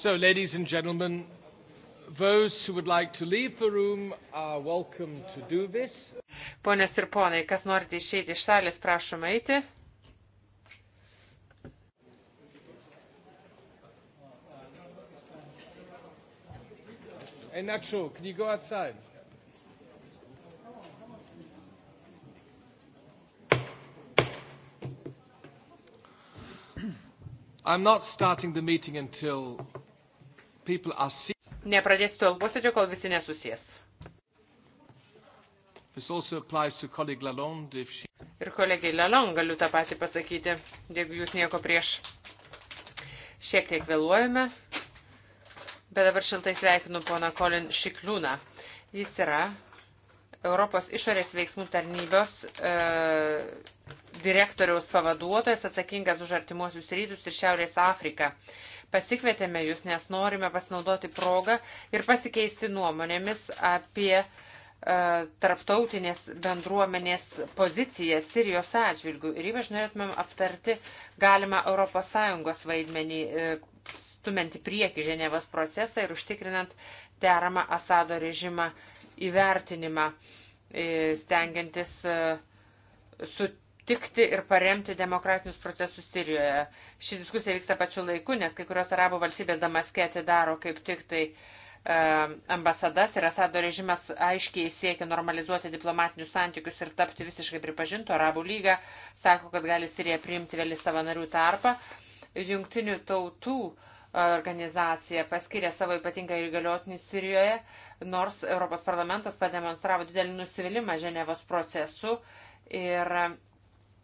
So, ladies and gentlemen, those who would like to leave the room are welcome to do this. Ponios ir ponai, kas norite išeiti iš salės, prašom eiti. Hey Nacho, can you go outside? I'm not starting the meeting until Nepradėsiu tol posėdžio, kol visi nesusės. Lalonde, she... Ir kolegiai Lalong galiu tą patį pasakyti, jeigu jūs nieko prieš. Šiek tiek vėluojame, bet dabar šiltai sveikinu poną Colin Šikliūną. Jis yra Europos išorės veiksmų tarnybos e, direktoriaus pavaduotojas atsakingas už artimuosius rytus ir Šiaurės Afriką. E, pasikvietėme jūs, nes norime pasinaudoti progą ir pasikeisti nuomonėmis apie e, tarptautinės bendruomenės poziciją Sirijos atžvilgių. Ir ypač norėtumėm aptarti galimą ES vaidmenį e, stumenti prieki Ženevos procesą ir užtikrinant deramą Asado režimą įvertinimą, e, stengiantis e, su, sutikti ir paremti demokratinius procesus Sirijoje. Ši diskusija vyksta pačiu laiku, nes kai kurios arabų valstybės Damaskė atidaro kaip tik tai e, ambasadas ir Asado režimas aiškiai siekia normalizuoti diplomatinius santykius ir tapti visiškai pripažintų. Arabų lyga sako, kad gali Sirija priimti vėl į savanarių tarpą. Jungtinių tautų organizacija paskiria savo ypatingą įgaliotinį Sirijoje, nors Europos parlamentas pademonstravo didelį nusivylimą Ženevos procesu ir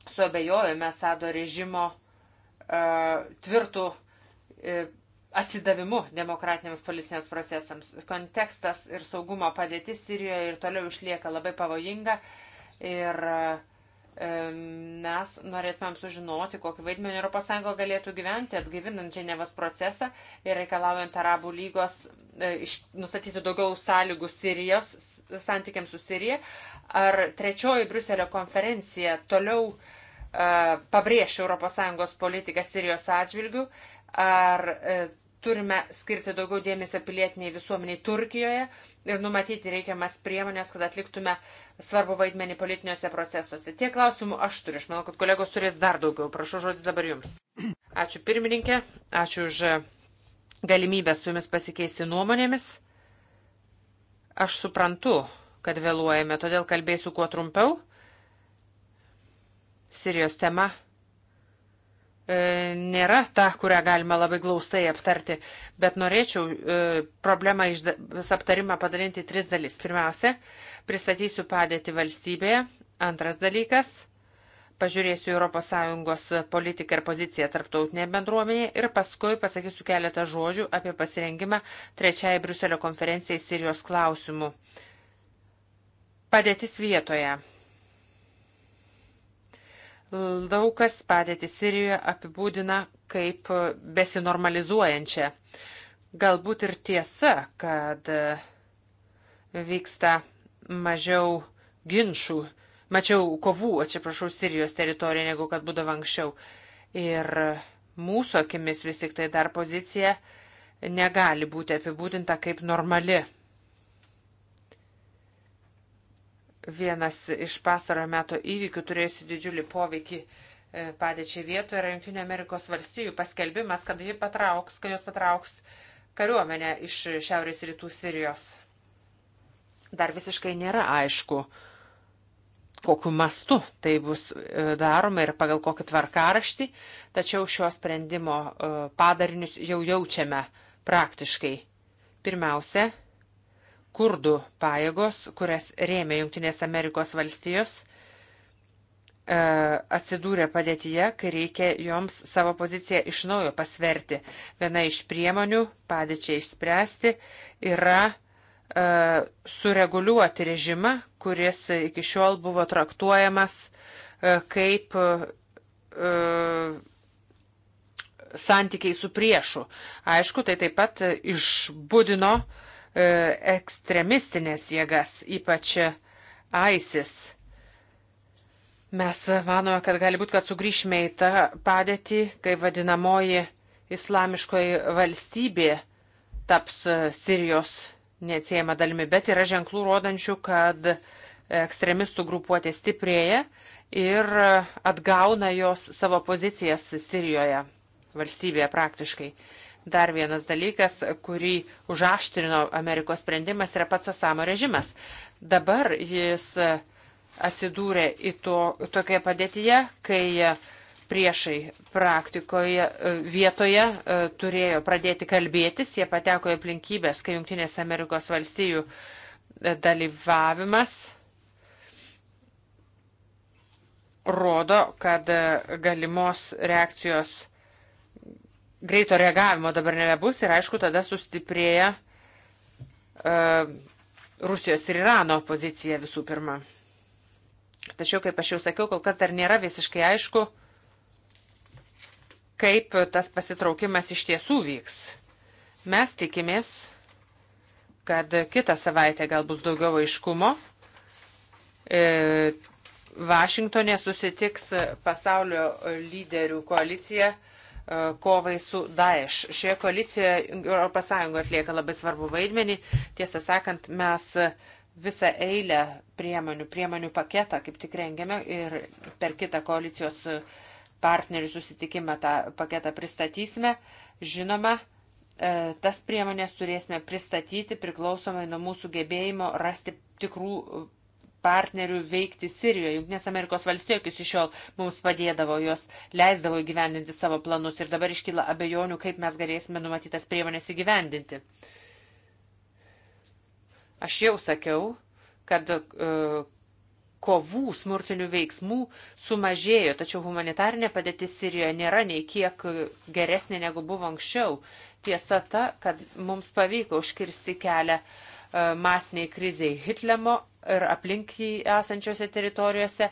suabejojome Sado režimo uh, tvirtų uh, atsidavimu demokratiniams policiniams procesams. Kontekstas ir saugumo padėtis Sirijoje ir toliau išlieka labai pavojinga ir uh, mes norėtumėm sužinoti, kokį vaidmenį ES galėtų gyventi, atgaivinant Ženevos procesą ir reikalaujant Arabų lygos iš, nustatyti daugiau sąlygų Sirijos santykiams su Sirija. Ar trečioji Bruselio konferencija toliau uh, pabrėžti ES politiką Sirijos atžvilgių, ar e, turime skirti daugiau dėmesio pilietiniai visuomeniai Turkijoje ir numatyti reikiamas priemonės, kad atliktume svarbu vaidmenį politiniuose procesuose. Tie klausimų aš turiu, aš manau, kad kolegos turės dar daugiau. Prašau žodis dabar jums. Ačiū pirmininkė, ačiū už galimybę su jumis pasikeisti nuomonėmis. Aš suprantu, kad vėluojame, todėl kalbėsiu kuo trumpiau Sirijos tema e, nėra ta, kurią galima labai glaustai aptarti, bet norėčiau e, problemą iš vis aptarimą padalinti į tris dalis. Pirmiausia, pristatysiu padėti valstybėje. Antras dalykas, pažiūrėsiu ES politiką ir poziciją tarptautinėje bendruomenėje ir paskui pasakysiu keletą žodžių apie pasirengimą trečiai Bruselio konferencijai Sirijos klausimų. Padėtis vietoje. Laukas padėti Sirijoje apibūdina kaip besinormalizuojančią. Galbūt ir tiesa, kad e, vyksta mažiau ginčių, mačiau kovų, atsiprašau, Sirijos teritorijoje, negu kad būdavo anksčiau. Ir mūsų akimis vis tik tai dar pozicija negali būti apibūdinta kaip normali Vienas iš pasarojo meto įvykių turėjusių didžiulį poveikį e, padėčiai vietoje yra Junktinio Amerikos valstijų paskelbimas, kad ji patrauks, kad jos patrauks kariuomenę iš šiaurės rytų Sirijos. Dar visiškai nėra aišku, kokiu mastu tai bus e, daroma ir pagal kokį tvarkaraštį, tačiau šio sprendimo e, padarinius jau jaučiame praktiškai. Pirmiausia, kurdų pajėgos, kurias rėmė Junktinės Amerikos valstijos, e, atsidūrė padėtyje, kai reikia joms savo poziciją iš naujo pasverti. Viena iš priemonių padėčiai išspręsti yra e, sureguliuoti režimą, kuris iki šiol buvo traktuojamas e, kaip santykiai su priešu. Aišku, tai taip pat išbudino uh, E, ekstremistinės jėgas, ypač ISIS. Mes manome, kad gali būti, kad sugrįšime į tą padėtį, kai vadinamoji islamiškoji valstybė taps Sirijos neatsiejama dalimi, bet yra ženklų rodančių, kad ekstremistų grupuotė stiprėja ir atgauna jos savo pozicijas Sirijoje, valstybėje praktiškai. Dar vienas dalykas, kurį užaštrino Amerikos sprendimas, yra pats Asamo režimas. Dabar jis atsidūrė į to, tokią padėtyje, kai priešai praktikoje e, vietoje e, turėjo pradėti kalbėtis, jie pateko į aplinkybės, kai Junktinės Amerikos valstijų e, dalyvavimas rodo, kad galimos reakcijos greito reagavimo dabar nebebus ir aišku tada sustiprėja uh, Rusijos ir Irano pozicija visų pirma. Tačiau, kaip aš jau sakiau, kol kas dar nėra visiškai aišku, kaip tas pasitraukimas iš tiesų vyks. Mes tikimės, kad kitą savaitę gal bus daugiau aiškumo. E, Vašingtonė susitiks pasaulio lyderių koalicija E, kovai su Daesh. Šioje koalicijoje ES atlieka labai svarbu vaidmenį. Tiesą sakant, mes visą eilę priemonių, priemonių paketą kaip tik rengiame ir per kitą koalicijos partnerių susitikimą tą paketą pristatysime. Žinoma, e, tas priemonės turėsime pristatyti priklausomai nuo mūsų gebėjimo rasti tikrų partnerių veikti Sirijoje. Junktinės Amerikos valstijos iki šiol mums padėdavo, jos leisdavo įgyvendinti savo planus ir dabar iškyla abejonių, kaip mes galėsime numatytas priemonės įgyvendinti. Aš jau sakiau, kad uh, kovų, smurtinių veiksmų sumažėjo, tačiau humanitarinė padėtis Sirijoje nėra nei kiek geresnė negu buvo anksčiau. Tiesa ta, kad mums pavyko užkirsti kelią e, masiniai kriziai Hitlemo ir aplink jį esančiose teritorijose.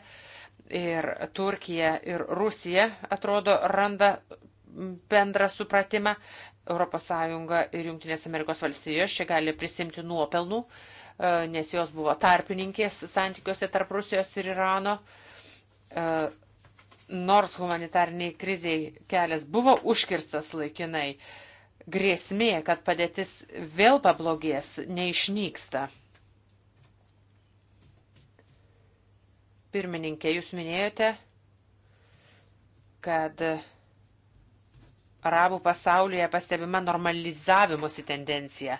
Ir Turkija ir Rusija atrodo randa bendrą supratimą. ES ir Junktinės Amerikos valstijos čia gali prisimti nuopelnų, e, nes jos buvo tarpininkės santykiuose tarp Rusijos ir Irano. E, nors humanitarniai kriziai kelias buvo užkirstas laikinai, grėsmė, kad padėtis vėl pablogės, neišnyksta. Pirmininkė, jūs minėjote, kad arabų pasaulyje pastebima normalizavimosi tendencija.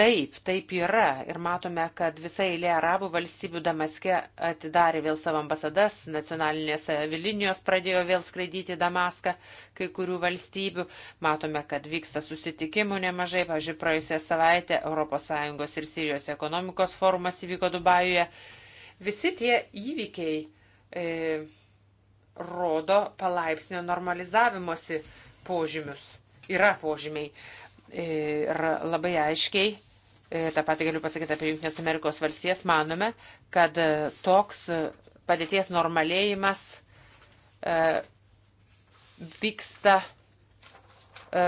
Taip, taip yra. Ir matome, kad visa eilė arabų valstybių Damaske atidarė vėl savo ambasadas, nacionalinės avilinijos pradėjo vėl skraidyti į Damaską kai kurių valstybių. Matome, kad vyksta susitikimų nemažai. Pavyzdžiui, praėjusią savaitę ES ir Sirijos ekonomikos forumas įvyko Dubajuje. Visi tie įvykiai e, rodo palaipsnio normalizavimosi požymius. Yra požymiai. E, ir labai aiškiai, e, tą patį galiu pasakyti apie Junktinės Amerikos valstijas, manome, kad e, toks padėties normalėjimas e, vyksta e,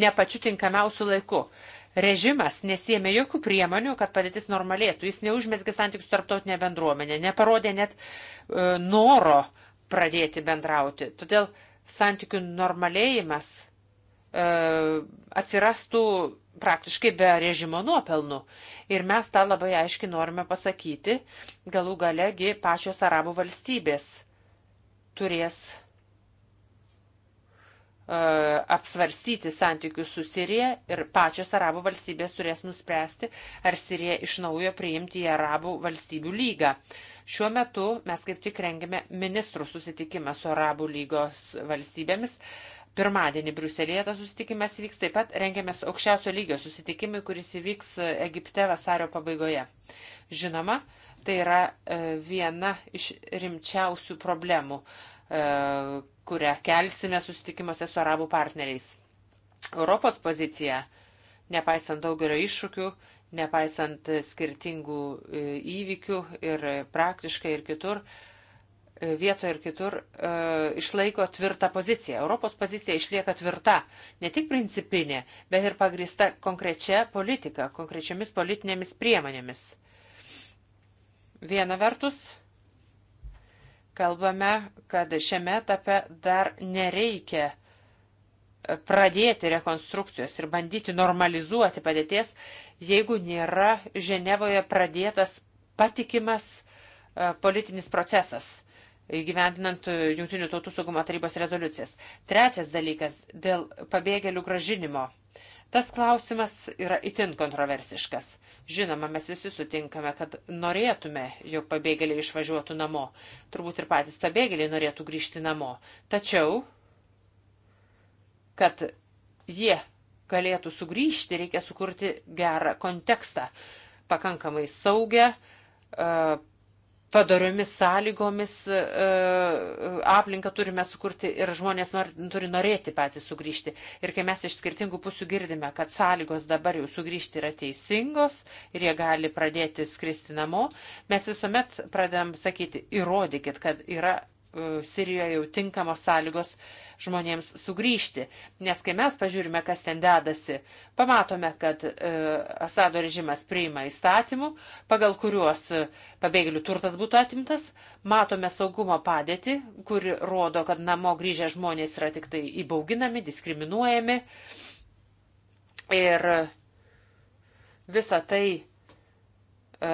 ne pačiu tinkamiausiu laiku. E, Režimas nesėmė jokių priemonių, kad padėtis normalėtų. Jis neužmėsgė santykių su tarptautinė bendruomenė, neparodė net e, noro pradėti bendrauti. Todėl santykių normalėjimas e, atsirastų praktiškai be režimo nuopelnų. Ir mes tą labai aiškiai norime pasakyti. Galų galegi pačios arabų valstybės turės E, apsvarstyti santykius su Sirija ir pačios arabų valstybės turės nuspręsti, ar Sirija iš naujo priimti į arabų valstybių lygą. Šiuo metu mes kaip tik rengiame ministrų susitikimą su arabų lygos valstybėmis. Pirmadienį Bruselėje tas susitikimas vyks, taip pat rengiamės aukščiausio lygio susitikimui, kuris įvyks Egipte vasario pabaigoje. Žinoma, tai yra e, viena iš rimčiausių problemų e, kurią kelsime susitikimuose su arabų partneriais. Europos pozicija, nepaisant daugelio iššūkių, nepaisant skirtingų e, įvykių ir praktiškai ir kitur, e, vietoje ir kitur, e, išlaiko tvirtą poziciją. Europos pozicija išlieka tvirta, ne tik principinė, bet ir pagrįsta konkrečia politika, konkrečiamis politinėmis priemonėmis. Viena vertus, kalbame, kad šiame etape dar nereikia pradėti rekonstrukcijos ir bandyti normalizuoti padėties, jeigu nėra Ženevoje pradėtas patikimas e, politinis procesas įgyventinant Junktinių tautų saugumo tarybos rezoliucijas. Trečias dalykas - dėl pabėgėlių gražinimo. Uh, Tas klausimas yra itin kontroversiškas. Žinoma, mes visi sutinkame, kad norėtume, jog pabėgėliai išvažiuotų namo. Turbūt ir patys pabėgėliai norėtų grįžti namo. Tačiau, kad jie galėtų sugrįžti, reikia sukurti gerą kontekstą, pakankamai saugę, e, padariomis sąlygomis e, e, aplinką turime sukurti ir žmonės nor, turi norėti patys sugrįžti. Ir kai mes iš skirtingų pusių girdime, kad sąlygos dabar jau sugrįžti yra teisingos ir jie gali pradėti skristi namo, mes visuomet pradedam sakyti, įrodykit, kad yra E, Sirijoje jau tinkamos sąlygos žmonėms sugrįžti. Nes kai mes pažiūrime, kas ten dedasi, pamatome, kad e, Asado režimas priima įstatymų, pagal kuriuos e, pabėgėlių turtas būtų atimtas, matome saugumo padėtį, kuri rodo, kad namo grįžę žmonės yra tik tai įbauginami, diskriminuojami. Ir visa tai E,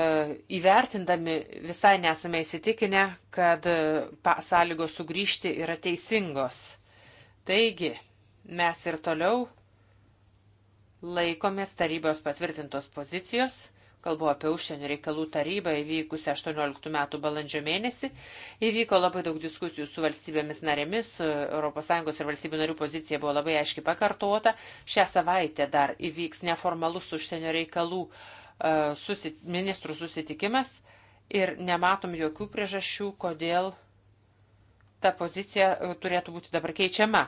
įvertindami visai nesame įsitikinę, kad e, sąlygos sugrįžti yra teisingos. Taigi, mes ir toliau laikomės tarybos patvirtintos pozicijos, kalbu apie užsienio reikalų tarybą įvykusią 18 metų balandžio mėnesį, įvyko labai daug diskusijų su valstybėmis narėmis, ES ir valstybių narių pozicija buvo labai aiškiai pakartota, šią savaitę dar įvyks neformalus užsienio reikalų uh, E, susi, ministrų susitikimas ir nematom jokių priežasčių, kodėl ta pozicija e, turėtų būti dabar keičiama.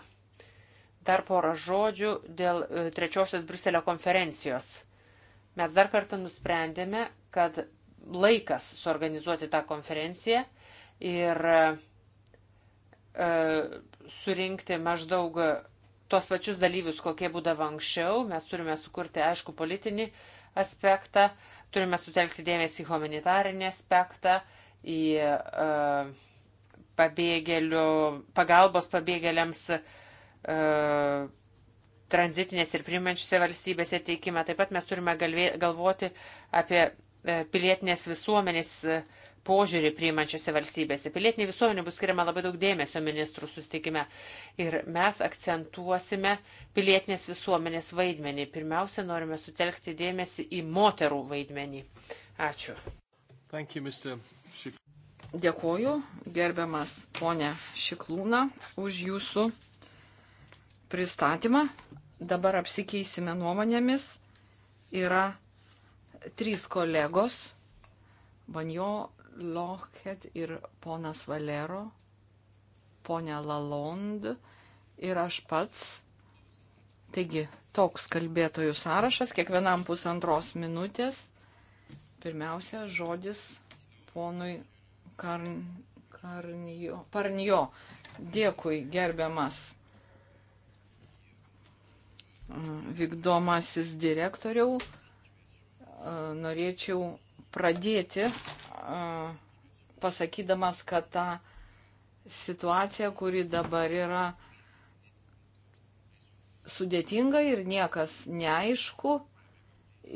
Dar porą žodžių dėl e, trečiosios Bruselio konferencijos. Mes dar kartą nusprendėme, kad laikas suorganizuoti tą konferenciją ir e, surinkti maždaug tos pačius dalyvius, kokie būdavo anksčiau. Mes turime sukurti aišku politinį e, aspektą, turime sutelkti dėmesį į humanitarinį aspektą, į uh, pabėgėlių, pagalbos pabėgėliams uh, tranzitinės ir primančiose valstybėse teikimą. Taip pat mes turime galvė, galvoti apie e, pilietinės visuomenės uh, požiūrį priimančiose valstybėse. Pilietinė visuomenė bus skiriama labai daug dėmesio ministrų sustikime ir mes akcentuosime pilietinės visuomenės vaidmenį. Pirmiausia, norime sutelkti dėmesį į moterų vaidmenį. Ačiū. Thank you, Mr. Šik... Dėkoju, gerbiamas ponė Šiklūna, už jūsų pristatymą. Dabar apsikeisime nuomonėmis. Yra trys kolegos. Banjo Lochhet ir ponas Valero, ponia Lalond ir aš pats. Taigi, toks kalbėtojų sąrašas, kiekvienam pusantros minutės. Pirmiausia, žodis ponui Karn, Karnijo. Parnijo. Dėkui, gerbiamas vykdomasis direktoriau. Norėčiau pradėti pasakydamas, kad ta situacija, kuri dabar yra sudėtinga ir niekas neaišku,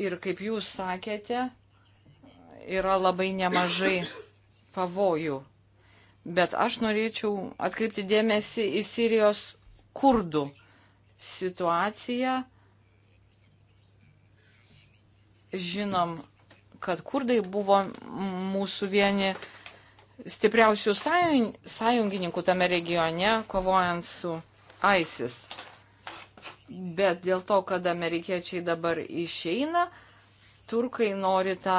ir kaip jūs sakėte, yra labai nemažai pavojų. Bet aš norėčiau atkreipti dėmesį į Sirijos kurdų situaciją. Žinom, kad kurdai buvo mūsų vieni stipriausių sąjungininkų tame regione, kovojant su ISIS. Bet dėl to, kad amerikiečiai dabar išeina, turkai nori tą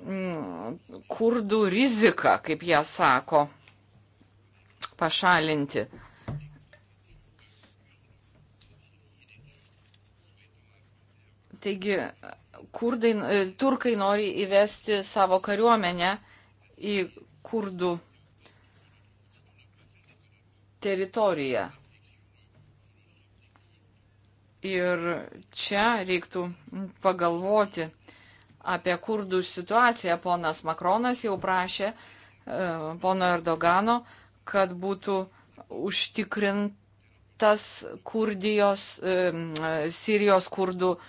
mm, kurdų riziką, kaip jie sako, pašalinti. Taigi kurdai, e, turkai nori įvesti savo kariuomenę į kurdų teritoriją. Ir čia reiktų pagalvoti apie kurdų situaciją. Ponas Makronas jau prašė e, pono Erdogano, kad būtų užtikrintas Kurdijos, e, Sirijos kurdų uh,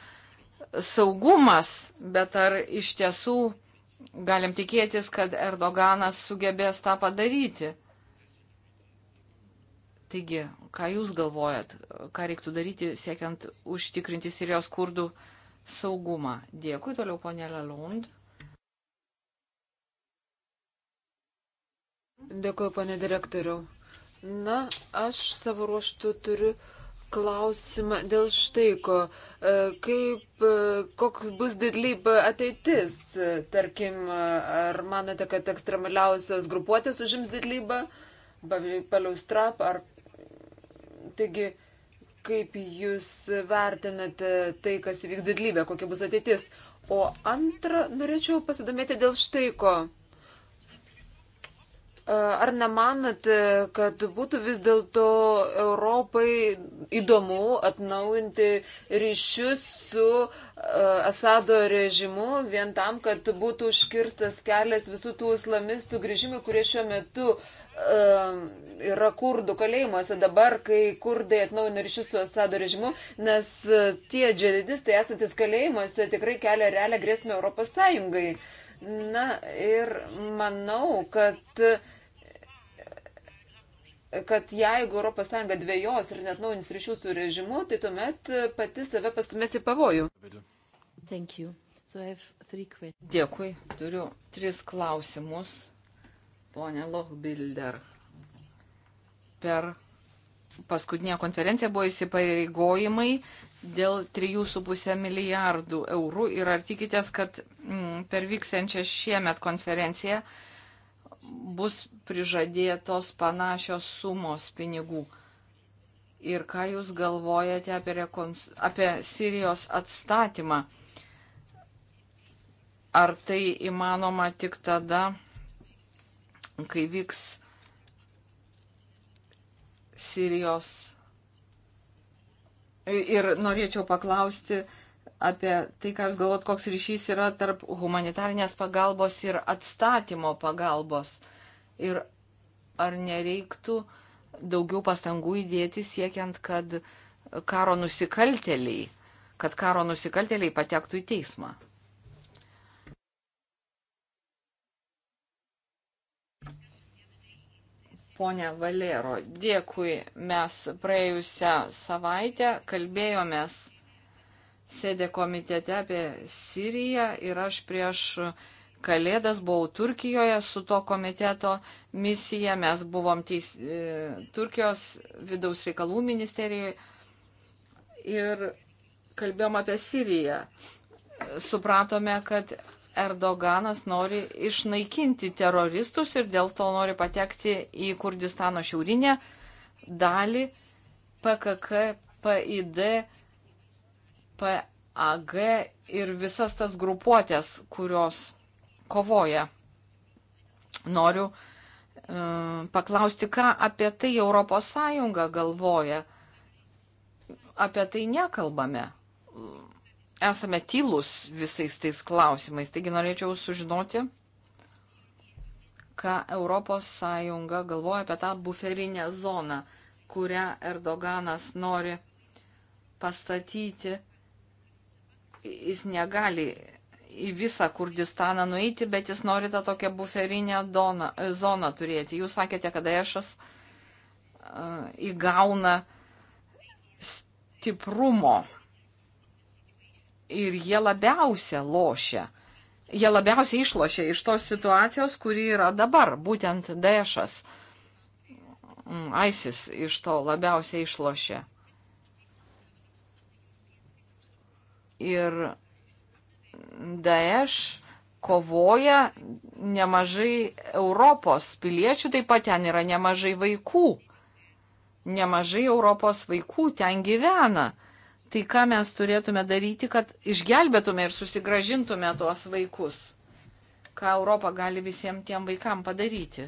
saugumas, bet ar iš tiesų galim tikėtis, kad Erdoganas sugebės tą padaryti? Taigi, ką Jūs galvojat, ką reiktų daryti, siekiant užtikrinti Sirijos kurdų saugumą? Dėkui, toliau ponė Lelund. Dėkui, ponė direktoriau. Na, aš savo ruoštų turiu klausimą dėl štai ko. E, kaip, e, koks bus didlyb ateitis? E, tarkim, ar manote, kad ekstremaliausios grupuotės užims didlybą? Paliaustrap, ar. Taigi, kaip jūs vertinate tai, kas įvyks didlybė, kokia bus ateitis? O antra, norėčiau pasidomėti dėl štai ko. Ar nemanote, kad būtų vis dėlto Europai įdomu atnaujinti ryšius su e, Asado režimu vien tam, kad būtų užkirstas kelias visų tų islamistų grįžimų, kurie šiuo metu e, yra kurdų kalėjimuose dabar, kai kurdai atnaujina ryšius su Asado režimu, nes e, tie džedidistai esantis kalėjimuose tikrai kelia realią grėsmę Europos Sąjungai. Na ir manau, kad uh, kad jeigu ES dvėjos ir net naujins ryšių su režimu, tai tuomet e, pati save pastumės į pavojų. So Dėkui. Turiu tris klausimus, ponė Lochbilder. Per paskutinę konferenciją buvo įsipareigojimai dėl 3,5 milijardų eurų ir ar tikitės, kad m, mm, per vyksiančią šiemet konferenciją uh, bus prižadėtos panašios sumos pinigų. Ir ką Jūs galvojate apie, rekons... apie Sirijos atstatymą? Ar tai įmanoma tik tada, kai vyks Sirijos. Ir norėčiau paklausti, apie tai, ką jūs galvot, koks ryšys yra tarp humanitarnės pagalbos ir atstatymo pagalbos. Ir ar nereiktų daugiau pastangų įdėti siekiant, kad karo nusikalteliai, kad karo nusikalteliai patektų į teismą. Pone Valero, dėkui. Mes praėjusią savaitę kalbėjomės sėdė komitete apie Siriją ir aš prieš Kalėdas buvau Turkijoje su to komiteto misija. Mes buvom teis, e, Turkijos vidaus reikalų ministerijoje ir kalbėjom apie Siriją. Supratome, kad Erdoganas nori išnaikinti teroristus ir dėl to nori patekti į Kurdistano šiaurinę dalį. PKK, PID PAG ir visas tas grupuotės, kurios kovoja. Noriu e, paklausti, ką apie tai ES galvoja. Apie tai nekalbame. Esame tylus visais tais klausimais. Taigi norėčiau sužinoti, ką ES galvoja apie tą buferinę zoną, kurią Erdoganas nori pastatyti jis negali į visą Kurdistaną nueiti, bet jis nori tą tokią buferinę doną, zoną turėti. Jūs sakėte, kad Ešas e, įgauna stiprumo ir jie labiausia lošia. Jie labiausiai išlošia iš tos situacijos, kuri yra dabar, būtent Dešas. Mm, ISIS iš to labiausiai išlošia. ir Daesh kovoja nemažai Europos piliečių, taip pat ten yra nemažai vaikų. Nemažai Europos vaikų ten gyvena. Tai ką mes turėtume daryti, kad išgelbėtume ir susigražintume tuos vaikus? Ką Europa gali visiems tiem vaikam padaryti?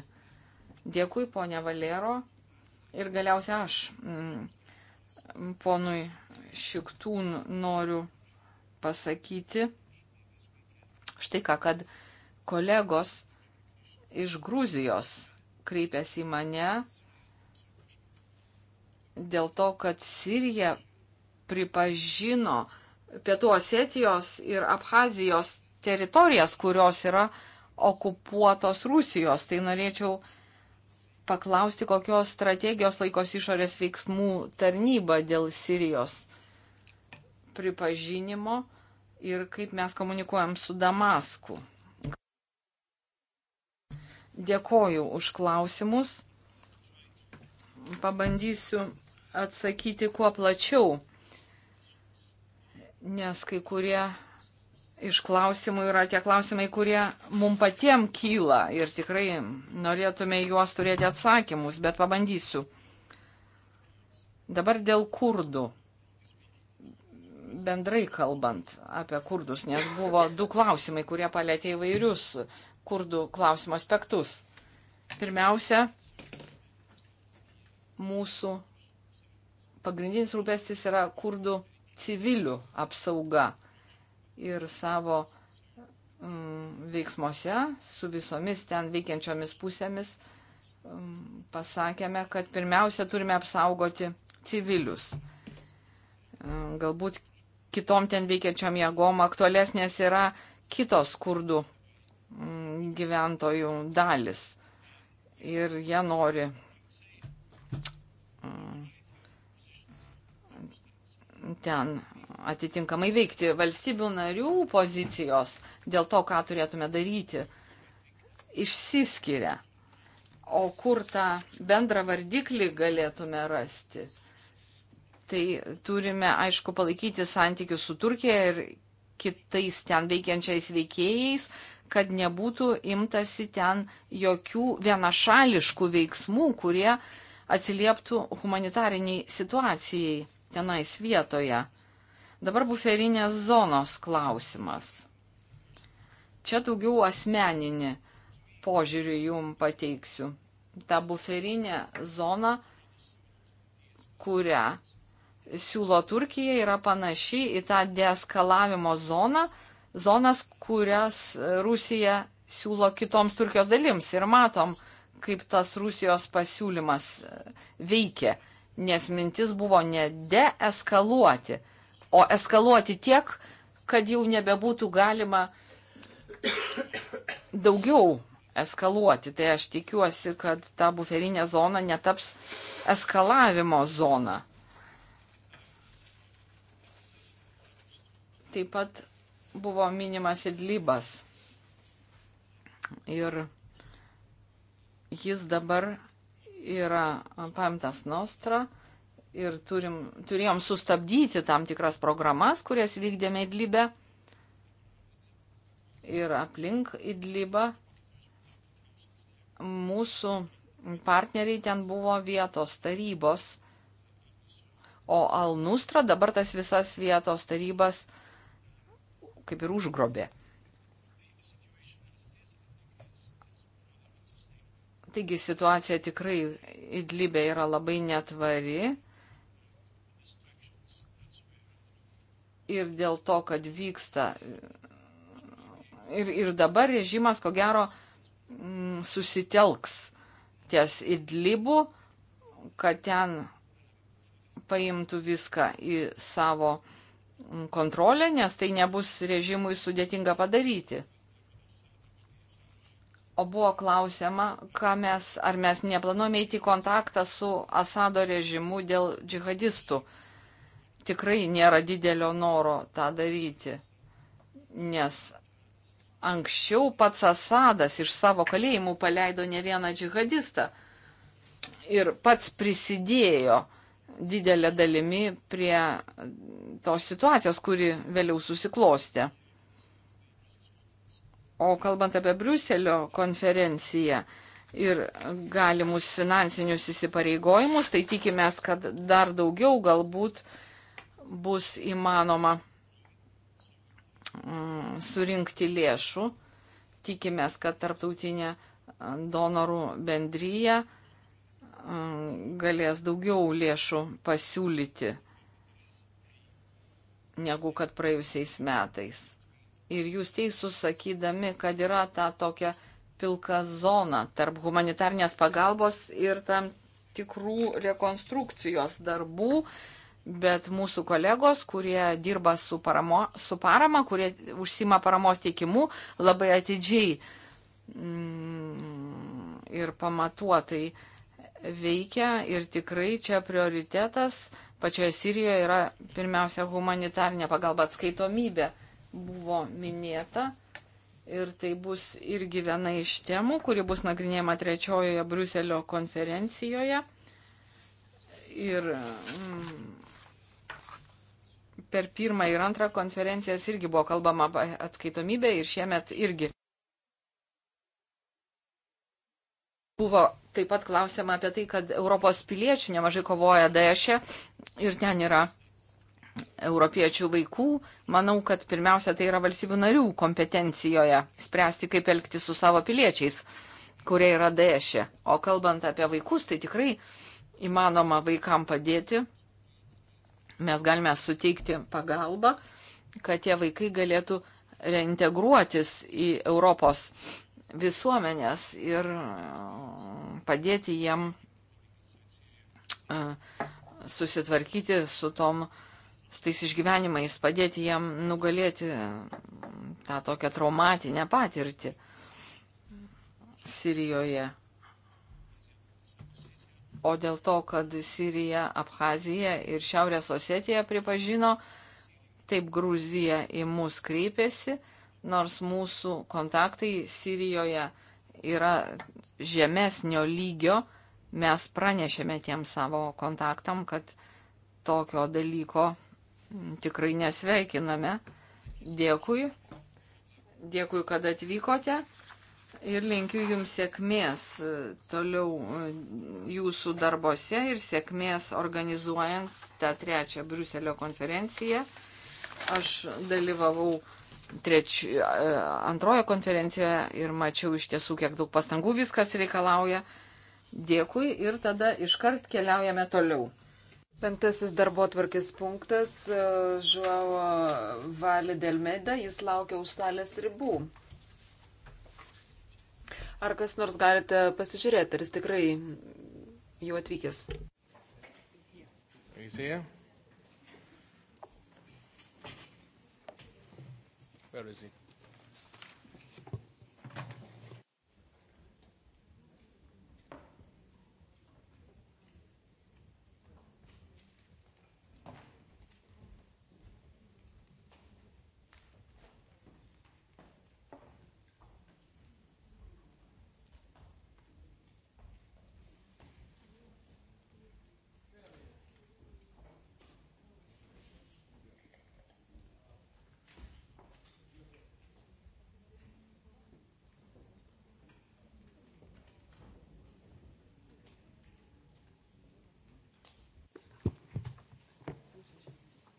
Dėkui, ponia Valero. Ir galiausiai aš, mm, ponui Šiktūn, noriu pasakyti štai ką, kad kolegos iš Gruzijos kreipėsi į mane dėl to, kad Sirija pripažino Pietų Osetijos ir Abhazijos teritorijas, kurios yra okupuotos Rusijos. Tai norėčiau paklausti, kokios strategijos laikos išorės veiksmų tarnyba dėl Sirijos pripažinimo ir kaip mes komunikuojam su Damasku. Dėkoju už klausimus. Pabandysiu atsakyti kuo plačiau, nes kai kurie iš klausimų yra tie klausimai, kurie mum patiem kyla ir tikrai norėtume juos turėti atsakymus, bet pabandysiu. Dabar dėl kurdų bendrai kalbant apie kurdus, nes buvo du klausimai, kurie palėtė įvairius kurdų klausimo aspektus. Pirmiausia, mūsų pagrindinis rūpestis yra kurdų civilių apsauga. Ir savo mm, veiksmuose su visomis ten veikiančiomis pusėmis mm, pasakėme, kad pirmiausia turime apsaugoti civilius. Mm, galbūt kitom ten veikiančiom jėgom aktualesnės yra kitos kurdų mm, gyventojų dalis. Ir jie nori mm, ten atitinkamai veikti valstybių narių pozicijos dėl to, ką turėtume daryti, išsiskiria. O kur tą bendrą vardiklį galėtume rasti? Tai turime, aišku, palaikyti santykius su Turkija ir kitais ten veikiančiais veikėjais, kad nebūtų imtasi ten jokių vienašališkų veiksmų, kurie atsilieptų humanitariniai situacijai tenais vietoje. Dabar buferinės zonos klausimas. Čia daugiau asmeninį požiūrį jum pateiksiu. Ta buferinė zona, kurią siūlo Turkija, yra panaši į tą deeskalavimo zoną, zonas, kurias e, Rusija siūlo kitoms Turkijos dalims. Ir matom, kaip tas Rusijos pasiūlymas e, veikia, nes mintis buvo ne deeskaluoti, o eskaluoti tiek, kad jau nebebūtų galima daugiau eskaluoti. Tai aš tikiuosi, kad ta buferinė zona netaps eskalavimo zona. Taip pat buvo minimas Idlibas. Ir jis dabar yra paimtas Nostra ir turim, turėjom sustabdyti tam tikras programas, kurias vykdėme Idlibe ir aplink Idlibą. Mūsų partneriai ten buvo vietos tarybos, o Alnustra dabar tas visas vietos tarybas uh, kaip ir užgrobė. Taigi situacija tikrai Idlibė yra labai netvari. Ir dėl to, kad vyksta. Ir, ir dabar režimas, ko gero, mm, susitelks ties Idlibu, kad ten paimtų viską į savo uh, kontrolę, nes tai nebus režimui sudėtinga padaryti. O buvo klausima, mes, ar mes neplanuojame įti kontaktą su Asado režimu dėl džihadistų. Tikrai nėra didelio noro tą daryti, nes anksčiau pats Asadas iš savo kalėjimų paleido ne vieną džihadistą ir pats prisidėjo uh, didelė dalimi prie tos situacijos, kuri vėliau susiklostė. O kalbant apie Briuselio konferenciją ir galimus finansinius įsipareigojimus, tai tikimės, kad dar daugiau galbūt bus įmanoma mm, surinkti lėšų. Tikimės, kad tarptautinė donorų bendryja uh, galės daugiau lėšų pasiūlyti negu kad praėjusiais metais. Ir jūs teisus sakydami, kad yra ta tokia pilka zona tarp humanitarnės pagalbos ir tam tikrų rekonstrukcijos darbų, bet mūsų kolegos, kurie dirba su, paramo, su parama, kurie užsima paramos teikimu, labai atidžiai mm, ir pamatuotai uh, veikia ir tikrai čia prioritetas pačioje Sirijoje yra pirmiausia humanitarnė pagalba atskaitomybė buvo minėta. Ir tai bus irgi viena iš temų, kuri bus nagrinėjama trečiojoje Bruselio konferencijoje. Ir mm, per pirmą ir antrą konferencijas irgi buvo kalbama apie atskaitomybę ir šiemet irgi buvo Taip pat klausėme apie tai, kad Europos piliečių nemažai kovoja Daeše ir ten yra europiečių vaikų. Manau, kad pirmiausia tai yra valstybių narių kompetencijoje spręsti, kaip elgti su savo piliečiais, kurie yra Daeše. O kalbant apie vaikus, tai tikrai įmanoma vaikam padėti. Mes galime suteikti pagalbą, kad tie vaikai galėtų reintegruotis į Europos visuomenės ir padėti jiem e, susitvarkyti su tom, su tais išgyvenimais, padėti jiem nugalėti tą tokią traumatinę patirtį Sirijoje. O dėl to, kad Sirija, Abhazija ir Šiaurės Osetija pripažino, taip Gruzija į mus kreipėsi, nors mūsų kontaktai Sirijoje yra žemesnio lygio, mes pranešėme tiem savo kontaktam, kad tokio dalyko tikrai nesveikiname. Dėkui. Dėkui, kad atvykote ir linkiu Jums sėkmės toliau Jūsų darbose ir sėkmės organizuojant tą trečią Bruselio konferenciją. Aš dalyvavau treč, antroje konferencijoje ir mačiau iš tiesų, kiek daug pastangų viskas reikalauja. Dėkui ir tada iškart keliaujame toliau. Penktasis darbo tvarkis punktas e, - Žuavo Valį Delmeda, jis laukia už salės ribų. Ar kas nors galite pasižiūrėti, ar jis tikrai jau atvykęs? Jis yra? Where is he?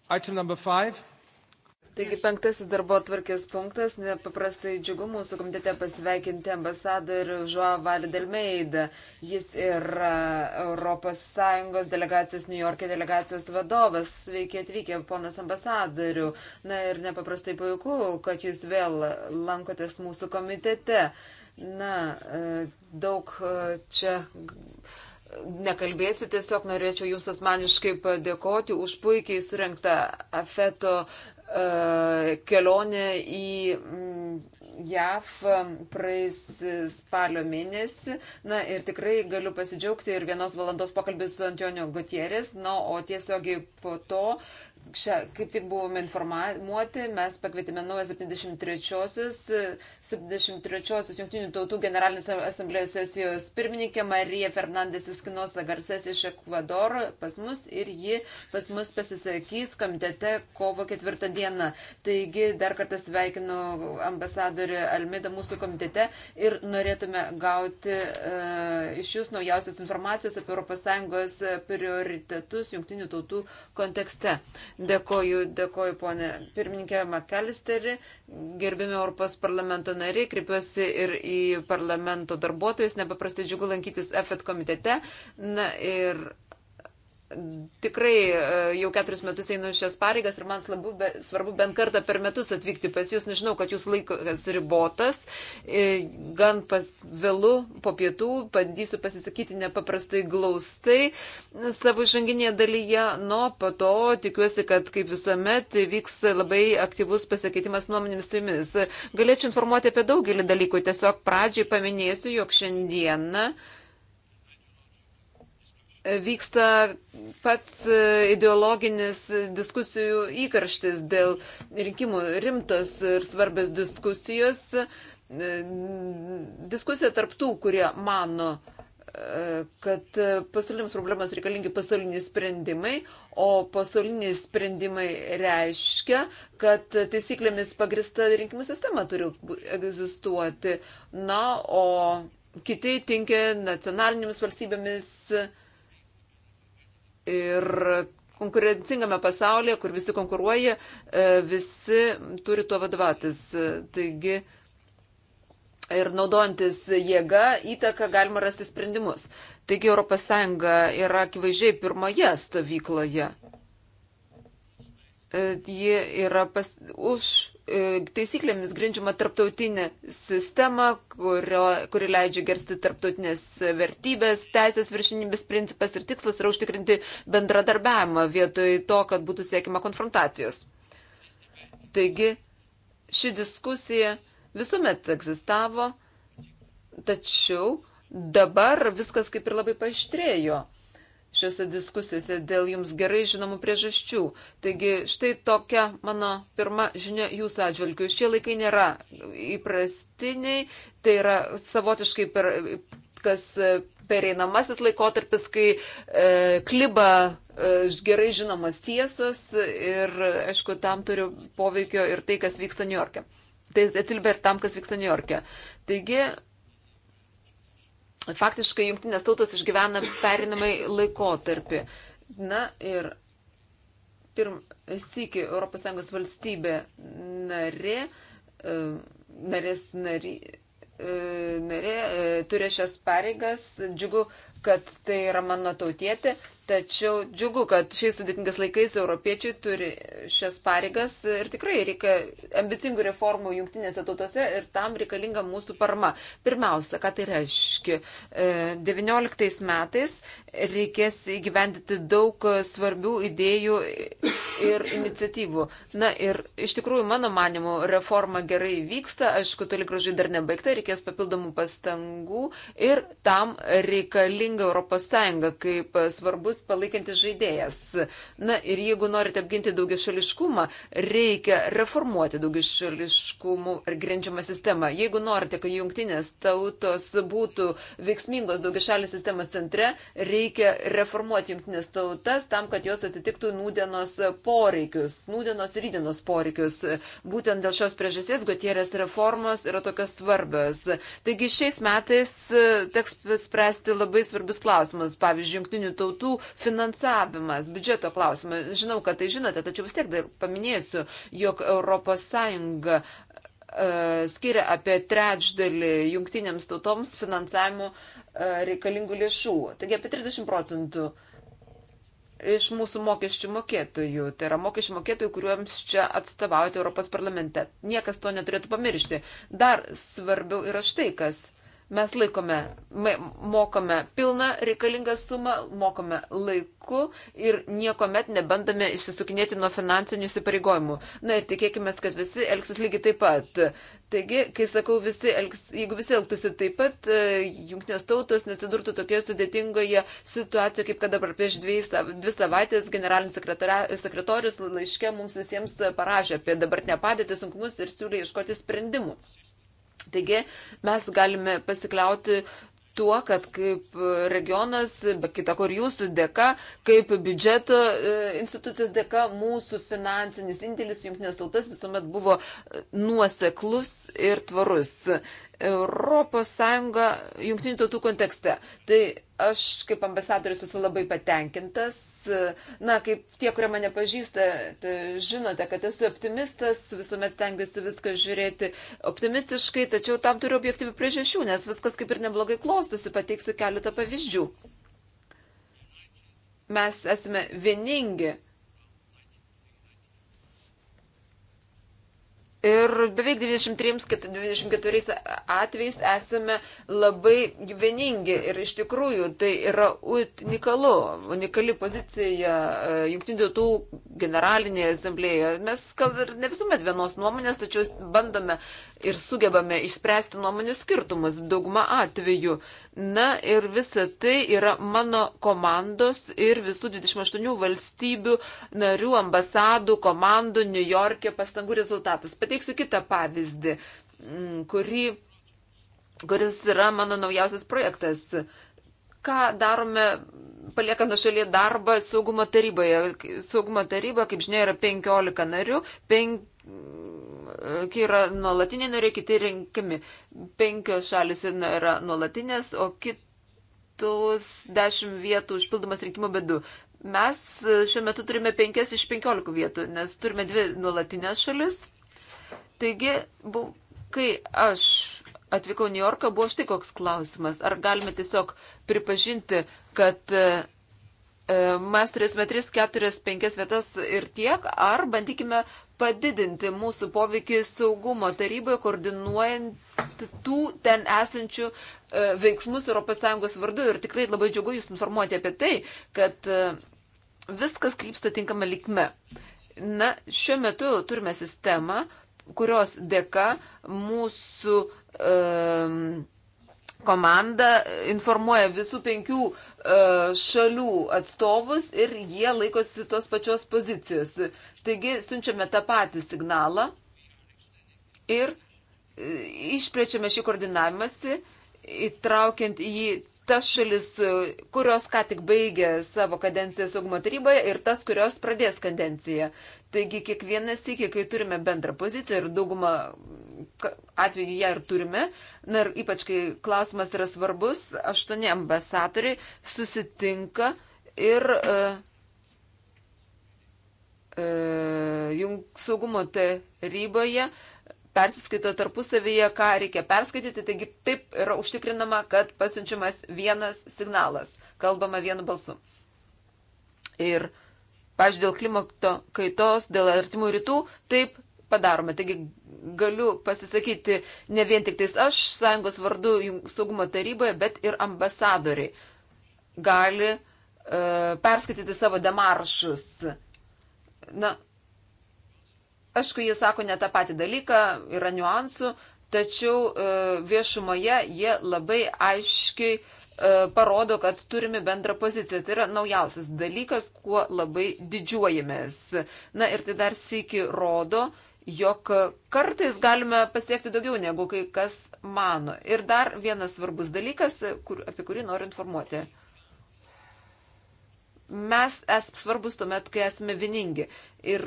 Item number five. Taigi penktasis darbo atvarkės punktas, nepaprastai džiugu mūsų komitete pasveikinti ambasadorių Žuo Validelmeidą. Jis yra ES delegacijos New York'e delegacijos vadovas. Sveiki atvykę, ponas ambasadorių. Na ir nepaprastai puiku, kad jūs vėl lankotės mūsų komitete. Na, e, daug e, čia nekalbėsiu, tiesiog norėčiau Jums asmeniškai padėkoti už puikiai surinktą afeto e, kelionę į mm, JAV praeis spalio mėnesį. Na ir tikrai galiu pasidžiaugti ir vienos valandos pokalbį su Antonio Gutierrez. Na, o tiesiogiai po to Šia, kaip tik buvome informuoti, mes pakvietėme naują 73-osios 73 Junktinių tautų generalinės asamblėjos sesijos pirmininkę Mariją Fernandes Iskinosa Garces iš Ekvadoro pas mus ir ji pas mus pasisakys komitete kovo ketvirtą dieną. Taigi dar kartą sveikinu ambasadorių Almidą mūsų komitete ir norėtume gauti uh, iš jūs naujausios informacijos apie ES prioritetus Junktinių tautų kontekste. Dėkoju, dėkoju ponė pirmininkė Makalisteri, gerbimi Europos parlamento nariai, kreipiuosi ir į parlamento darbuotojus, nepaprastai džiugu lankytis EFET komitete. Na ir tikrai e, jau keturis metus einu šias pareigas ir man slabu, be, svarbu bent kartą per metus atvykti pas jūs. Nežinau, kad jūs laikas ribotas, e, gan pas, vėlų po pietų, bandysiu pasisakyti nepaprastai glaustai savo žanginėje dalyje, nuo po to tikiuosi, kad kaip visuomet vyks labai aktyvus pasikeitimas nuomonėmis su jumis. Galėčiau informuoti apie daugelį dalykų, tiesiog pradžiai paminėsiu, jog šiandieną vyksta pats e, ideologinis diskusijų įkarštis dėl rinkimų rimtos ir svarbios diskusijos. E, diskusija tarptų, kurie mano, e, kad pasaulinėms problemas reikalingi pasauliniai sprendimai, o pasauliniai sprendimai reiškia, kad taisyklėmis pagrista rinkimų sistema turi egzistuoti. Na, o kiti tinkė nacionalinėmis valstybėmis Ir konkurencingame pasaulyje, kur visi konkuruoja, e, visi turi tuo vadovatis. E, taigi, ir naudojantis jėga, įtaka galima rasti sprendimus. Taigi ES yra akivaizdžiai pirmoje stovykloje. E, ji yra pas, už E, taisyklėmis grindžiama tarptautinė sistema, kurio, kuri leidžia gersti tarptautinės vertybės, teisės viršinybės principas ir tikslas yra užtikrinti bendradarbiavimą vietoj to, kad būtų siekima konfrontacijos. Taigi ši diskusija visuomet egzistavo, tačiau dabar viskas kaip ir labai paaištrėjo šiuose diskusijose dėl jums gerai žinomų priežasčių. Taigi štai tokia mano pirma žinia jūsų atžvilgiu. Šie laikai nėra įprastiniai, tai yra savotiškai per, kas pereinamasis laikotarpis, kai e, kliba e, gerai žinomas tiesos ir, aišku, tam turi poveikio ir tai, kas vyksta Niujorke. Tai atsilbė ir tam, kas vyksta Niujorke. Taigi, Faktiškai jungtinės tautos išgyvena perinamai laikotarpį. Na ir pirm sykį ES valstybė narė, e, narės e, narė, narė e, turi šias pareigas. Džiugu, kad tai yra mano tautietė. Tačiau džiugu, kad šiais sudėtingas laikais europiečiai turi šias pareigas ir tikrai reikia ambicingų reformų jungtinėse tautose ir tam reikalinga mūsų parma. Pirmiausia, ką tai reiškia? 19 e, metais reikės įgyvendinti daug svarbių idėjų ir iniciatyvų. Na ir iš tikrųjų, mano manimu, reforma gerai vyksta, aišku, toli gražiai dar nebaigta, reikės papildomų pastangų ir tam reikalinga ES kaip svarbus palaikantis žaidėjas. Na ir jeigu norite apginti daugiašališkumą, reikia reformuoti daugiašališkumų ir grindžiamą sistemą. Jeigu norite, kad jungtinės tautos būtų veiksmingos daugiašalės sistemos centre, reikia reikia reformuoti jungtinės tautas tam, kad jos atitiktų nūdienos poreikius, nūdienos rydienos poreikius. Būtent dėl šios priežasties Gutierės reformos yra tokios svarbios. Taigi šiais metais e, teks spręsti labai svarbius klausimus, pavyzdžiui, jungtinių tautų finansavimas, biudžeto klausimai. Žinau, kad tai žinote, tačiau vis tiek dar paminėsiu, jog ES E, skiria apie trečdalį jungtinėms tautoms finansavimo e, reikalingų lėšų. Taigi apie 30 procentų iš mūsų mokesčių mokėtojų, tai yra mokesčių mokėtojų, kuriuoms čia atstovauti Europos parlamente. Niekas to neturėtų pamiršti. Dar svarbiau yra štai kas. Mes laikome, mokame pilną reikalingą sumą, mokame laiku ir niekuomet nebandome išsisukinėti nuo finansinių įsipareigojimų. Na ir tikėkime, kad visi elgsis lygiai taip pat. Taigi, kai sakau, visi elgs, jeigu visi elgtųsi taip pat, e, jungtinės tautos nesidurtų tokioje sudėtingoje situacijoje, kaip kad dabar prieš dvi, dvi savaitės generalinis sekretorius laiške mums visiems parašė apie dabartinę padėtį sunkumus ir siūlė iškoti sprendimų. Taigi mes galime pasikliauti tuo, kad kaip regionas, be kita kur jūsų dėka, kaip biudžeto e, institucijos dėka, mūsų finansinis indėlis jungtinės tautas visuomet buvo nuoseklus ir tvarus. Europos Sąjunga jungtinių tautų kontekste. Tai aš kaip ambasadorius esu labai patenkintas. Na, kaip tie, kurie mane pažįsta, tai žinote, kad esu optimistas, visuomet stengiuosi viską žiūrėti optimistiškai, tačiau tam turiu objektyvių priežasčių, nes viskas kaip ir neblogai klostosi, pateiksiu keletą pavyzdžių. Mes esame vieningi Ir beveik 24 atvejais esame labai vieningi ir iš tikrųjų tai yra unikalu, unikali pozicija e, Junktinių tautų generalinėje asamblėje. Mes gal ir ne visuomet vienos nuomonės, tačiau bandome ir sugebame išspręsti nuomonių skirtumus dauguma atvejų. Na ir visa tai yra mano komandos ir visų 28 valstybių narių ambasadų komandų Niujorke pastangų rezultatas pateiksiu kitą pavyzdį, mm, kurį, kuris yra mano naujausias projektas. Ką darome, paliekame šalyje darbą saugumo taryboje. Saugumo taryba, kaip žinia, yra 15 narių, 5 kai yra nuolatiniai nariai, kiti rinkimi. Penkios šalis yra nuolatinės, o kitus dešimt vietų užpildomas rinkimų bedu. Mes e, šiuo metu turime penkias iš penkiolika vietų, nes turime dvi nuolatinės šalis Taigi, bu, kai aš atvykau į New Yorką, buvo štai koks klausimas. Ar galime tiesiog pripažinti, kad e, e mes turėsime 3, 4, 5 vietas ir tiek, ar bandykime padidinti mūsų poveikį saugumo taryboje, koordinuojant tų ten esančių e, veiksmus ES vardu. Ir tikrai labai džiugu Jūs informuoti apie tai, kad e, viskas krypsta tinkama likme. Na, šiuo metu turime sistemą, kurios dėka mūsų um, komanda informuoja visų penkių uh, šalių atstovus ir jie laikosi tos pačios pozicijos. Taigi siunčiame tą patį signalą ir e, išplečiame šį koordinavimąsi, įtraukiant į jį tas šalis, kurios ką tik baigė savo kadenciją saugumo taryboje ir tas, kurios pradės kadenciją. Taigi kiekvienas iki, kai turime bendrą poziciją ir daugumą atveju ją ir turime, na ir ypač kai klausimas yra svarbus, aštuoni ambasadoriai susitinka ir uh, uh, saugumo taryboje uh, persiskaito tarpusavyje, ką reikia perskaityti, taigi taip yra užtikrinama, kad pasiunčiamas vienas signalas, kalbama vienu balsu. Ir, pažiūrėjau, dėl klimato kaitos, dėl artimų rytų, taip padarome. Taigi galiu pasisakyti ne vien tik tais aš, sąjungos vardu saugumo taryboje, bet ir ambasadoriai gali uh, perskaityti savo demaršus. Na, Aišku, jie sako ne tą patį dalyką, yra niuansų, tačiau e, viešumoje jie labai aiškiai e, parodo, kad turime bendrą poziciją. Tai yra naujausias dalykas, kuo labai didžiuojamės. Na ir tai dar sėki rodo, jog kartais galime pasiekti daugiau negu kai kas mano. Ir dar vienas svarbus dalykas, kur, apie kurį noriu informuoti. Mes esame svarbus tuomet, kai esame vieningi. Ir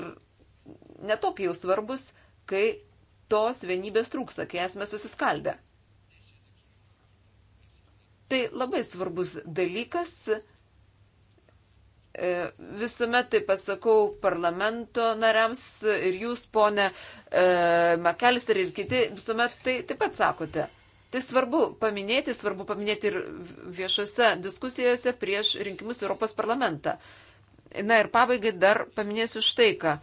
netokie jau svarbus, kai tos vienybės trūksta, kai esame susiskaldę. Tai labai svarbus dalykas. E, visuomet tai pasakau parlamento nariams ir jūs, ponė e, Makelister ir kiti, visuomet tai taip pat sakote. Tai svarbu paminėti, svarbu paminėti ir viešose diskusijose prieš rinkimus Europos parlamentą. Na ir pabaigai dar paminėsiu štai ką.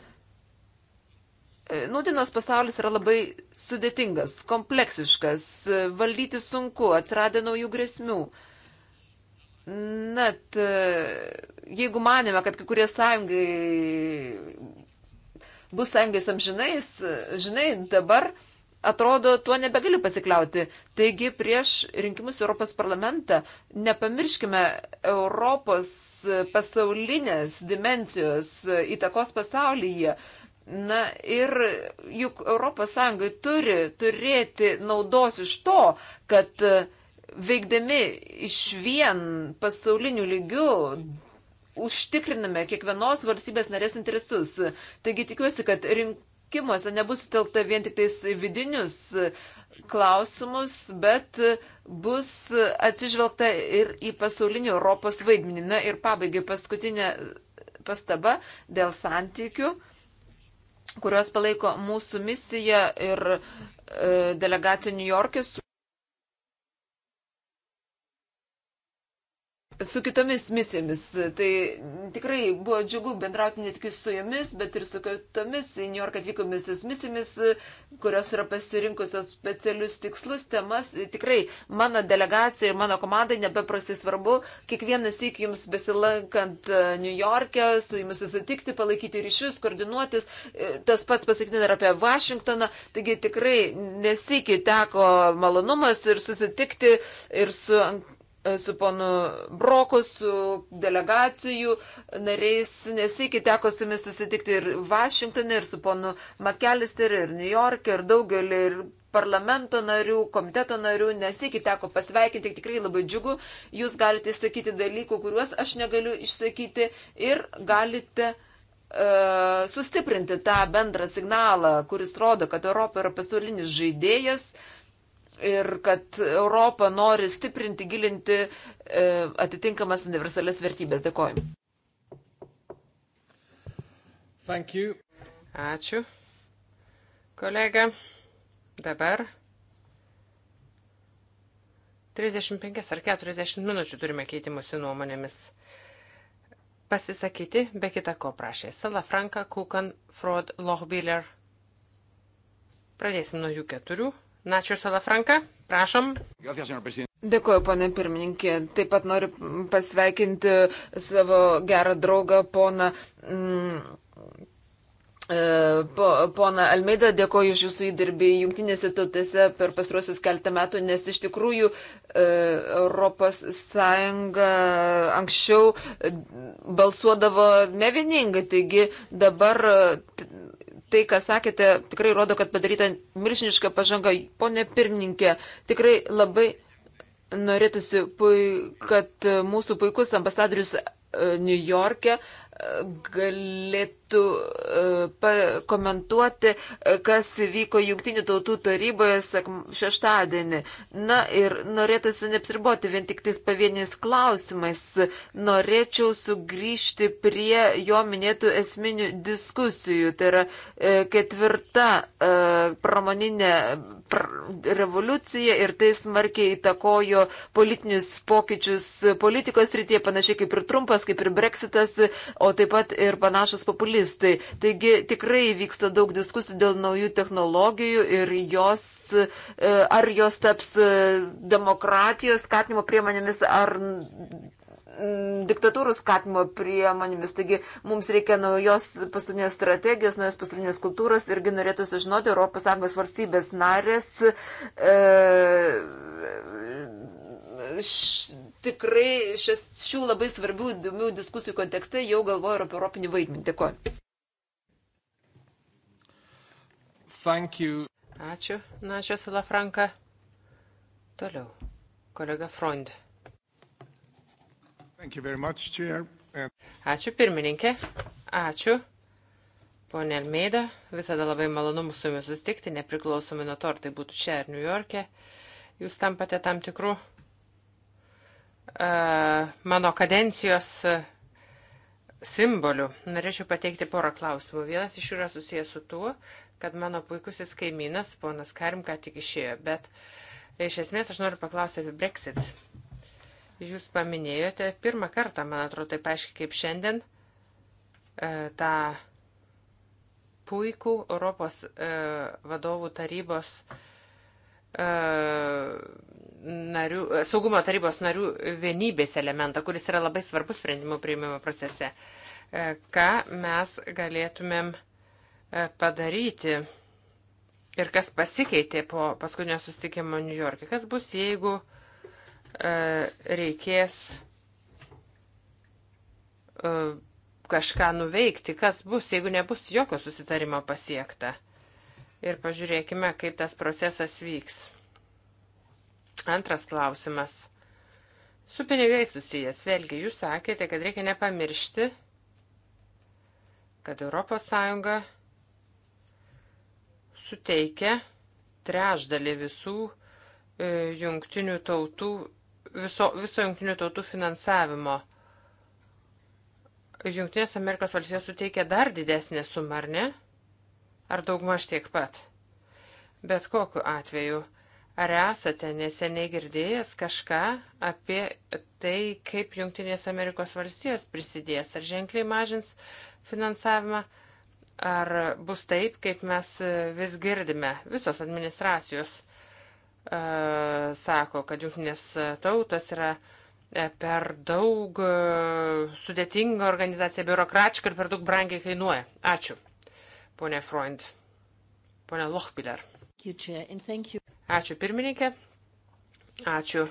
E, nūdienos pasaulis yra labai sudėtingas, kompleksiškas, e, valdyti sunku, atsiradė naujų grėsmių. Net e, jeigu manėme, kad kai kurie sąjungai bus sąjungais amžinais, žinai, dabar atrodo, tuo nebegali pasikliauti. Taigi prieš rinkimus Europos parlamentą nepamirškime Europos pasaulinės dimencijos įtakos pasaulyje. Na ir juk ES turi turėti naudos iš to, kad e, veikdami iš vien pasaulinių lygių užtikriname kiekvienos valstybės narės interesus. Taigi tikiuosi, kad rinkimuose nebus telkta vien tik tais vidinius e, klausimus, bet e, bus atsižvelgta ir į pasaulinį Europos vaidmenį. Na ir pabaigai paskutinė pastaba dėl santykių kurios palaiko mūsų misiją ir e, delegacija New York'e su su kitomis misijomis. Tai tikrai buvo džiugu bendrauti ne tik su jomis, bet ir su kitomis į New York atvykomis misijomis, kurios yra pasirinkusios specialius tikslus, temas. Tikrai mano delegacija ir mano komandai nebeprastai svarbu kiekvienas iki jums besilankant e, New York'e, su jumis susitikti, palaikyti ryšius, koordinuotis. E, tas pats pasakytina ir apie Vašingtoną. Taigi tikrai nesikį teko malonumas ir susitikti ir su E, su ponu Broku, su delegacijų nariais, nesikį teko su jumis susitikti ir Vašingtonė, ir su ponu McAllister, ir New York, ir daugelį, ir parlamento narių, komiteto narių, nesikį teko pasveikinti, tikrai labai džiugu, jūs galite išsakyti dalykų, kuriuos aš negaliu išsakyti ir galite uh, sustiprinti tą bendrą signalą, kuris rodo, kad Europa yra pasaulinis žaidėjas, uh, ir kad Europa nori stiprinti, gilinti e, atitinkamas universalias vertybės. Dėkoju. Ačiū. Kolega, dabar 35 ar 40 minučių turime keitimusi nuomonėmis. Pasisakyti be kita ko prašė Salafranka, Kukan, Fraud, Lochbiller. Pradėsim nuo jų keturių. Načiau Salafranka, prašom. Dėkuoju, ponė pirmininkė. Taip pat noriu pasveikinti savo gerą draugą, poną. Mm, e, Po, pona Almeida, dėkoju iš jūsų įdirbį jungtinėse tautėse per pastruosius keltą metų, nes iš tikrųjų ES anksčiau e, balsuodavo nevieningai, taigi dabar tai, ką sakėte, tikrai rodo, kad padaryta milžiniška pažanga. Pone pirmininkė, tikrai labai norėtųsi, kad mūsų puikus ambasadorius e, New York'e e, galėtų galėtų e, pakomentuoti, e, kas vyko Junktinių tautų taryboje sak, šeštadienį. Na ir norėtųsi neapsiriboti vien tik tais pavieniais klausimais. Norėčiau sugrįžti prie jo minėtų esminių diskusijų. Tai yra e, ketvirta pramoninė revoliucija ir tai smarkiai įtakojo politinius pokyčius politikos rytie, panašiai kaip ir Trumpas, kaip ir Brexitas, o taip pat ir panašus populizmas specialistai. Taigi tikrai vyksta daug diskusijų dėl naujų technologijų ir jos, e, ar jos taps e, demokratijos skatimo priemonėmis ar diktatūrų skatimo priemonėmis. Taigi mums reikia naujos pasaulinės strategijos, naujos pasaulinės kultūros irgi norėtų sužinoti ES valstybės narės e, š, tikrai šis, šių labai svarbių įdomių diskusijų kontekste jau galvoju ir apie europinį vaidmenį. Dėkuoju. Ačiū. Na, aš esu Lafranka. Toliau. Kolega Freund. Much, And... Ačiū pirmininkė. Ačiū. Pone Almeida, visada labai malonu su jumis susitikti, nepriklausomai nuo to, ar tai būtų čia ar New York'e. Jūs tampate tam tikrų E, mano kadencijos simbolių. Norėčiau pateikti porą klausimų. Vienas iš jų yra susijęs su tuo, kad mano puikusis kaimynas, ponas Karim, ką tik išėjo, bet iš esmės aš noriu paklausti apie Brexit. Jūs paminėjote pirmą kartą, man atrodo, taip aiškiai kaip šiandien, e, tą puikų Europos e, vadovų tarybos narių, saugumo tarybos narių vienybės elementą, kuris yra labai svarbus sprendimų priimimo procese. E, ką mes galėtumėm e, padaryti ir kas pasikeitė po paskutinio sustikimo New York'e? Kas bus, jeigu e, reikės kažką nuveikti, kas bus, jeigu nebus jokio susitarimo pasiekta. Ir pažiūrėkime, kaip tas procesas vyks. Antras klausimas. Su pinigais susijęs. Vėlgi, jūs sakėte, kad reikia nepamiršti, kad ES suteikia trešdalį visų e, jungtinių tautų, viso, viso jungtinių tautų finansavimo. Junktinės Amerikos valstijos suteikia dar didesnę sumą, ar ne? Ar daugmaž tiek pat? Bet kokiu atveju Ar esate neseniai girdėjęs kažką apie tai, kaip Junktinės Amerikos valstijos prisidės, ar ženkliai mažins finansavimą, ar bus taip, kaip mes e, vis girdime, visos administracijos uh, sako, kad Junktinės e, tautos yra per daug uh, sudėtinga organizacija, biurokratiška ir per daug brangiai kainuoja. Ačiū, ponė Freund, ponė Lochbiller. Ačiū pirmininkė, ačiū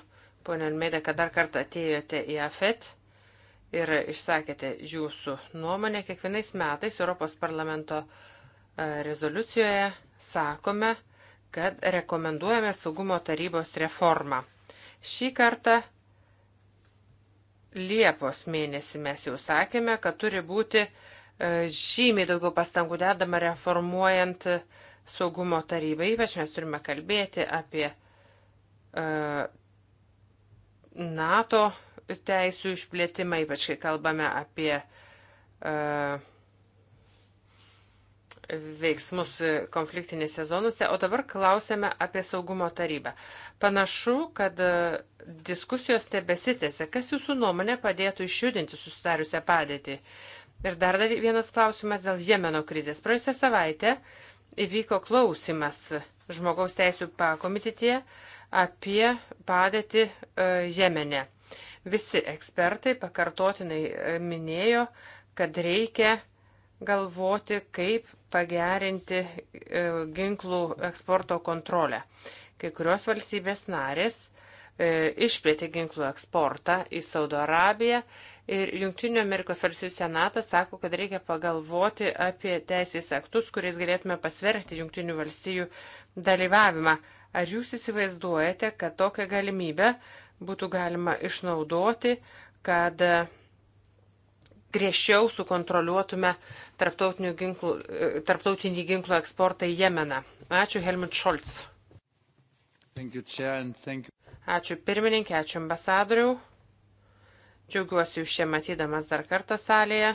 ponė Almeida, kad dar kartą atėjote į AFET ir išsakėte jūsų nuomonę. Kiekvienais metais Europos parlamento e, rezoliucijoje sakome, kad rekomenduojame saugumo tarybos reformą. Šį kartą Liepos mėnesį mes jau sakėme, kad turi būti e, žymiai daugiau pastangų dedama reformuojant uh, saugumo tarybai, ypač mes turime kalbėti apie uh, NATO teisų išplėtimą, ypač kai kalbame apie uh, veiksmus konfliktinėse zonose, o dabar klausėme apie saugumo tarybą. Panašu, kad e, diskusijos tebesitėse. Kas jūsų nuomonė padėtų išjudinti susidariusią padėtį? Ir dar, dar vienas klausimas dėl Jemeno krizės. Praėjusią savaitę uh, įvyko klausimas žmogaus teisų pakomititie apie padėtį e, Jemene. Visi ekspertai pakartotinai e, minėjo, kad reikia galvoti, kaip pagerinti e, ginklų eksporto kontrolę. Kai kurios valstybės narės E, išplėtė ginklų eksportą į Saudo Arabiją ir Junktinių Amerikos valstybių senatas sako, kad reikia pagalvoti apie teisės aktus, kuriais galėtume pasverti Junktinių valstybių dalyvavimą. Ar jūs įsivaizduojate, kad tokią galimybę būtų galima išnaudoti, kad griežčiau sukontroliuotume ginklų, e, tarptautinį ginklų eksportą į Jemeną? Ačiū, Helmut Scholz. Thank you, Chair, and thank you. Ačiū pirmininkė, ačiū ambasadoriau. Džiaugiuosi jūs čia matydamas dar kartą salėje.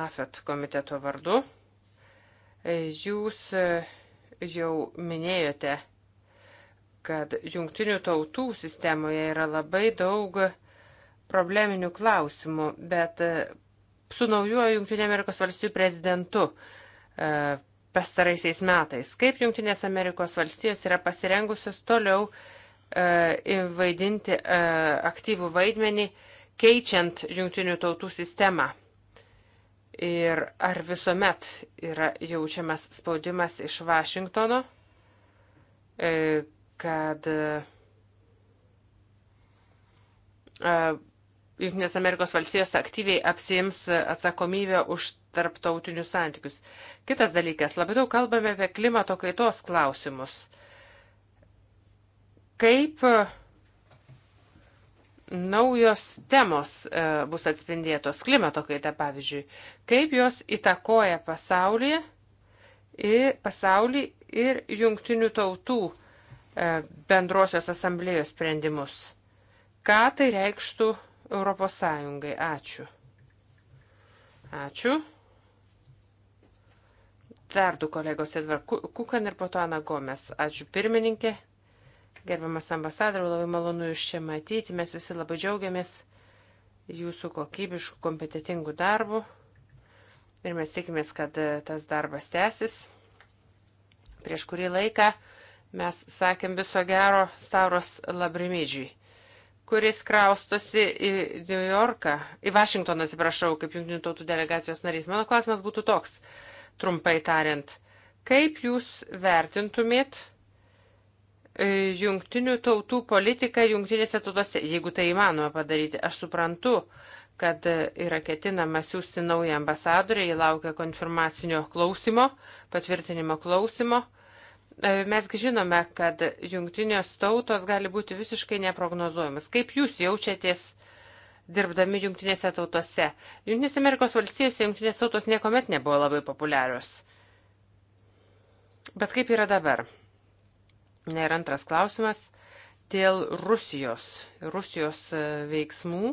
AFET komiteto vardu. Jūs jau minėjote, kad jungtinių tautų sistemoje yra labai daug probleminių klausimų, bet su naujuoju Junktinių Amerikos valstybių prezidentu pastaraisiais metais. Kaip Junktinės Amerikos valstijos yra pasirengusios toliau e, vaidinti e, aktyvų vaidmenį, keičiant Junktinių tautų sistemą? Ir ar visuomet yra jaučiamas spaudimas iš Vašingtono, e, kad e, Junktinės Amerikos valstijos aktyviai apsims atsakomybę už tarptautinius santykius. Kitas dalykas, labai daug kalbame apie klimato kaitos klausimus. Kaip e, naujos temos e, bus atspindėtos, klimato kaita pavyzdžiui, kaip jos įtakoja pasaulyje ir pasaulį ir jungtinių tautų e, bendrosios asamblėjos sprendimus. Ką tai reikštų Europos Sąjungai. Ačiū. Ačiū. Dar du kolegos Edvard Kukan ir po to Ana Gomes. Ačiū pirmininkė. Gerbiamas ambasadoriau, labai malonu jūs čia matyti. Mes visi labai džiaugiamės jūsų kokybiškų, kompetitingų darbų. Ir mes tikimės, kad e, tas darbas tęsis. Prieš kurį laiką mes sakėm viso gero Stavros Labrimidžiui kuris kraustosi į New Yorką, į Vašingtoną, atsiprašau, kaip Junktinių tautų delegacijos narys. Mano klausimas būtų toks, trumpai tariant. Kaip jūs vertintumėt e, jungtinių tautų politiką jungtinėse tautose, jeigu tai įmanoma padaryti? Aš suprantu, kad e, yra ketinama siūsti naują ambasadorį, jį laukia konfirmacinio klausimo, patvirtinimo klausimo. E, Mes žinome, kad jungtinės tautos gali būti visiškai neprognozuojamas. Kaip jūs jaučiatės dirbdami jungtinėse tautose? Jungtinės Amerikos valstijose jungtinės tautos niekuomet nebuvo labai populiarios. Bet kaip yra dabar? Na ir antras klausimas dėl Rusijos, Rusijos e, veiksmų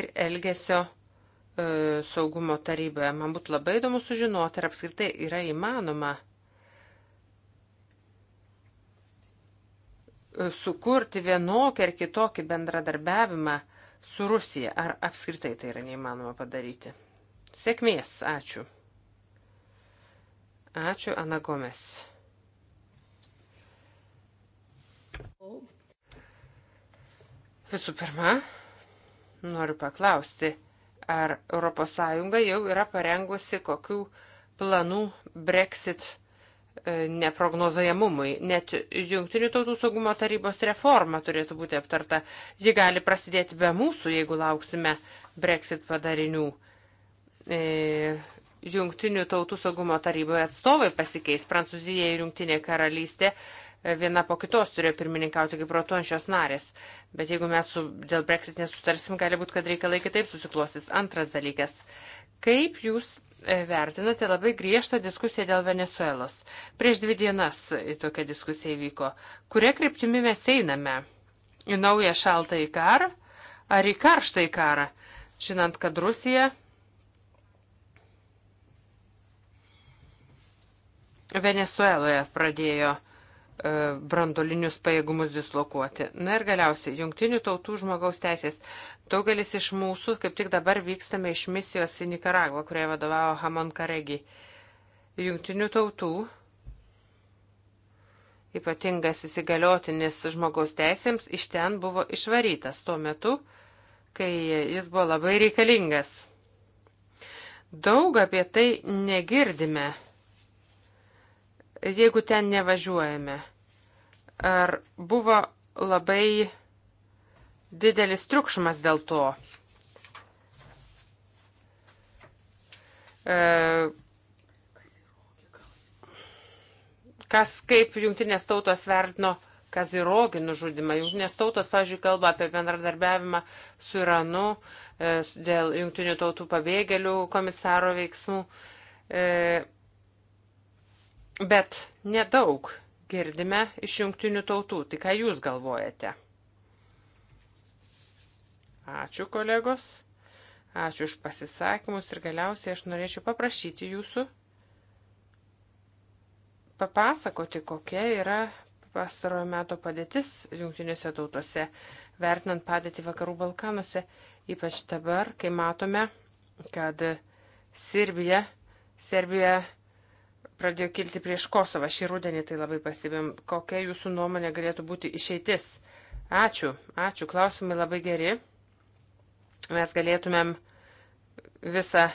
ir elgesio e, saugumo taryboje. Man būtų labai įdomu sužinoti, ar apskritai yra įmanoma uh, sukurti vienokį ar kitokį bendradarbiavimą su Rusija. Ar apskritai tai yra neįmanoma padaryti? Sėkmės, ačiū. Ačiū, Ana Gomes. Visų pirma, noriu paklausti, ar ES jau yra parengusi kokių planų Brexit E, neprognozajamumui. Net Junktinių tautų saugumo tarybos reforma turėtų būti aptarta. Ji gali prasidėti be mūsų, jeigu lauksime Brexit padarinių. E, Junktinių tautų saugumo taryboje atstovai pasikeis. Prancūzija ir Junktinė karalystė e, viena po kitos turėjo pirmininkauti kaip rotuojančios narės. Bet jeigu mes su, dėl Brexit nesutarsim, gali būti, kad reikalai kitaip susiklostys. Antras dalykas. Kaip jūs e, vertinate labai griežtą diskusiją dėl Venezuelos? Prieš dvi dienas tokia diskusija įvyko. Kuria kryptimi mes einame? Į naują šaltą į karą ar į karštą į karą? Žinant, kad Rusija Venezueloje pradėjo uh, E, brandolinius pajėgumus dislokuoti. Na ir galiausiai, jungtinių tautų žmogaus teisės. Daugelis iš mūsų kaip tik dabar vykstame iš misijos į Nikaragvą, kurioje vadovavo Hamon Karegi. Jungtinių tautų ypatingas įsigaliotinis žmogaus teisėms iš ten buvo išvarytas tuo metu, kai jis buvo labai reikalingas. Daug apie tai negirdime jeigu ten nevažiuojame, ar buvo labai didelis triukšmas dėl to? E, kas kaip jungtinės tautos vertino Kazirogį nužudimą. Jungtinės tautos, pavyzdžiui, kalba apie bendradarbiavimą su Iranu e, dėl jungtinių tautų pabėgėlių komisaro veiksmų. E, Bet nedaug girdime iš jungtinių tautų. Tai ką jūs galvojate? Ačiū, kolegos. Ačiū už pasisakymus ir galiausiai aš norėčiau paprašyti jūsų papasakoti, kokia yra pastarojo meto padėtis jungtinėse tautose, vertinant padėtį vakarų Balkanuose, ypač dabar, kai matome, kad Sirbija, Serbija pradėjo kilti prieš Kosovą. Šį rudenį tai labai pasibėm. Kokia jūsų nuomonė galėtų būti išeitis? Ačiū, ačiū, klausimai labai geri. Mes galėtumėm visą e,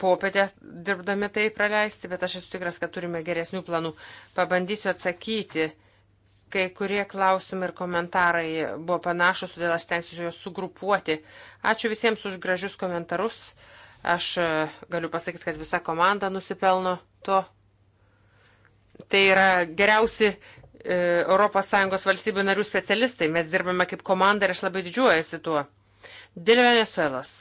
popietę dirbdami tai praleisti, bet aš esu tikras, kad turime geresnių planų. Pabandysiu atsakyti. Kai kurie klausimai ir komentarai buvo panašus, todėl aš tenksiu juos sugrupuoti. Ačiū visiems už gražius komentarus. Aš e, galiu pasakyti, kad visa komanda nusipelno to. Tai yra geriausi ES valstybių narių specialistai. Mes dirbame kaip komanda ir aš labai didžiuojasi tuo. Dėl Venezuelas.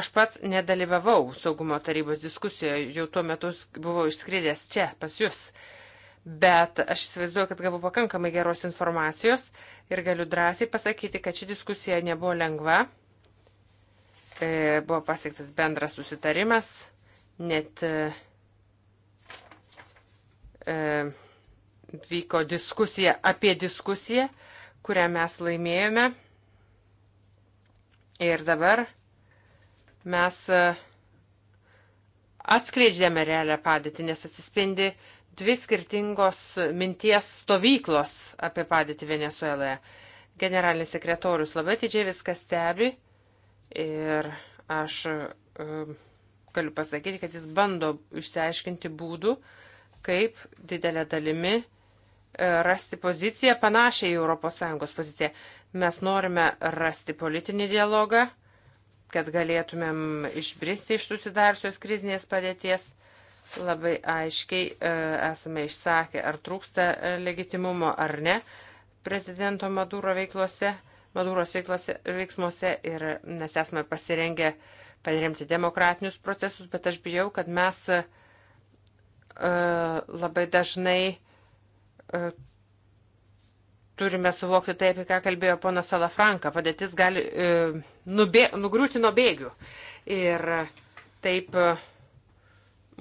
Aš pats nedalyvavau saugumo tarybos diskusijoje, jau tuo metu buvau išskridęs čia pas jūs. Bet aš įsivaizduoju, kad gavau pakankamai geros informacijos ir galiu drąsiai pasakyti, kad ši diskusija nebuvo lengva. E, buvo pasiektas bendras susitarimas net e, e, vyko diskusija apie diskusiją, kurią mes laimėjome. Ir dabar mes e, atskleidžiame realią padėtį, nes atsispindi dvi skirtingos minties stovyklos apie padėtį Venezueloje. Generalinis sekretorius labai atidžiai viską stebi ir aš. E, galiu pasakyti, kad jis bando išsiaiškinti būdų, kaip didelė dalimi e, rasti poziciją panašią į ES poziciją. Mes norime rasti politinį dialogą, kad galėtumėm išbristi iš susidarsios krizinės padėties. Labai aiškiai e, esame išsakę, ar trūksta e, legitimumo ar ne prezidento Maduro veiklose, Maduros veiklose, veiksmuose ir mes esame pasirengę uh, paremti demokratinius procesus, bet aš bijau, kad mes e, labai dažnai e, turime suvokti tai, apie ką kalbėjo ponas Salafranka. Padėtis gali e, nubė, nugriūti nuo bėgių. Ir taip e,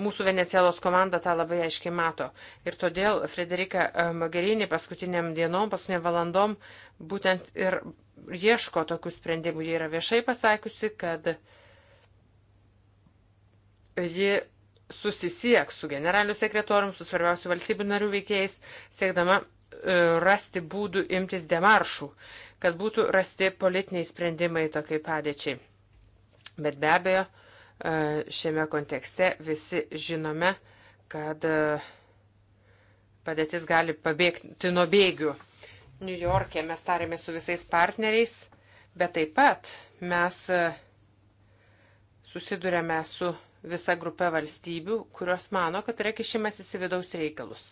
mūsų Venecijalos komanda tą labai aiškiai mato. Ir todėl Frederika e, Magerinė paskutiniam dienom, paskutiniam valandom būtent ir ieško tokių sprendimų. Jie yra viešai pasakiusi, kad e, ji susisieks su generaliniu sekretorium, su svarbiausių valstybių narių veikėjais, siekdama e, rasti būdų imtis demaršų, kad būtų rasti politiniai sprendimai tokiai padėčiai. Bet be abejo, e, šiame kontekste visi žinome, kad e, padėtis gali pabėgti nuo bėgių. New York'e mes tarėme su visais partneriais, bet taip pat mes susidurėme su visa grupė valstybių, kurios mano, kad yra kišimasis į vidaus reikalus.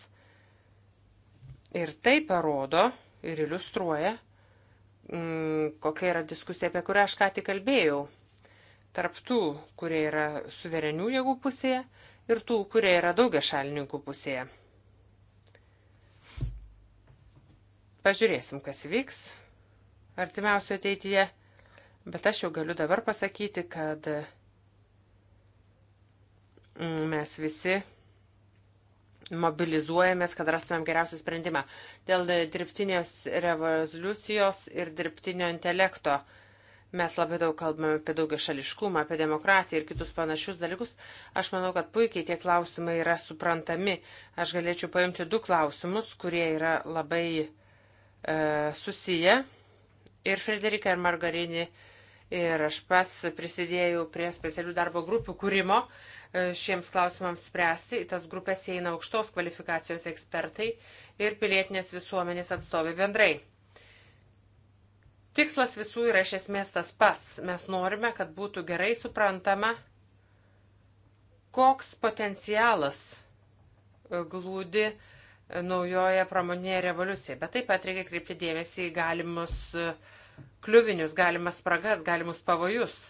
Ir tai parodo ir iliustruoja, mm, kokia yra diskusija, apie kurią aš ką tik kalbėjau. Tarptų, kurie yra suverenių jėgų pusėje ir tų, kurie yra daugia šalininkų pusėje. Pažiūrėsim, kas vyks artimiausio ateityje, bet aš jau galiu dabar pasakyti, kad Mm, mes visi mobilizuojamės, kad rastumėm geriausią sprendimą. Dėl dirbtinės revoliucijos ir dirbtinio intelekto mes labai daug kalbame apie daugia šališkumą, apie demokratiją ir kitus panašius dalykus. Aš manau, kad puikiai tie klausimai yra suprantami. Aš galėčiau paimti du klausimus, kurie yra labai e, susiję. Ir Frederika ir Margarini ir aš pats prisidėjau prie specialių darbo grupių kūrimo. E, šiems klausimams spręsti. Į tas grupės įeina aukštos kvalifikacijos ekspertai ir pilietinės visuomenės atstovai bendrai. Tikslas visų yra iš esmės tas pats. Mes norime, kad būtų gerai suprantama, koks potencialas e, glūdi e, naujoje pramoninėje revoliucijoje. Bet taip pat reikia kreipti dėmesį į galimus e, kliuvinius, galimas spragas, galimus pavojus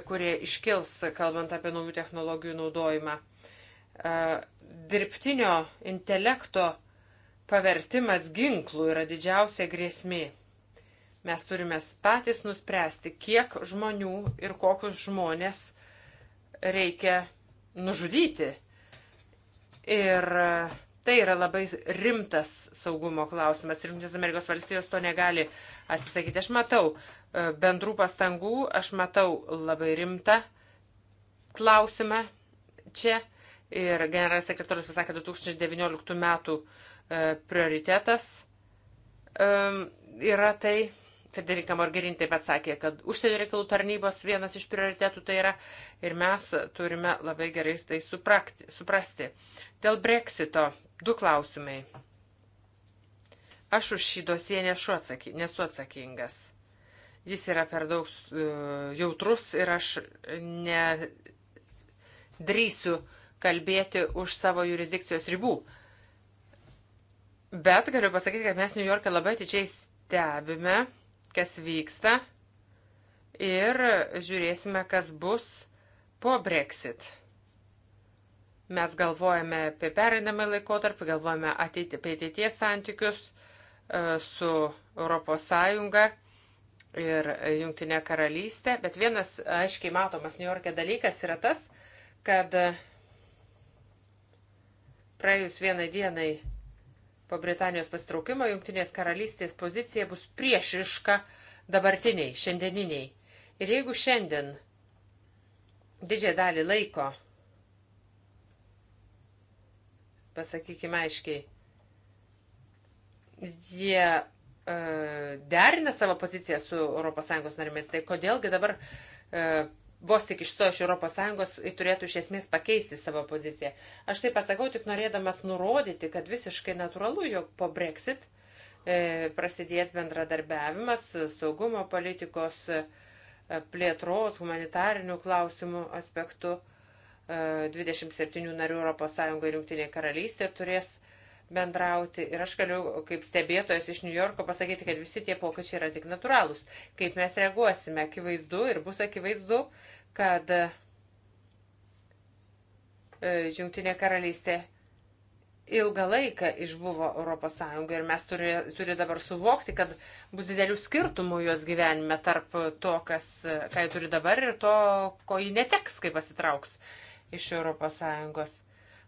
kurie iškils, kalbant apie naujų technologijų naudojimą. E, dirbtinio intelekto pavertimas ginklų yra didžiausia grėsmė. Mes turime patys nuspręsti, kiek žmonių ir kokius žmonės reikia nužudyti. Ir uh, Tai yra labai rimtas saugumo klausimas ir Junktinės Amerikos valstijos to negali atsisakyti. Aš matau e, bendrų pastangų, aš matau labai rimtą klausimą čia ir generalinis sekretorius pasakė 2019 metų e, prioritetas e, yra tai. Federika Morgerin taip pat sakė, kad užsienio reikalų tarnybos vienas iš prioritetų tai yra ir mes turime labai gerai tai suprakti, suprasti. Dėl breksito Du klausimai. Aš už šį dosiją nesu, atsaky, nesu atsakingas. Jis yra per daug e, jautrus ir aš nedrįsiu kalbėti už savo jurisdikcijos ribų. Bet galiu pasakyti, kad mes New York'e labai atidžiai stebime, kas vyksta ir žiūrėsime, kas bus po Brexit. Mes galvojame apie pereinamą laikotarpį, galvojame ateitį, apie ateities santykius e, su ES ir Junktinė karalystė. Bet vienas aiškiai matomas New York'e dalykas yra tas, kad praėjus vienai dienai po Britanijos pasitraukimo Junktinės karalystės pozicija bus priešiška dabartiniai, šiandieniniai. Ir jeigu šiandien didžiąją dalį laiko pasakykime aiškiai, jie e, derina savo poziciją su ES narėmis, tai kodėlgi dabar e, vos tik iš to iš ES turėtų iš esmės pakeisti savo poziciją. Aš tai pasakau tik norėdamas nurodyti, kad visiškai natūralu, jog po Brexit e, prasidės bendradarbiavimas saugumo politikos e, plėtros, humanitarinių klausimų aspektų. E, 27 e, narių ES ir Junktinė karalystė turės bendrauti. Ir aš galiu, kaip stebėtojas iš New Yorko, pasakyti, kad visi tie pokyčiai yra tik natūralūs. Kaip mes reaguosime, akivaizdu ir bus akivaizdu, kad e, Junktinė karalystė ilgą laiką išbuvo ES ir mes turi, turi dabar suvokti, kad bus didelių skirtumų jos gyvenime tarp to, kas, ką jie turi dabar ir to, ko jie neteks, kai pasitrauks. Uh, iš ES.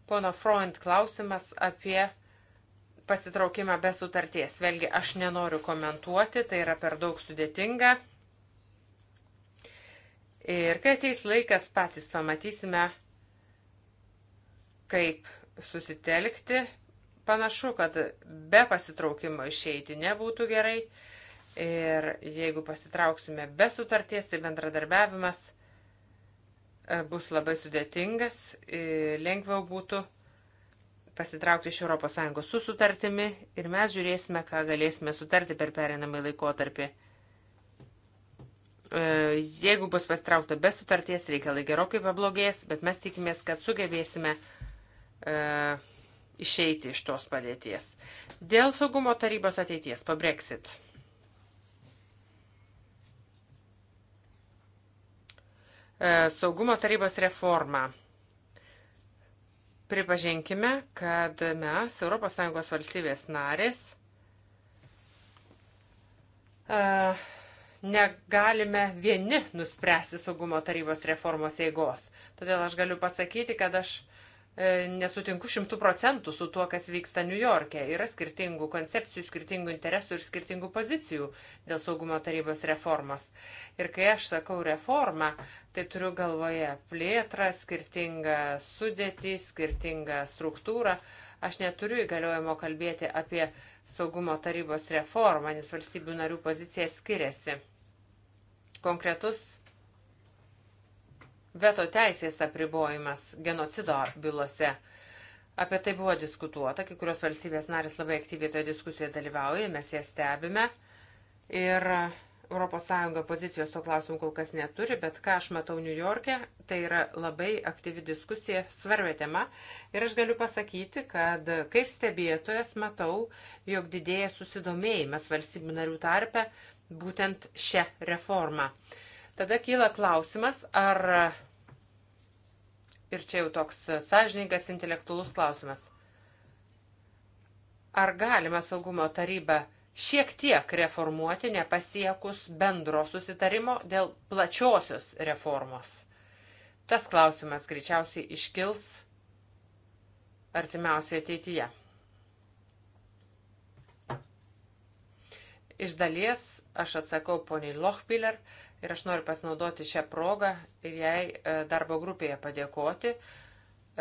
Pono Freund klausimas apie pasitraukimą be sutarties. Vėlgi, aš nenoriu komentuoti, tai yra per daug sudėtinga. Ir kai ateis laikas, patys pamatysime, kaip susitelkti. Panašu, kad be pasitraukimo išeiti nebūtų gerai. Ir jeigu pasitrauksime be sutarties, tai bendradarbiavimas E, bus labai sudėtingas. E, lengviau būtų pasitraukti iš ES su sutartimi ir mes žiūrėsime, ką galėsime sutarti per perinamą laikotarpį. E, jeigu bus pastraukta be sutarties, reikalai gerokai pablogės, bet mes tikimės, kad sugebėsime uh, išeiti iš tos padėties. Dėl saugumo tarybos ateities, pabrexit. Uh, E, saugumo tarybos reformą. Pripažinkime, kad mes, ES valstybės narės, e, negalime vieni nuspręsti saugumo tarybos reformos eigos. Todėl aš galiu pasakyti, kad aš E, nesutinku šimtų procentų su tuo, kas vyksta New York'e. Yra skirtingų koncepcijų, skirtingų interesų ir skirtingų pozicijų dėl saugumo tarybos reformos. Ir kai aš sakau reformą, tai turiu galvoje plėtrą, skirtingą sudėtį, skirtingą struktūrą. Aš neturiu įgaliojimo kalbėti apie saugumo tarybos reformą, nes valstybių narių pozicija skiriasi. Konkretus veto teisės apribojimas genocido bylose. Apie tai buvo diskutuota, kai kurios valstybės narės labai aktyviai toje diskusijoje dalyvauja, mes ją stebime. Ir ES pozicijos to klausimu kol kas neturi, bet ką aš matau New York'e, tai yra labai aktyvi diskusija, svarbia tema. Ir aš galiu pasakyti, kad kaip stebėtojas matau, jog didėja susidomėjimas valstybių narių tarpe būtent šią reformą. Uh, Tada kyla klausimas, ar. Ir čia jau toks sąžininkas, intelektualus klausimas. Ar galima saugumo tarybą šiek tiek reformuoti, nepasiekus bendro susitarimo dėl plačiosios reformos? Tas klausimas greičiausiai iškils artimiausioje ateityje. Iš dalies aš atsakau poniai Lochpiller, ir aš noriu pasinaudoti šią progą ir jai e, darbo grupėje padėkoti.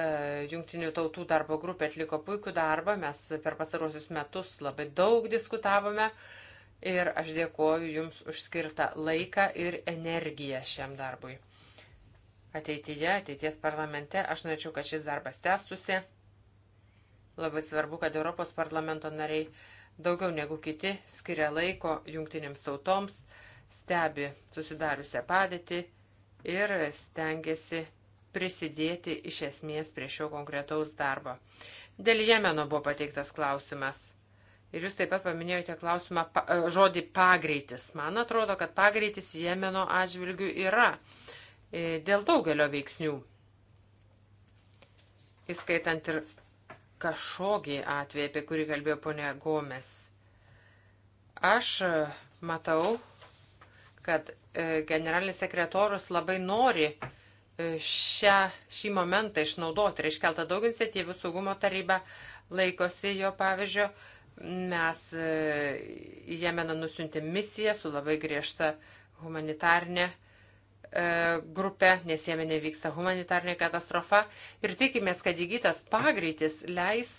E, Junktinių tautų darbo grupė atliko puikų darbą, mes per pasarosius metus labai daug diskutavome ir aš dėkoju Jums už skirtą laiką ir energiją šiam darbui. Ateityje, ateities parlamente, aš norėčiau, kad šis darbas tęstusi. Labai svarbu, kad Europos parlamento nariai daugiau negu kiti skiria laiko jungtinėms tautoms stebi susidariusią padėtį ir stengiasi prisidėti iš esmės prie šio konkretaus darbo. Dėl Jemeno buvo pateiktas klausimas. Ir jūs taip pat paminėjote klausimą pa, e, žodį pagreitis. Man atrodo, kad pagreitis Jemeno atžvilgių yra e, dėl daugelio veiksnių. Įskaitant ir kažkokį atvejį, apie kurį kalbėjo ponė Gomes. Aš e, matau, kad e, generalinis sekretorius labai nori e, šią, šį momentą išnaudoti. Ir iškelta daug iniciatyvų, saugumo taryba laikosi jo pavyzdžio. Mes e, į Jemeną nusintėm misiją su labai griežta humanitarnė grupė, nes Jemenė vyksta humanitarnė katastrofa ir tikimės, kad įgytas pagreitis leis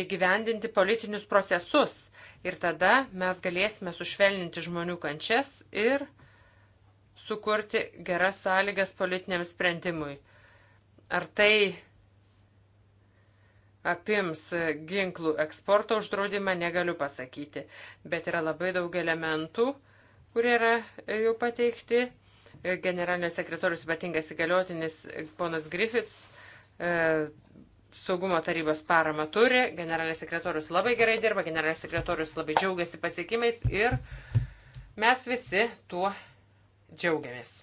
įgyvendinti politinius procesus Ir tada mes galėsime sušvelninti žmonių kančias ir sukurti geras sąlygas politiniam sprendimui. Ar tai apims ginklų eksporto uždraudimą, negaliu pasakyti, bet yra labai daug elementų, kurie yra jau pateikti. Generalinio sekretorius ypatingas įgaliotinis ponas Griffiths e, saugumo tarybos paramą turi, generalinis sekretorius labai gerai dirba, generalinis sekretorius labai džiaugiasi pasiekimais ir mes visi tuo džiaugiamės.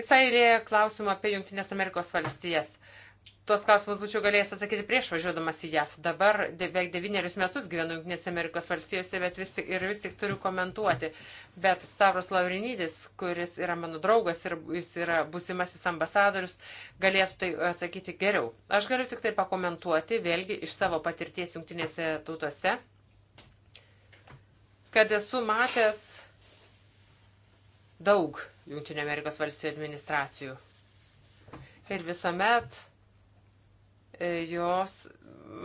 Visai lėja klausimų apie Junktinės Amerikos valstijas tuos klausimus būčiau galėjęs atsakyti prieš važiuodamas į JAV. Dabar beveik devynerius metus gyvenu Junktinėse Amerikos valstijose, bet vis tik, ir vis tik turiu komentuoti. Bet Stavros Laurinydis, kuris yra mano draugas ir jis yra busimasis ambasadorius, galėtų tai atsakyti geriau. Aš galiu tik tai pakomentuoti, vėlgi iš savo patirties Junktinėse tautose, kad esu matęs daug Junktinio Amerikos valstijų administracijų. Ir visuomet E, jos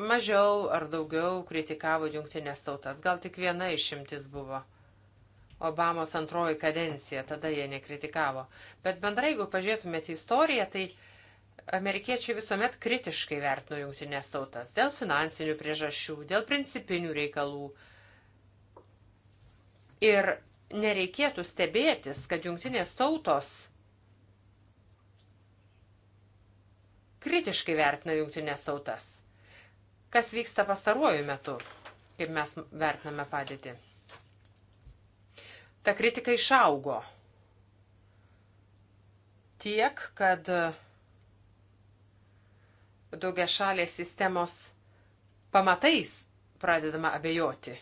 mažiau ar daugiau kritikavo jungtinės tautas. Gal tik viena išimtis buvo. Obamos antroji kadencija, tada jie nekritikavo. Bet bendrai, jeigu pažiūrėtumėte istoriją, tai amerikiečiai visuomet kritiškai vertino jungtinės tautas dėl finansinių priežasčių, dėl principinių reikalų. Ir nereikėtų stebėtis, kad jungtinės tautos kritiškai vertina jungtinės tautas. Kas vyksta pastaruoju metu, kaip mes vertiname padėtį? Ta kritika išaugo tiek, kad daugia šalės sistemos pamatais pradedama abejoti.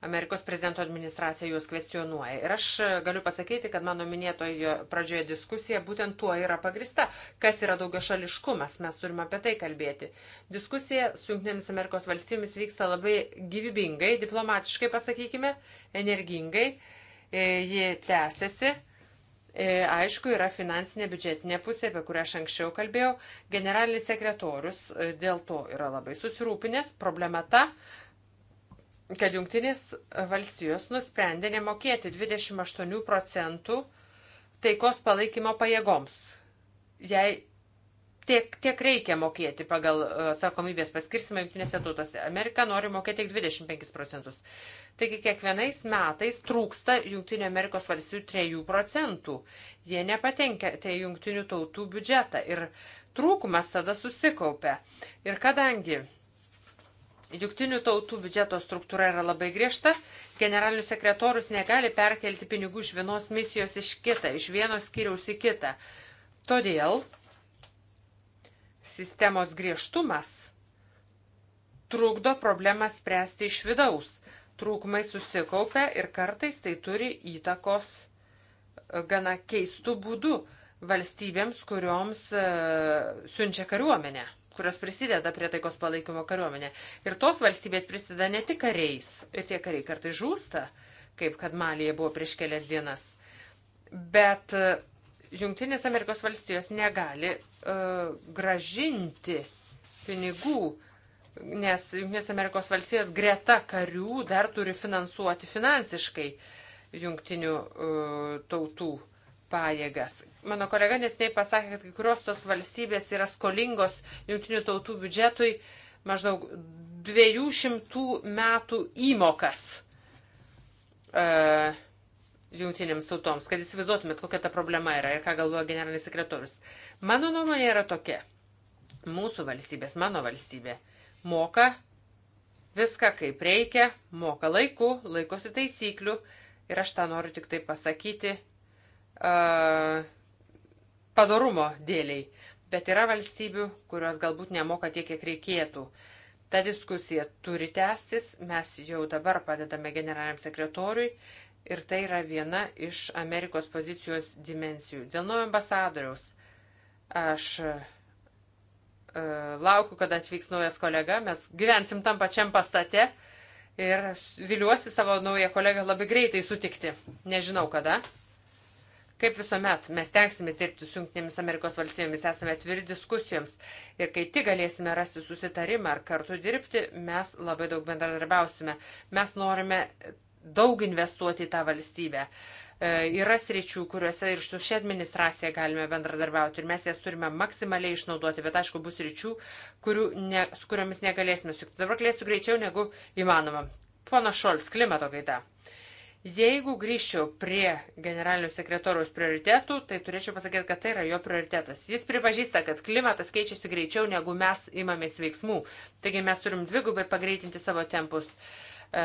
Amerikos prezidento administracija juos kvestionuoja. Ir aš galiu pasakyti, kad mano minėtojo pradžioje diskusija būtent tuo yra pagrista. Kas yra daugia šališkumas, mes turime apie tai kalbėti. Diskusija su Junktinėmis Amerikos valstybėmis vyksta labai gyvybingai, diplomatiškai, pasakykime, energingai. E, ji tęsiasi. E, aišku, yra finansinė biudžetinė pusė, apie kurią aš anksčiau kalbėjau. Generalinis sekretorius e, dėl to yra labai susirūpinęs. Problema ta, kad jungtinės valstijos nusprendė nemokėti 28 procentų taikos palaikymo pajėgoms. Jei tiek, tiek reikia mokėti pagal e, atsakomybės paskirsimą jungtinėse tautose. Amerika nori mokėti tik 25 procentus. Taigi kiekvienais metais trūksta Junktinio Amerikos valstybių 3 procentų. Jie nepatenkia tai jungtinių tautų biudžetą ir trūkumas tada susikaupia. Ir kadangi Juktinių tautų biudžeto struktūra yra labai griežta. Generalinis sekretorius negali perkelti pinigų iš vienos misijos iš kitą, iš vienos skyriaus į kitą. Todėl sistemos griežtumas trukdo problemą spręsti iš vidaus. Trūkumai susikaupia ir kartais tai turi įtakos e, gana keistų būdų valstybėms, kurioms e, siunčia kariuomenę kurios prisideda prie taikos palaikymo kariuomenė. Ir tos valstybės prisideda ne tik kariais, ir tie kariai kartai žūsta, kaip kad Malija buvo prieš kelias dienas. Bet e, Junktinės Amerikos valstijos negali uh, gražinti pinigų, nes Junktinės Amerikos valstijos greta karių dar turi finansuoti finansiškai jungtinių uh, tautų uh, pajėgas. Mano kolega nesiniai pasakė, kad kai kurios tos valstybės yra skolingos jungtinių tautų biudžetui maždaug 200 metų įmokas uh, jungtinėms tautoms, kad įsivaizduotumėt, kokia ta problema yra ir ką galvoja generalinis sekretorius. Mano nuomonė yra tokia. Mūsų valstybės, mano valstybė, moka viską kaip reikia, moka laiku, laikosi taisyklių ir aš tą noriu tik tai pasakyti padarumo dėliai. Bet yra valstybių, kurios galbūt nemoka tiek, kiek reikėtų. Ta diskusija turi tęstis, mes jau dabar padedame generaliniam sekretoriui ir tai yra viena iš Amerikos pozicijos dimensijų. Dėl naujo ambasadoriaus aš laukiu, kada atvyks naujas kolega, mes gyvensim tam pačiam pastate ir viliuosi savo naują kolegą labai greitai sutikti. Nežinau kada. Kaip visuomet, mes tenksime dirbti su Junktinėmis Amerikos valstybėmis, esame atviri diskusijoms ir kai tik galėsime rasti susitarimą ar kartu dirbti, mes labai daug bendradarbiausime. Mes norime daug investuoti į tą valstybę. E, yra sričių, kuriuose ir su šia administracija galime bendradarbiauti ir mes jas turime maksimaliai išnaudoti, bet aišku, bus sričių, ne, su kuriomis negalėsime sukti. Dabar klėsiu greičiau negu įmanoma. Pana Šolts, klimato kaita. Uh, Jeigu grįžčiau prie generalinio sekretoriaus prioritetų, tai turėčiau pasakyti, kad tai yra jo prioritetas. Jis pripažįsta, kad klimatas keičiasi greičiau, negu mes imamės veiksmų. Taigi mes turim dvigubai pagreitinti savo tempus. E,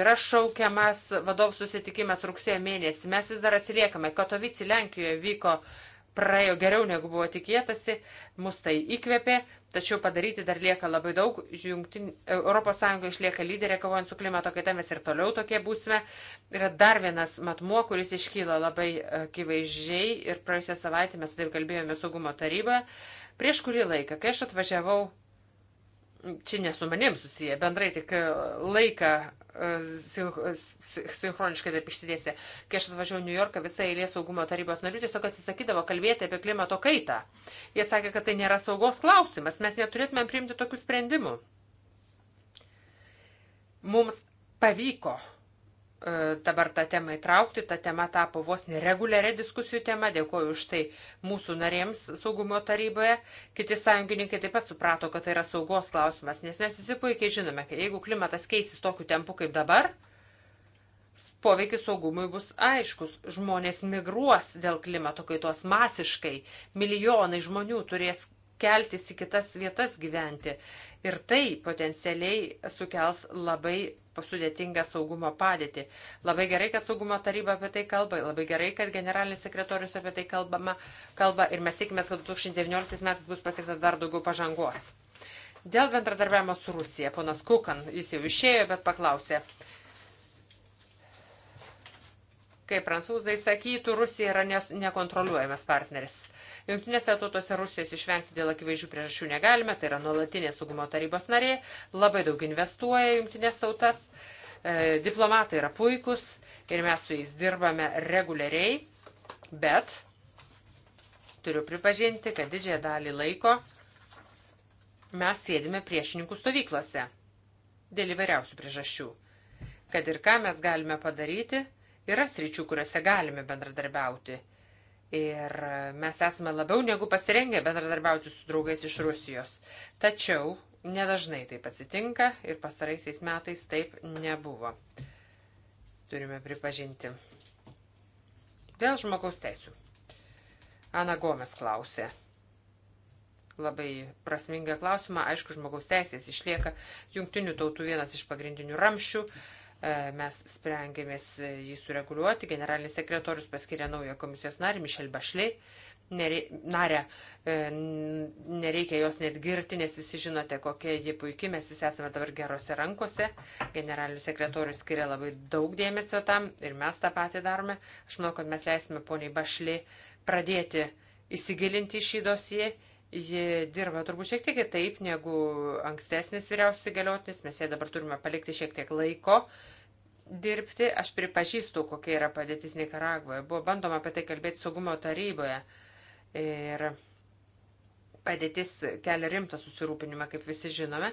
yra šaukiamas vadovų susitikimas rugsėjo mėnesį. Mes vis dar atsiliekame. Katovici Lenkijoje vyko praėjo geriau, negu buvo tikėtasi. Mus tai įkvėpė. Tačiau padaryti dar lieka labai daug. Jungtin... ES išlieka lyderė kovojant su klimato kaita, mes ir toliau tokie būsime. Yra dar vienas matmuo, kuris iškyla labai akivaizdžiai ir praėjusią savaitę mes taip kalbėjome saugumo taryboje. Prieš kurį laiką, kai aš atvažiavau, čia nesu manim susiję, bendrai tik laiką sinchroniškai taip išsidėsė. Kai aš atvažiavau New Yorką, visa eilė saugumo tarybos narių tiesiog atsisakydavo kalbėti apie klimato kaitą. Jie sakė, kad tai nėra saugos klausimas, mes neturėtume priimti tokių sprendimų. Mums pavyko E, dabar tą temą įtraukti. Ta tema tapo vos nereguliarė diskusijų tema. Dėkuoju už tai mūsų narėms saugumo taryboje. Kiti sąjungininkai taip pat suprato, kad tai yra saugos klausimas, nes mes visi puikiai žinome, kad jeigu klimatas keisis tokiu tempu kaip dabar, poveikis saugumui bus aiškus. Žmonės migruos dėl klimato kaitos masiškai. Milijonai žmonių turės keltis į kitas vietas gyventi. Ir tai potencialiai sukels labai sudėtingą saugumo padėtį. Labai gerai, kad saugumo taryba apie tai kalba, labai gerai, kad generalinis sekretorius apie tai kalbama, kalba ir mes tikimės, kad 2019 metais bus pasiekta dar daugiau pažangos. Dėl bendradarbiavimo su Rusija, ponas Kukan, jis jau išėjo, bet paklausė. Kaip prancūzai sakytų, Rusija yra nekontroliuojamas partneris. Junktinėse tautose Rusijos išvengti dėl akivaizdžių priežasčių negalime, tai yra nuolatinė saugumo tarybos narė, labai daug investuoja Junktinės tautas, e, diplomatai yra puikus ir mes su jais dirbame reguliariai, bet turiu pripažinti, kad didžiąją dalį laiko mes sėdime priešininkų stovyklose dėl įvairiausių priežasčių. Kad ir ką mes galime padaryti, yra sričių, kuriuose galime bendradarbiauti Ir mes esame labiau negu pasirengę bendradarbiauti su draugais iš Rusijos. Tačiau nedažnai taip atsitinka ir pasaraisiais metais taip nebuvo. Turime pripažinti. Dėl žmogaus teisų. Ana Gomes klausė. Labai prasmingą klausimą. Aišku, žmogaus teisės išlieka jungtinių tautų vienas iš pagrindinių ramščių. Uh, E, mes sprengėmės e, jį sureguliuoti. Generalinis sekretorius paskiria naują komisijos narį Mišel Bašlį. Narę e, nereikia jos net girti, nes visi žinote, kokia ji puikia, mes visi esame dabar gerose rankose. Generalinis sekretorius skiria labai daug dėmesio tam ir mes tą patį darome. Aš manau, kad mes leisime poniai Bašlį pradėti įsigilinti šį dosiją Ji dirba turbūt šiek tiek kitaip negu ankstesnis vyriausias įgaliotinis, mes jai dabar turime palikti šiek tiek laiko dirbti. Aš pripažįstu, kokia yra padėtis Nikaragvoje. Buvo bandoma apie tai kalbėti saugumo taryboje. Ir padėtis kelia rimtą susirūpinimą, kaip visi žinome.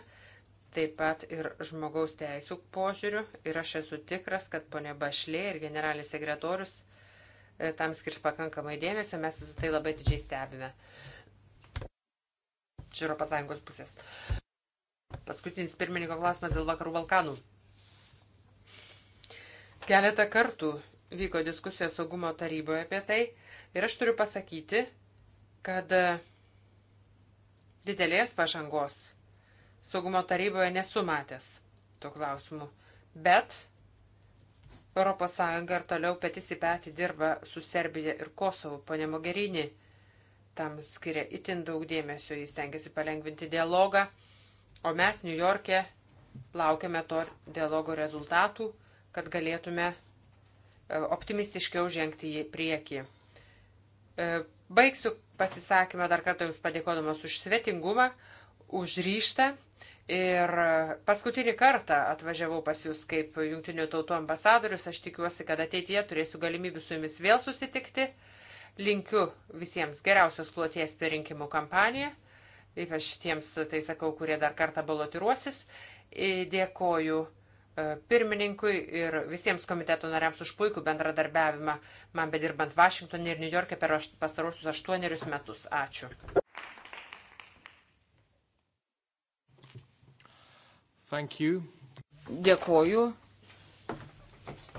Taip pat ir žmogaus teisų požiūrių. Ir aš esu tikras, kad ponė Bašlė ir generalinis sekretorius e, tam skirs pakankamai dėmesio. Mes visą tai labai didžiai stebime iš ES pusės. Paskutinis pirmininko klausimas dėl Vakarų Balkanų. Keletą kartų vyko diskusija saugumo taryboje apie tai ir aš turiu pasakyti, kad e, didelės pažangos saugumo taryboje nesu matęs tų klausimų. Bet ES ir toliau petys į petį dirba su Serbija ir Kosovu, ponė Mogherini tam skiria itin daug dėmesio, jis tengiasi palengvinti dialogą, o mes New York'e laukiame to dialogo rezultatų, kad galėtume e, optimistiškiau žengti į priekį. E, baigsiu pasisakymą dar kartą Jums padėkodamas už svetingumą, už ryštą. Ir paskutinį kartą atvažiavau pas Jūs kaip Junktinių tautų ambasadorius. Aš tikiuosi, kad ateityje turėsiu galimybę su Jumis vėl susitikti. Linkiu visiems geriausios kloties per rinkimų kampaniją, ypač tiems, tai sakau, kurie dar kartą balotiruosis. E, dėkoju e, pirmininkui ir visiems komiteto nariams už puikų bendradarbiavimą man bedirbant Vašingtonė ir New York'e per pastarosius aštuonerius metus. Ačiū. Dėkoju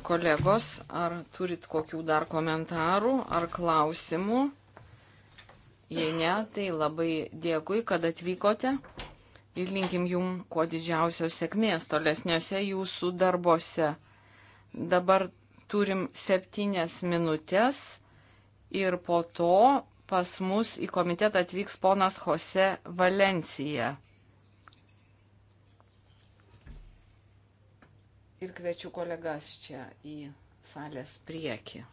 kolegos, ar turit kokių dar komentarų ar klausimų? Jei ne, tai labai dėkui, kad atvykote ir linkim jum kuo didžiausios sėkmės tolesniuose jūsų darbuose. Dabar turim septynias minutės ir po to pas mus į komitetą atvyks ponas Jose Valencija. ir kviečiu kolegas čia į salės priekį.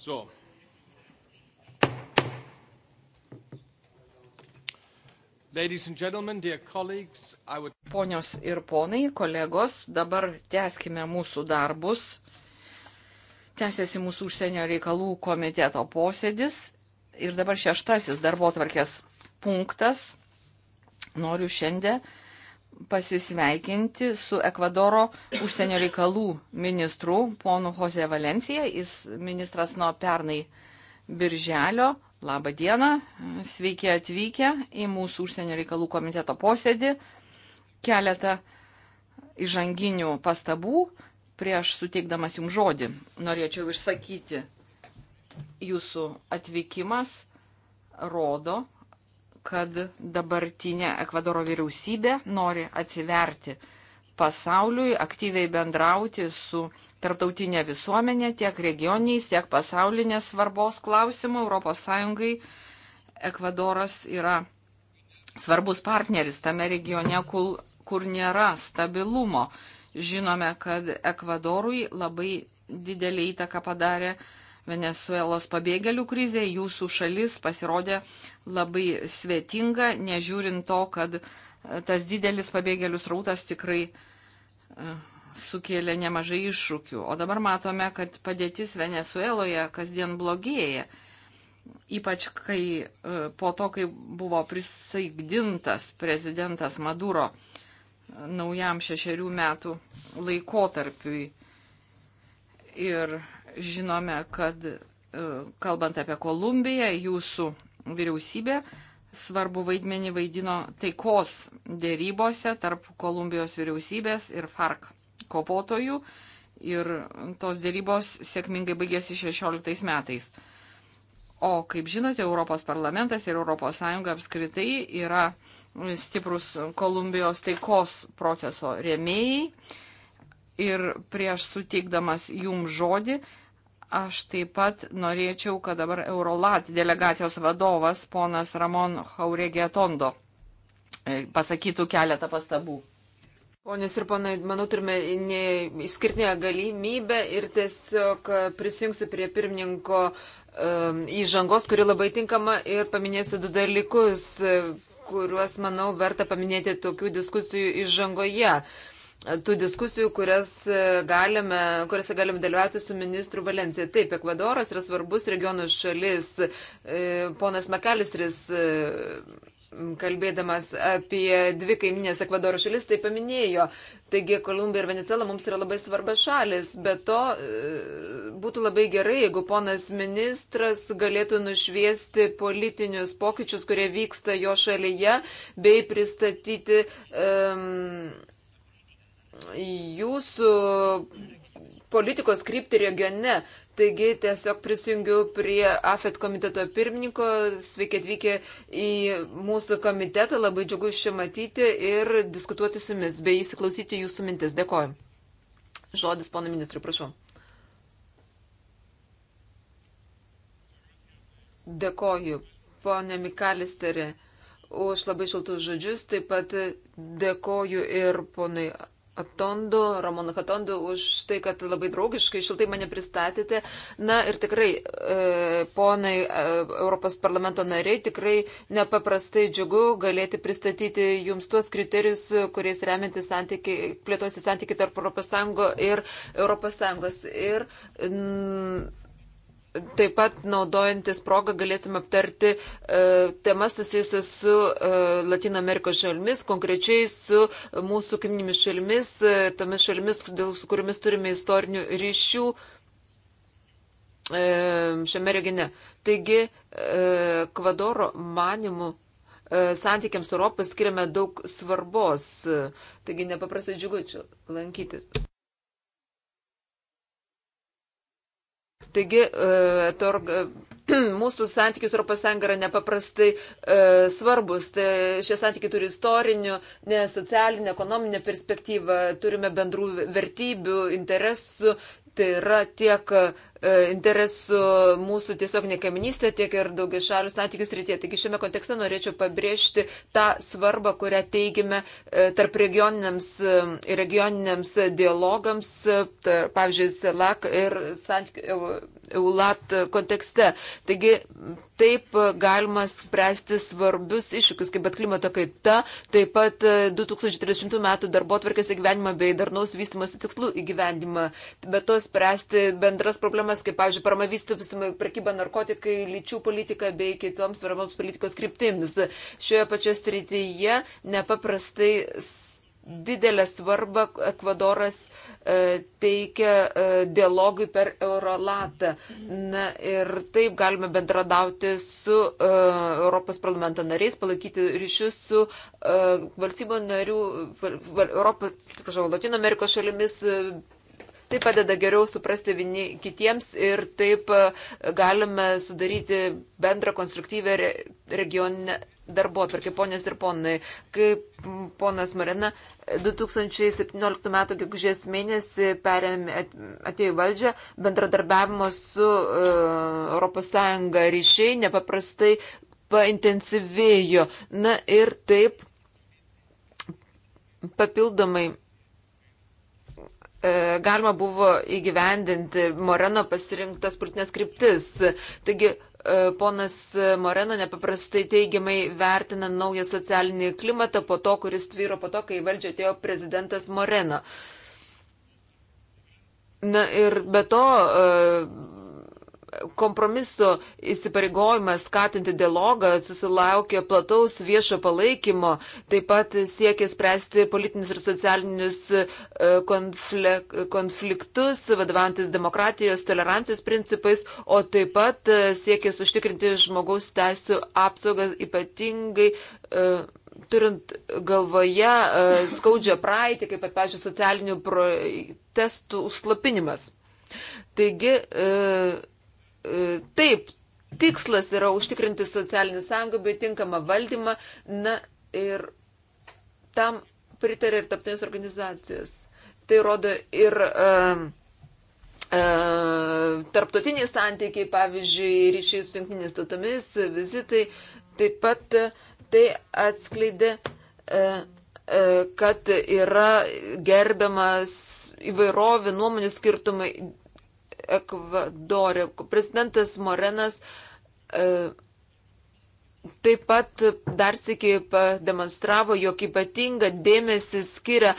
So. Would... Ponios ir ponai, kolegos, dabar tęskime mūsų darbus. Tęsiasi mūsų užsienio reikalų komiteto posėdis. Ir dabar šeštasis darbo tvarkės punktas. Noriu šiandien pasisveikinti su Ekvadoro užsienio reikalų ministru, ponu Jose Valencija. Jis ministras nuo pernai birželio. Labą dieną, sveiki atvykę į mūsų užsienio reikalų komiteto posėdį. Keletą įžanginių pastabų prieš suteikdamas jums žodį. Norėčiau išsakyti, jūsų atvykimas rodo, kad dabartinė Ekvadoro vyriausybė nori atsiverti pasauliui, aktyviai bendrauti su tarptautinė visuomenė tiek regioniais, tiek pasaulinės svarbos klausimų ES. Ekvadoras yra svarbus partneris tame regione, kur, kur nėra stabilumo. Žinome, kad Ekvadorui labai didelį įtaką padarė uh, Venezuelos pabėgėlių krizė, jūsų šalis pasirodė labai svetinga, nežiūrint to, kad e, tas didelis pabėgėlių srautas tikrai e, sukėlė nemažai iššūkių. O dabar matome, kad padėtis Venezueloje kasdien blogėja. Ypač kai e, po to, kai buvo prisaigdintas prezidentas Maduro naujam šešerių metų laikotarpiui. Ir Žinome, kad e, kalbant apie Kolumbiją, jūsų vyriausybė svarbu vaidmenį vaidino taikos dėrybose tarp Kolumbijos vyriausybės ir FARC kovotojų ir tos dėrybos sėkmingai baigėsi 16 metais. O kaip žinote, Europos parlamentas ir ES apskritai yra stiprus Kolumbijos taikos proceso rėmėjai. Ir prieš sutikdamas jums žodį, Aš taip pat norėčiau, kad dabar Eurolat delegacijos vadovas, ponas Ramon Hauregė Tondo, e, pasakytų keletą pastabų. Ponios ir ponai, manau, turime išskirtinę galimybę ir tiesiog prisijungsiu prie pirmininko e, įžangos, kuri labai tinkama ir paminėsiu du dalykus, e, kuriuos, manau, verta paminėti tokių diskusijų įžangoje tų diskusijų, kurias e, galime, kuriuose galime dalyvauti su ministru Valencija. Taip, Ekvadoras yra svarbus regionų šalis. E, ponas Makalisris, e, kalbėdamas apie dvi kaiminės Ekvadoro šalis, tai paminėjo. Taigi Kolumbija ir Venezuela mums yra labai svarba šalis, bet to būtų labai gerai, jeigu ponas ministras galėtų nušviesti politinius pokyčius, kurie vyksta jo šalyje, bei pristatyti um, jūsų politikos krypti regione. Taigi tiesiog prisijungiu prie AFET komiteto pirmininko. Sveiki atvykę į mūsų komitetą. Labai džiugu šią matyti ir diskutuoti su jumis, bei įsiklausyti jūsų mintis. Dėkoju. Žodis pono ministrui, prašau. Dėkoju, ponė Mikalisteri, už labai šiltus žodžius. Taip pat dėkoju ir ponui Aptondų, Romano Katondų už tai, kad labai draugiškai, šiltai mane pristatėte. Na ir tikrai, e, ponai e, Europos parlamento nariai, tikrai nepaprastai džiugu galėti pristatyti jums tuos kriterijus, kuriais remianti santyki, plėtosi santyki tarp ES ir ES. Ir, mm, Taip pat naudojantis progą galėsim aptarti e, temas susijusias su e, Latino Amerikos šalimis, konkrečiai su mūsų kaiminimis šalimis, e, tomis šalimis, dėl, su kuriamis turime istorinių ryšių e, šiame regione. Taigi, e, Kvadoro manimų e, santykiams Europos skiriame daug svarbos. Taigi, nepaprastai džiugu čia lankytis. Taigi, e, torg, e, mūsų santykis Europos Sąjunga yra nepaprastai e, svarbus. Tai šie santykiai turi istorinių, ne socialinę, ekonominę perspektyvą, turime bendrų vertybių, interesų. Tai yra tiek E, interesų mūsų tiesioginė kaiminystė, tiek ir daugia šalių santykius rytie. Taigi šiame kontekste norėčiau pabrėžti tą svarbą, kurią teigime e, tarp regioniniams ir e, regioniniams dialogams, tarp, pavyzdžiui, SELAC ir EULAT kontekste. Taigi taip galima spręsti svarbius iššūkius, kaip bet klimato kaita, taip pat 2030 metų darbo tvarkės įgyvenimą bei darnaus vystimosi tikslų įgyvenimą, bet to spręsti bendras problemas reformas, kaip, pavyzdžiui, parama vystysimai prekyba narkotikai, lyčių politika bei kitoms svarbams politikos kryptims. Šioje pačioje srityje nepaprastai didelę svarbą Ekvadoras e, teikia e, dialogui per Eurolatą. Na ir taip galime bendradauti su e, Europos parlamento nariais, palaikyti ryšius su valstybių narių, Europos, atsiprašau, Latino Amerikos šalimis, Tai padeda geriau suprasti vieni kitiems ir taip e, galime sudaryti bendrą konstruktyvę regioninę darbo atvarkį, ponės ir ponai. Kaip ponas Marina 2017 m. gegužės mėnesį perėmė, atėjo į valdžią, bendradarbiavimo su uh, e, ES ryšiai nepaprastai paintensyvėjo. Na ir taip papildomai E, galima buvo įgyvendinti Moreno pasirinktas politinės kryptis. Taigi, e, ponas Moreno nepaprastai teigiamai vertina naują socialinį klimatą po to, kuris tvyro po to, kai valdžia atėjo prezidentas Moreno. Na ir be to, e, kompromiso įsipareigojimas skatinti dialogą susilaukė plataus viešo palaikymo, taip pat siekia spręsti politinius ir socialinius e, konfliktus, vadovantis demokratijos tolerancijos principais, o taip pat e, siekia užtikrinti žmogaus teisų apsaugas ypatingai e, turint galvoje skaudžią praeitį, kaip pat, pažiūrėjau, socialinių protestų užslapinimas. Taigi, E, taip, tikslas yra užtikrinti socialinį sąjungą bei tinkamą valdymą. Na ir tam pritarė ir taptinės organizacijos. Tai rodo ir um, um, tarptautiniai santykiai, pavyzdžiui, ryšiai su jungtinės tautomis, vizitai. Taip pat tai atskleidė, uh, uh, kad yra gerbiamas įvairovė, nuomonių skirtumai Ekvadorė. Prezidentas Morenas e, taip pat dar sėkiai pademonstravo, jog ypatinga dėmesį skiria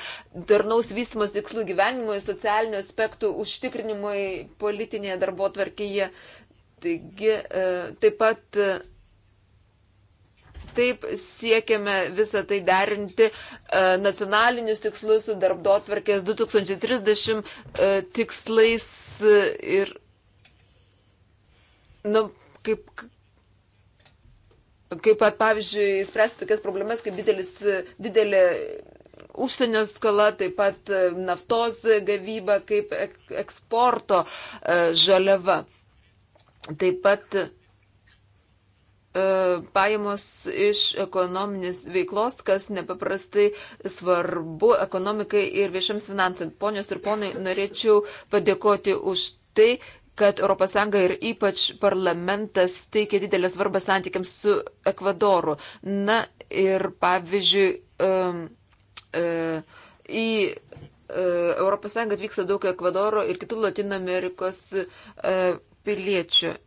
darnaus vystimos tikslų gyvenimui, socialinių aspektų užtikrinimui politinėje darbo tvarkyje. Taigi e, taip pat taip siekiame visą tai derinti e, nacionalinius tikslus su darbdo tvarkės 2030 tikslais e, ir, na, nu, kaip, kaip pat, pavyzdžiui, spręsti tokias problemas kaip didelis, didelė užsienio skola, taip pat e, naftos gavyba kaip eksporto žaliava. Taip pat E, pajamos iš ekonominės veiklos, kas nepaprastai svarbu ekonomikai ir viešiams finansams. Ponios ir ponai, norėčiau padėkoti už tai, kad ES ir ypač parlamentas teikia didelę svarbą santykiams su Ekvadoru. Na ir pavyzdžiui, um, uh, į uh, ES atvyksta daug Ekvadoro ir kitų Latino Amerikos uh, piliečių.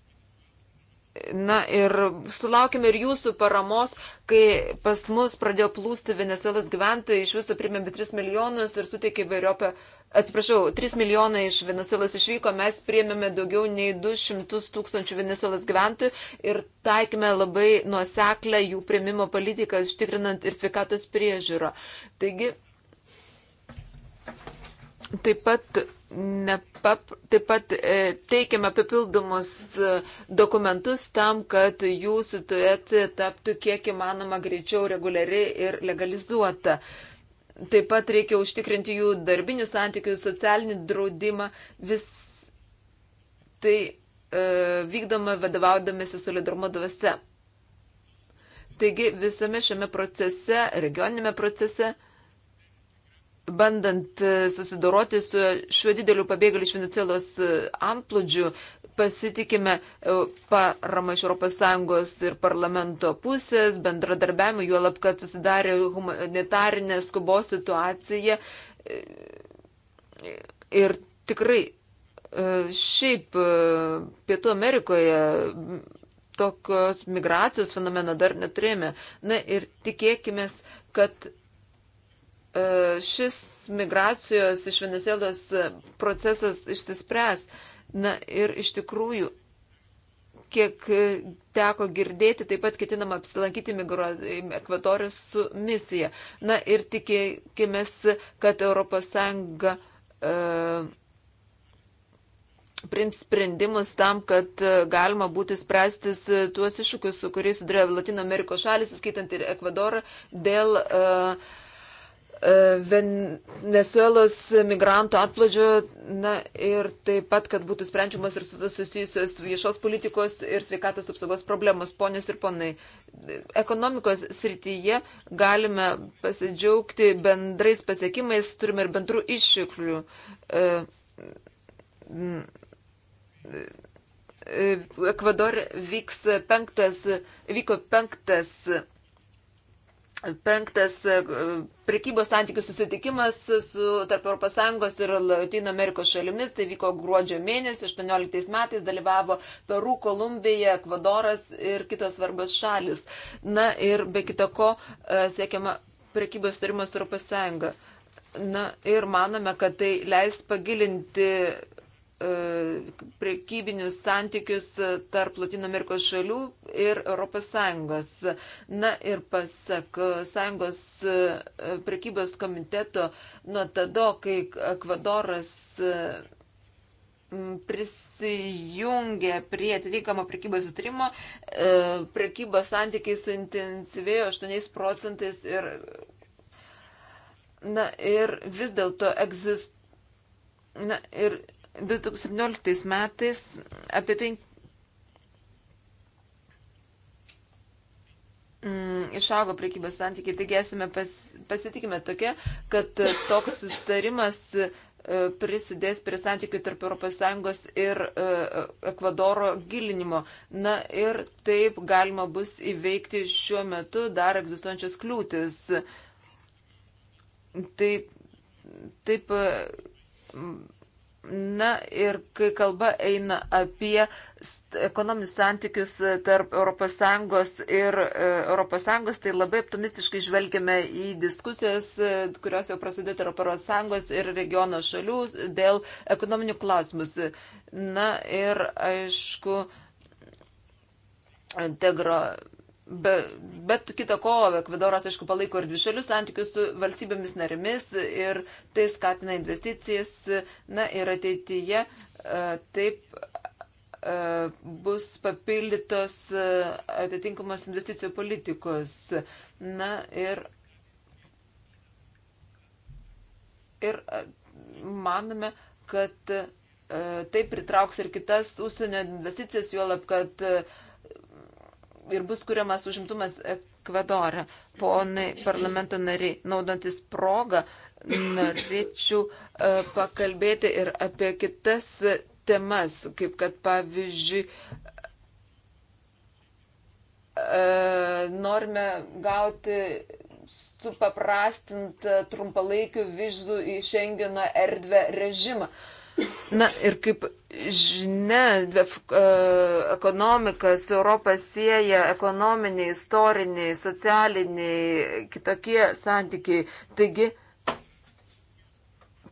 Na ir sulaukime ir jūsų paramos, kai pas mus pradėjo plūsti Venezuelos gyventojai, iš viso primėme 3 milijonus ir suteikė įvairiopę, atsiprašau, 3 milijonai iš Venezuelos išvyko, mes priėmėme daugiau nei 200 tūkstančių Venezuelos gyventojų ir taikėme labai nuoseklę jų priėmimo politiką, ištikrinant ir sveikatos priežiūrą. Taigi, taip pat Nepap, taip pat e, teikiame papildomus e, dokumentus tam, kad jų situacija taptų kiek įmanoma greičiau reguliariai ir legalizuota. Taip pat reikia užtikrinti jų darbinių santykių, socialinį draudimą. Vis tai e, vykdoma vadovaudamėsi solidarumo dvasia. Taigi visame šiame procese, regioninėme procese, bandant e, susidoroti su šiuo dideliu pabėgėliu iš Venecijos e, antplūdžiu, pasitikime e, parama iš ES ir parlamento pusės, bendradarbiavimu, juolab, kad susidarė humanitarinė skubos situacija. Ir tikrai šiaip Pietų Amerikoje tokios migracijos fenomeno dar neturėjome. Na ir tikėkime, kad E, šis migracijos iš Venezuelos procesas išsispręs. Na ir iš tikrųjų, kiek teko girdėti, taip pat ketinama apsilankyti Ekvatorius su misija. Na ir tikėkime, kad ES e, prims sprendimus tam, kad e, galima būti spręstis tuos iššūkius, su kuriais sudurėjo Latino Amerikos šalis, įskaitant ir Ekvadorą, dėl uh, e, E, Venezuelos migrantų atplodžio na, ir taip pat, kad būtų sprendžiamas ir su susijusios viešos politikos ir sveikatos apsaugos problemos. Ponės ir ponai, ekonomikos srityje galime pasidžiaugti bendrais pasiekimais, turime ir bendrų iššyklių. E, e, Ekvador vyks penktas, vyko penktas penktas e, prekybos santykių susitikimas su tarp ES ir Latino Amerikos šalimis. Tai vyko gruodžio mėnesį, 18 metais dalyvavo Peru, Kolumbija, Ekvadoras ir kitos svarbios šalis. Na ir be kita ko e, siekiama prekybos turimas su ES. Na ir manome, kad tai leis pagilinti E, prekybinius santykius tarp Latino Amerikos šalių ir ES. Na ir pasak Sąjungos e, prekybos komiteto, nuo tada, kai Ekvadoras e, prisijungė prie atitinkamo prekybos sutrimo, prekybos santykiai suintensyvėjo 8 procentais ir, na, ir vis dėlto egzistuoja. Na ir 2017 metais apie 5 mm, išaugo priekybos santykiai, taigi esame pas, pasitikime tokia, kad toks sustarimas e, prisidės prie santykių tarp ES ir e, Ekvadoro gilinimo. Na ir taip galima bus įveikti šiuo metu dar egzistuojančias kliūtis. Taip, taip e, Na ir kai kalba eina apie ekonominius santykius tarp ES ir ES, tai labai optimistiškai žvelgiame į diskusijas, e, kurios jau prasidėjo tarp ES ir regiono šalių dėl ekonominių klausimus. Na ir aišku, integro Be, bet kita ko, Ekvadoras, aišku, palaiko ir dvišalius santykius su valstybėmis narimis ir tai skatina investicijas. Na ir ateityje e, taip e, bus papildytos e, atitinkamos investicijų politikos. Na ir, ir manome, kad tai pritrauks ir kitas užsienio investicijas, juolab, kad uh, ir bus kuriamas užimtumas Ekvadore. Ponai parlamento nariai, naudantis progą, norėčiau e, pakalbėti ir apie kitas temas, kaip kad pavyzdžiui, e, norime gauti supaprastintą trumpalaikių vizų į Šengeno erdvę režimą. Na ir kaip žinia, e, ekonomika su Europą sieja ekonominiai, istoriniai, socialiniai, kitokie santykiai. Taigi,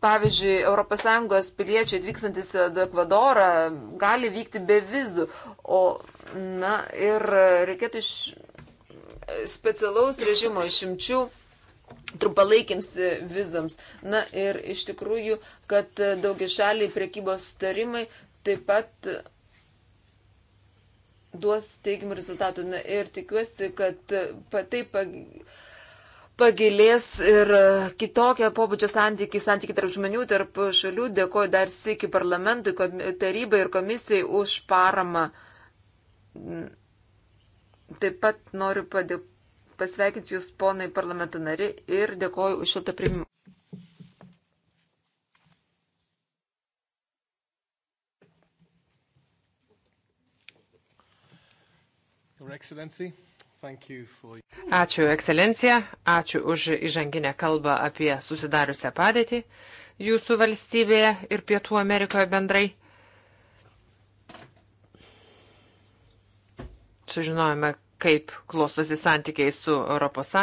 pavyzdžiui, ES piliečiai atvykstantis į Ekvadorą gali vykti be vizų. O, na, ir reikėtų iš specialaus režimo išimčių trumpalaikiams vizams. Na ir iš tikrųjų kad daugia šaliai priekybos starimai taip pat duos teigiamų rezultatų. Na, ir tikiuosi, kad taip pagilės ir kitokia pobūdžio santykiai, santykiai tarp žmonių, tarp šalių. Dėkoju dar sėki parlamentui, tarybai ir komisijai už paramą. Taip pat noriu padėk... pasveikinti Jūs, ponai parlamento nari, ir dėkoju už šiltą primimą. Ačiū, ekscelencija, ačiū už įžanginę kalbą apie susidariusią padėtį jūsų valstybėje ir Pietų Amerikoje bendrai. Sužinojome, kaip klostosi santykiai su ES.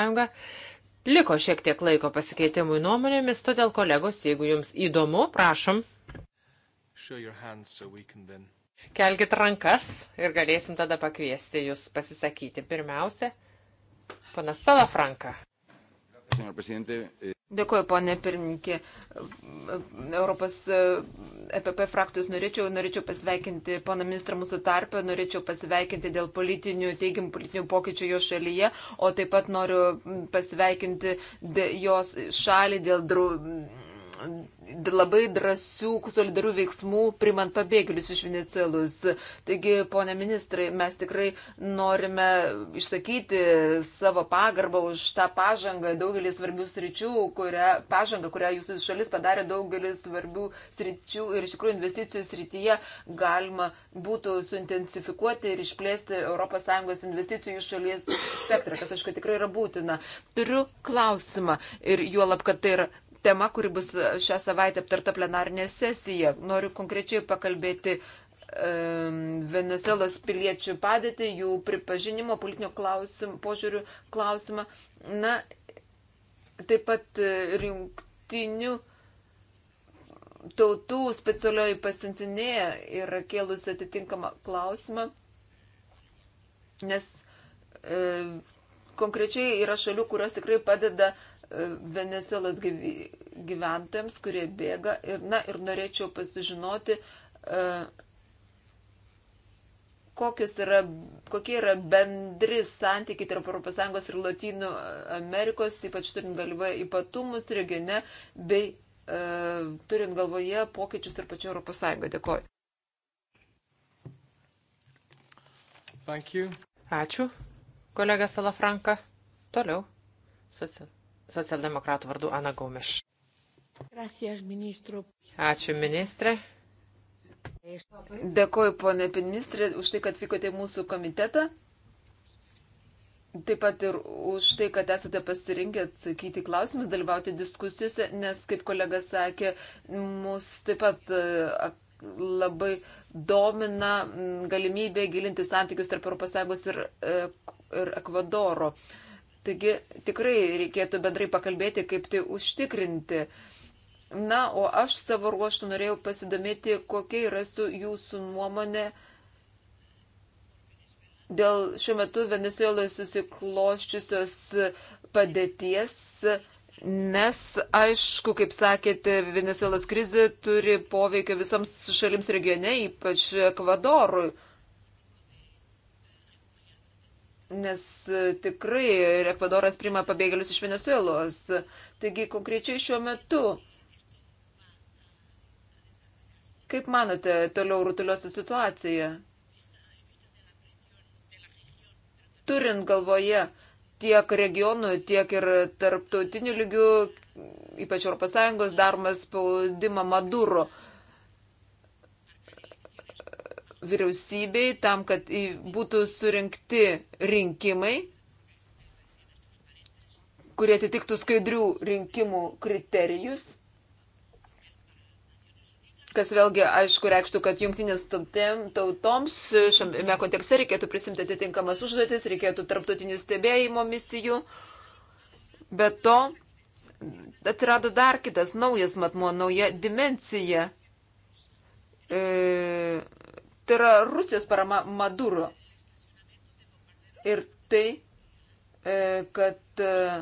Liko šiek tiek laiko pasikeitimui nuomonėmis, todėl kolegos, jeigu jums įdomu, prašom. Show your hands so we can then Kelkit rankas ir galėsim tada pakviesti jūs pasisakyti. Pirmiausia, panas Salafranka. Eh, Dėkuoju, ponė pirmininkė. Europos EPP e frakcijos norėčiau, norėčiau pasveikinti poną ministrą mūsų tarpę, norėčiau pasveikinti dėl politinių, teigiamų politinių pokyčių jo šalyje, o taip pat noriu pasveikinti jos šalį dėl draugų labai drąsių, solidarių veiksmų, primant pabėgėlius iš Venecelus. Taigi, ponė ministrai, mes tikrai norime išsakyti savo pagarbą už tą pažangą daugelį svarbių sričių, kurią, pažangą, kurią jūsų šalis padarė daugelį svarbių sričių ir iš tikrųjų investicijų srityje galima būtų suintensifikuoti ir išplėsti ES investicijų iš šalies spektrą, kas aišku tikrai yra būtina. Turiu klausimą ir juolab, kad tai yra tema, kuri bus e, šią savaitę aptarta plenarinė sesija. Noriu konkrečiai pakalbėti e, Venezuelos piliečių padėtį, jų pripažinimo, politinio klausim, požiūrių klausimą. Na, taip pat e, rinktinių tautų specialioji pasiuntinėja yra kėlusi atitinkamą klausimą, nes e, konkrečiai yra šalių, kurios tikrai padeda e, Venezuelos gyventojams, kurie bėga. Ir, na, ir norėčiau pasižinoti, e, yra, kokie yra bendri santykiai tarp ES ir Latino Amerikos, ypač turint galvoje ypatumus regione, bei e, turint galvoje pokyčius ir pačio ES. Dėkoju. Ačiū. Kolega Salafranka. Toliau. Susil socialdemokratų vardu Ana Gomiš. Ačiū, ministrė. Dėkoju, ponė ministrė, už tai, kad vykote į mūsų komitetą. Taip pat ir už tai, kad esate pasirinkę atsakyti klausimus, dalyvauti diskusijose, nes, kaip kolega sakė, mus taip pat e, labai domina galimybė gilinti santykius tarp ES ir, e, ir Ekvadoro. Uh, Taigi tikrai reikėtų bendrai pakalbėti, kaip tai užtikrinti. Na, o aš savo ruoštų norėjau pasidomėti, kokia yra su jūsų nuomonė dėl šiuo metu Venezueloje susikloščiusios padėties, nes, aišku, kaip sakėte, Venezuelos krizė turi poveikio visoms šalims regione, ypač Ekvadorui. Nes e, tikrai Ekvadoras priima pabėgėlius iš Venezuelos. Taigi konkrečiai šiuo metu. Kaip manote, toliau rutuliosi situacija? Turint galvoje tiek regionų, tiek ir tarptautinių lygių, ypač ES, daromas spaudimą Maduro vyriausybei tam, kad būtų surinkti rinkimai, kurie atitiktų skaidrių rinkimų kriterijus, kas vėlgi, aišku, reikštų, kad jungtinės tautoms šiame kontekste reikėtų prisimti atitinkamas užduotis, reikėtų tarptautinių stebėjimo misijų. Be to, atsirado dar kitas naujas matmo, nauja dimencija. E, tai yra Rusijos parama Maduro. Ir tai, e, kad e,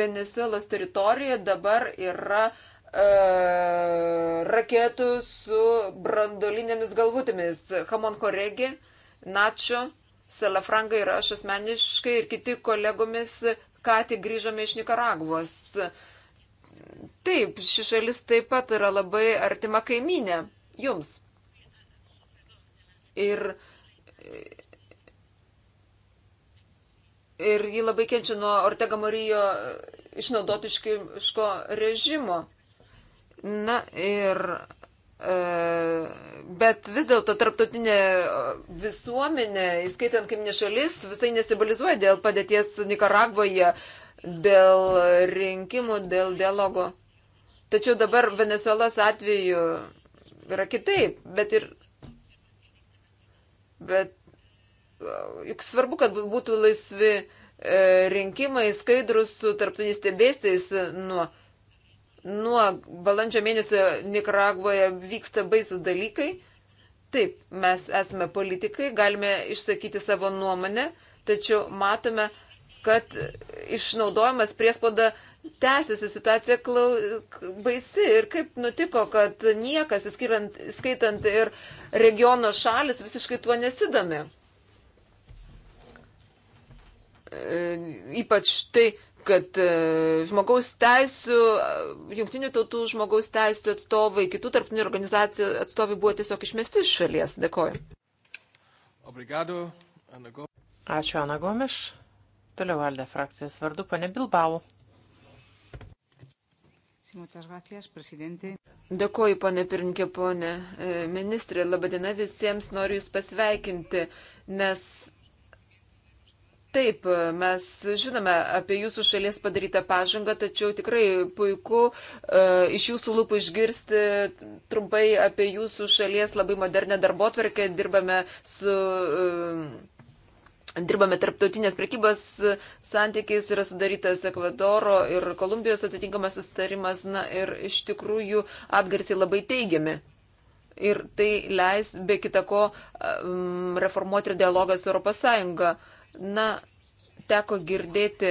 Venezuelos teritorija dabar yra e, raketų su brandolinėmis galvutėmis. Hamon Koregi, Načio, Salafranka ir aš asmeniškai ir kiti kolegomis ką tik grįžome iš Nikaragvos. Taip, ši šalis taip pat yra labai artima kaiminė jums. Ir, ir ji labai kenčia nuo Ortega Marijo išnaudotiško režimo. Na ir. E, bet vis dėlto tarptautinė visuomenė, įskaitant kaip nešalis, visai nesibalizuoja dėl padėties Nikaragvoje, dėl rinkimų, dėl dialogo. Tačiau dabar Venezuelos atveju yra kitaip, bet ir. Bet juk svarbu, kad būtų laisvi e, rinkimai skaidrus su tarptautiniais stebėsiais nuo, nuo balandžio mėnesio Nikaragvoje vyksta baisus dalykai. Taip, mes esame politikai, galime išsakyti savo nuomonę, tačiau matome, kad išnaudojamas priespauda uh, tęsiasi situacija klau, baisi ir kaip nutiko, kad niekas, skirant, skaitant ir regiono šalis, visiškai tuo nesidomi. E, ypač tai, kad e, žmogaus teisų, jungtinių tautų žmogaus teisų atstovai, kitų tarptautinių organizacijų atstovai buvo tiesiog išmesti iš šalies. Dėkoju. Obrigado, Ana Gomes. Ačiū, Ana Gomes. Toliau valdė frakcijos vardu, pane Bilbao. Dėkuoju, ponė pirmininkė, ponė e, ministrė. Labadiena visiems, noriu Jūs pasveikinti, nes Taip, e, mes žinome apie jūsų šalies padarytą pažangą, tačiau tikrai puiku e, iš jūsų lūpų išgirsti trumpai apie jūsų šalies labai modernę darbo tvarkę. Dirbame su. E, Dirbame tarptautinės prekybos santykiais, yra sudarytas Ekvadoro ir Kolumbijos atitinkamas sustarimas, na ir iš tikrųjų atgarsiai labai teigiami. Ir tai leis, be kita ko, reformuoti ir dialogą su ES. Na, teko girdėti,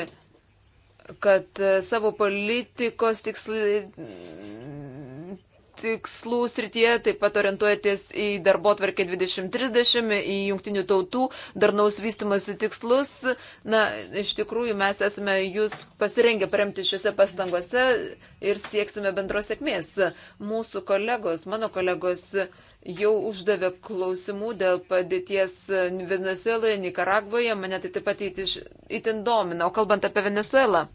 kad e, savo politikos tikslai tikslų srityje, taip pat orientuojatės į darbo tvarkę 2030, į jungtinių tautų darnaus vystimosi tikslus. Na, iš tikrųjų, mes esame jūs pasirengę paremti šiuose pastangose ir sieksime bendros sėkmės. Mūsų kolegos, mano kolegos jau uždavė klausimų dėl padėties Venezueloje, Nikaragvoje, mane tai taip pat įtin domina. O kalbant apie Venezuelą,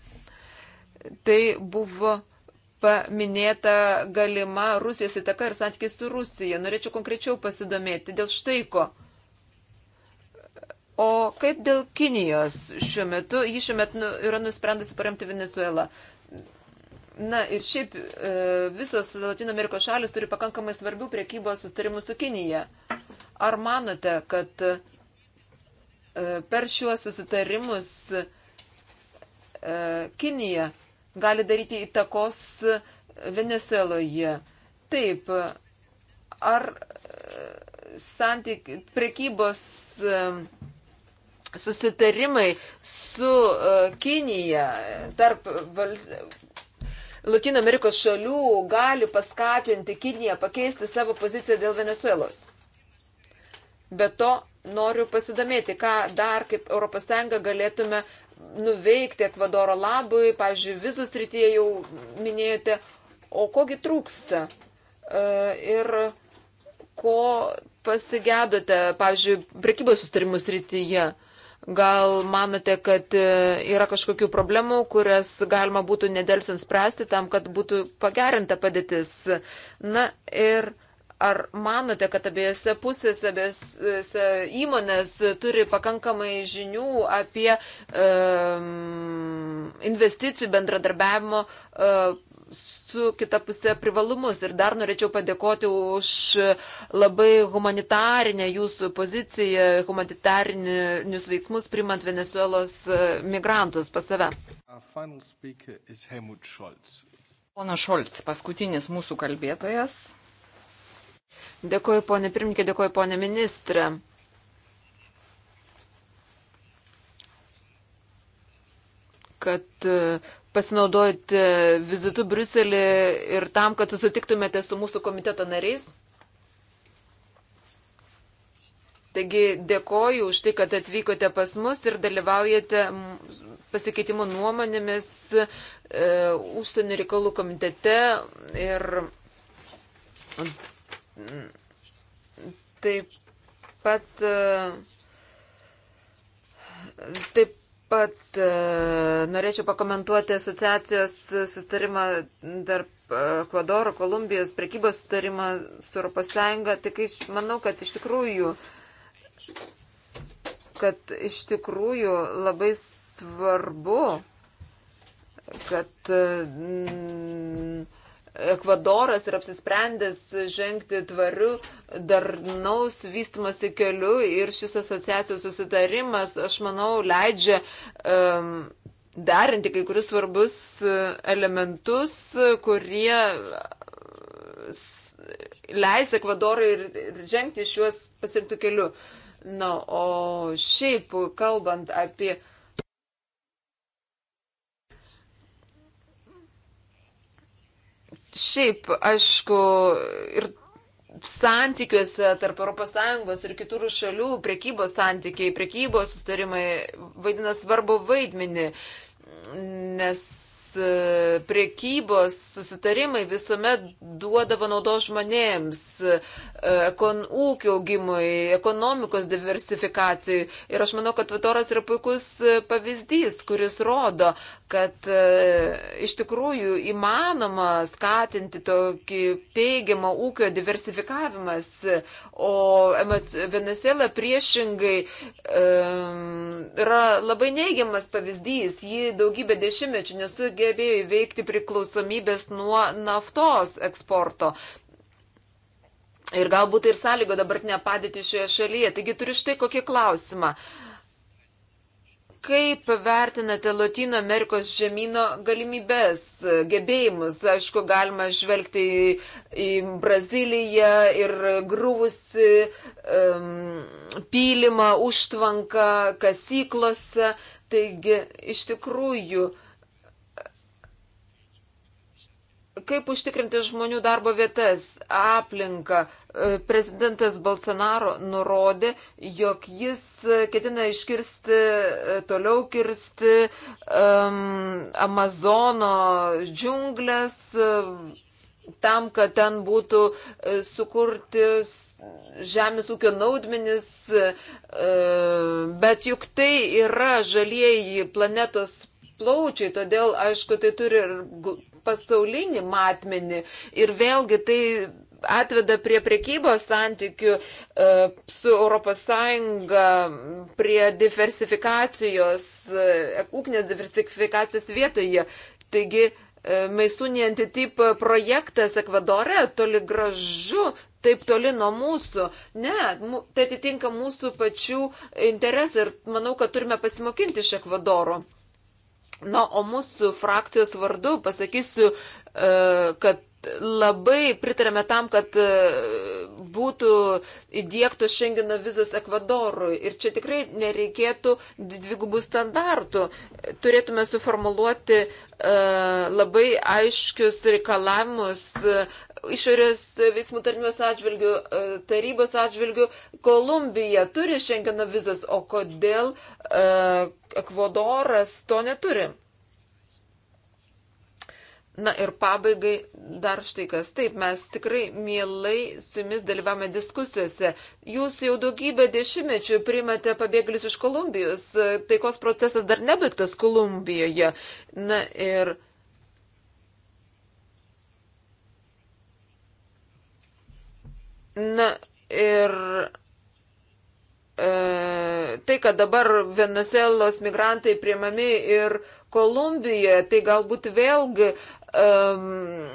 tai buvo paminėta galima Rusijos įtaka ir santykiai su Rusija. Norėčiau konkrečiau pasidomėti dėl štai ko. O kaip dėl Kinijos šiuo metu? Ji šiuo metu nu, yra nusprendusi paremti Venezuelą. Na ir šiaip e, visos Latino Amerikos šalis turi pakankamai svarbių priekybos sustarimų su Kinija. Ar manote, kad e, per šiuos susitarimus e, Kinija gali daryti įtakos Venezueloje. Taip, ar e, santyk, prekybos e, susitarimai su e, Kinija tarp vals... Latino Amerikos šalių gali paskatinti Kiniją pakeisti savo poziciją dėl Venezuelos. Be to, noriu pasidomėti, ką dar kaip ES galėtume nuveikti Ekvadoro labui, pavyzdžiui, vizų srityje jau minėjote, o kogi trūksta e, ir ko pasigėdote, pavyzdžiui, prekybos sustarimų srityje. Gal manote, kad e, yra kažkokių problemų, kurias galima būtų nedelsiant spręsti tam, kad būtų pagerinta padėtis. Na ir Ar manote, kad abiejose pusėse, abiejose įmonės turi pakankamai žinių apie um, investicijų bendradarbiavimo uh, su kita pusė privalumus. Ir dar norėčiau padėkoti už labai humanitarinę jūsų poziciją, humanitarinius veiksmus primant Venezuelos e, migrantus pas save. Ponas Šolts, paskutinis mūsų kalbėtojas. Dėkuoju, ponė pirmininkė, dėkuoju, ponė ministrė. kad e, pasinaudojate vizitu Bruselį ir tam, kad susitiktumėte su mūsų komiteto nariais. Taigi dėkoju už tai, kad atvykote pas mus ir dalyvaujate pasikeitimo nuomonėmis e, užsienio reikalų komitete ir taip pat, e, taip pat e, norėčiau pakomentuoti asociacijos sustarimą tarp e, Ekvadoro, Kolumbijos prekybos sustarimą su Europos Sąjunga. Tik manau, kad iš tikrųjų kad iš tikrųjų labai svarbu, kad mm, Ekvadoras yra apsisprendęs žengti tvariu darnaus vystimosi keliu ir šis asociacijos susitarimas, aš manau, leidžia um, derinti kai kurius svarbus e, elementus, kurie leis Ekvadorui ir, ir žengti šiuos pasirinktų keliu. Na, o šiaip kalbant apie uh, Šiaip, aišku, ir santykiuose tarp ES ir kitų šalių prekybos santykiai, prekybos sustarimai vaidina svarbu vaidmenį, nes e, priekybos susitarimai visuomet duodavo naudos žmonėms, e, ekon, ūkio augimui, ekonomikos diversifikacijai. Ir aš manau, kad Vitoras yra puikus e, pavyzdys, kuris rodo, kad e, iš tikrųjų įmanoma skatinti tokį teigiamą ūkio diversifikavimas, o Venezuela priešingai yra labai neigiamas pavyzdys. Ji daugybę dešimtmečių nesugebėjo įveikti priklausomybės nuo naftos eksporto. Ir galbūt tai ir sąlygo dabartinę padėtį šioje šalyje. Taigi turiu štai kokį klausimą. Uh, Kaip vertinate Latino Amerikos žemynų galimybės, gebėjimus? Aišku, galima žvelgti į, į Braziliją ir grūvusi um, pylimą, užtvanką kasyklose. Taigi, iš tikrųjų, uh, Kaip užtikrinti žmonių darbo vietas, aplinką? E, prezidentas Bolsonaro nurodė, jog jis e, ketina iškirsti, e, toliau kirsti um, Amazono džiunglės tam, kad ten būtų sukurtis žemės ūkio naudmenis, bet juk tai yra žalieji planetos plaučiai, todėl, aišku, tai turi ir pasaulinį matmenį. Ir vėlgi tai atveda prie priekybos santykių e, su ES, prie diversifikacijos, e, ūkinės diversifikacijos vietoje. Taigi, e, Maisūnė antitip projektas Ekvadore toli gražu, taip toli nuo mūsų. Ne, tai atitinka mūsų pačių interesą ir manau, kad turime pasimokinti iš Ekvadoro. Na, o mūsų frakcijos vardu pasakysiu, e, kad labai pritarėme tam, kad e, būtų įdėktos Šengeno vizos Ekvadorui. Ir čia tikrai nereikėtų dvigubų standartų. Turėtume suformuluoti e, labai aiškius reikalavimus išorės veiksmų tarnybos atžvilgių, e, tarybos atžvilgių, Kolumbija turi Schengeno vizas, o kodėl e, Ekvadoras to neturi? Na ir pabaigai dar štai kas. Taip, mes tikrai mielai su jumis dalyvame diskusijose. Jūs jau daugybę dešimtmečių primate pabėgėlius iš Kolumbijos. Taikos procesas dar nebaigtas Kolumbijoje. Na ir uh, Na ir e, tai, kad dabar Venezuelos migrantai priemami ir Kolumbijoje, tai galbūt vėlgi um,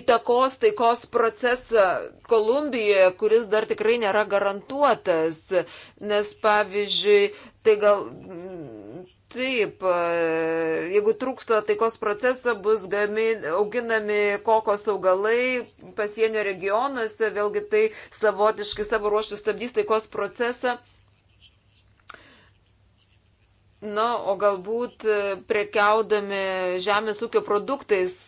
įtakos taikos procesą Kolumbijoje, kuris dar tikrai nėra garantuotas, nes pavyzdžiui, tai gal Taip, e, jeigu trūksta taikos proceso, bus gamin, auginami kokos augalai pasienio regionuose, vėlgi tai savotiškai savo ruoštų stabdys taikos procesą. Na, o galbūt e, prekiaudami žemės ūkio produktais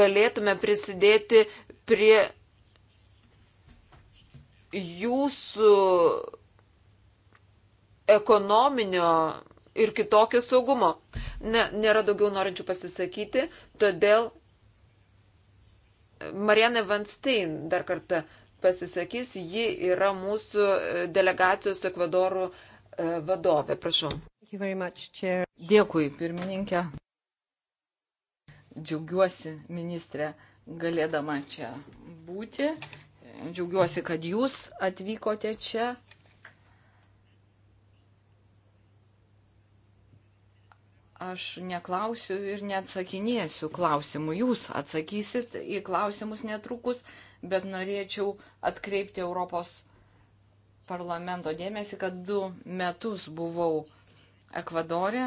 galėtume prisidėti prie jūsų ekonominio ir kitokio saugumo. Ne, nėra daugiau norinčių pasisakyti, todėl Marianne Van Stein dar kartą pasisakys, ji yra mūsų e, delegacijos Ekvadorų e, vadovė. Prašau. Much, Dėkui, pirmininkė. Džiaugiuosi, ministrė, galėdama čia būti. Džiaugiuosi, kad jūs atvykote čia Aš neklausiu ir neatsakinėsiu klausimų. Jūs atsakysit į klausimus netrukus, bet norėčiau atkreipti Europos parlamento dėmesį, kad du metus buvau Ekvadorė.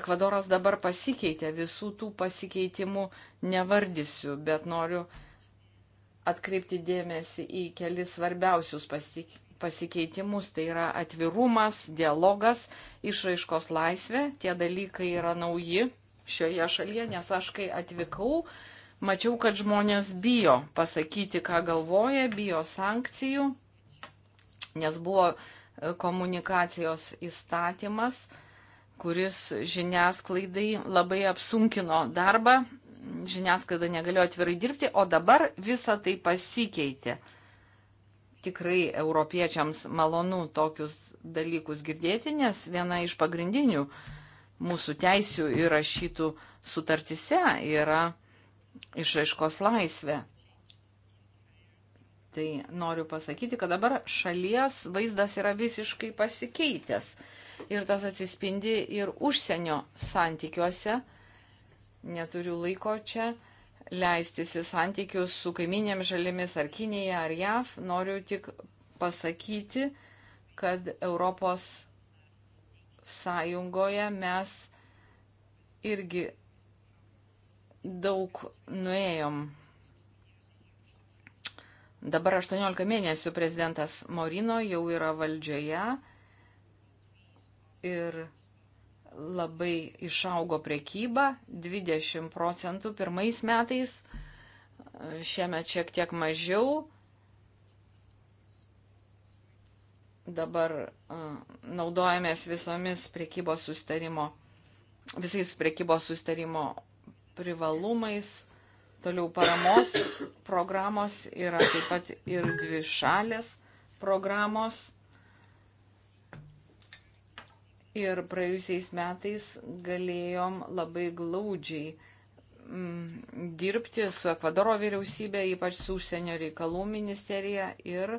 Ekvadoras dabar pasikeitė, visų tų pasikeitimų nevardysiu, bet noriu atkreipti dėmesį į kelis svarbiausius pasikeitimus pasikeitimus, tai yra atvirumas, dialogas, išraiškos laisvė. Tie dalykai yra nauji šioje šalyje, nes aš kai atvykau, mačiau, kad žmonės bijo pasakyti, ką galvoja, bijo sankcijų, nes buvo e, komunikacijos įstatymas, kuris žiniasklaidai labai apsunkino darbą, žiniasklaida negalėjo atvirai dirbti, o dabar visa tai pasikeitė tikrai europiečiams malonu tokius dalykus girdėti, nes viena iš pagrindinių mūsų teisių įrašytų sutartise yra išraiškos laisvė. Tai noriu pasakyti, kad dabar šalies vaizdas yra visiškai pasikeitęs ir tas atsispindi ir užsienio santykiuose. Neturiu laiko čia leistis į santykius su kaiminėmis šalimis ar Kinija ar JAV, noriu tik pasakyti, kad Europos Sąjungoje mes irgi daug nuėjom. Dabar 18 mėnesių prezidentas Morino jau yra valdžioje ir labai išaugo prekyba 20 procentų pirmais metais, šiemet šiek tiek mažiau. Dabar naudojamės visomis prekybos sustarimo, visais prekybos sustarimo privalumais. Toliau paramos programos yra taip pat ir dvi šalės programos Ir praėjusiais metais galėjom labai glaudžiai mm, dirbti su Ekvadoro vyriausybė, ypač su užsienio reikalų ministerija ir e,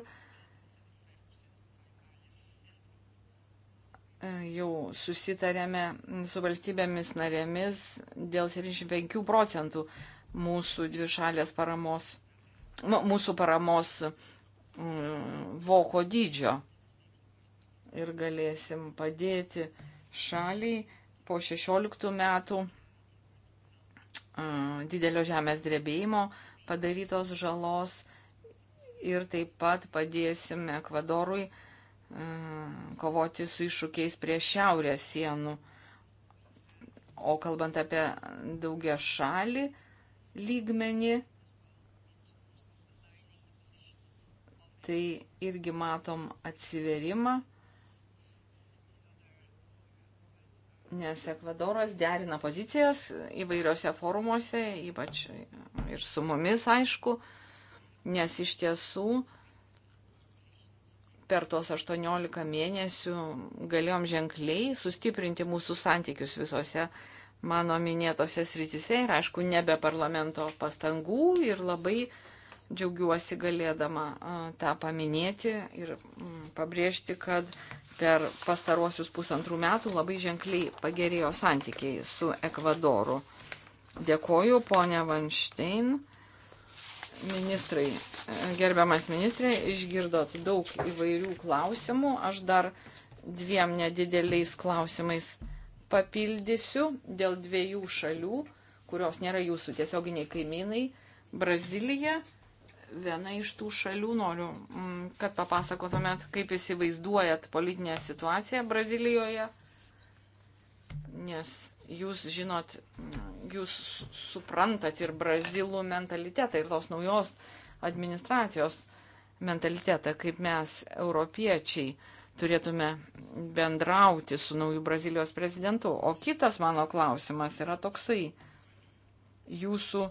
jau susitarėme su valstybėmis narėmis dėl 75 procentų mūsų dvišalės paramos, nu, mūsų paramos mm, voko dydžio ir galėsim padėti šaliai po 16 metų didelio žemės drebėjimo padarytos žalos ir taip pat padėsim Ekvadorui kovoti su iššūkiais prie šiaurės sienų. O kalbant apie daugia šalį lygmenį, tai irgi matom atsiverimą nes Ekvadoras derina pozicijas įvairiose forumuose, ypač ir su mumis, aišku, nes iš tiesų per tuos 18 mėnesių galėjom ženkliai sustiprinti mūsų santykius visose mano minėtose srityse ir, aišku, nebe parlamento pastangų ir labai džiaugiuosi galėdama tą paminėti ir mm, pabrėžti, kad per pastaruosius pusantrų metų labai ženkliai pagerėjo santykiai su Ekvadoru. Dėkoju, ponia Vanštein. Ministrai, e, gerbiamas ministrė, išgirdot daug įvairių klausimų. Aš dar dviem nedideliais klausimais papildysiu dėl dviejų šalių, kurios nėra jūsų tiesioginiai kaimynai - Brazilija viena iš tų šalių. Noriu, mm, kad papasakotumėt, kaip įsivaizduojat politinę situaciją Brazilijoje, nes jūs žinot, mm, jūs suprantat ir brazilų mentalitetą, ir tos naujos administracijos mentalitetą, kaip mes, europiečiai, turėtume bendrauti su nauju Brazilijos prezidentu. O kitas mano klausimas yra toksai. Jūsų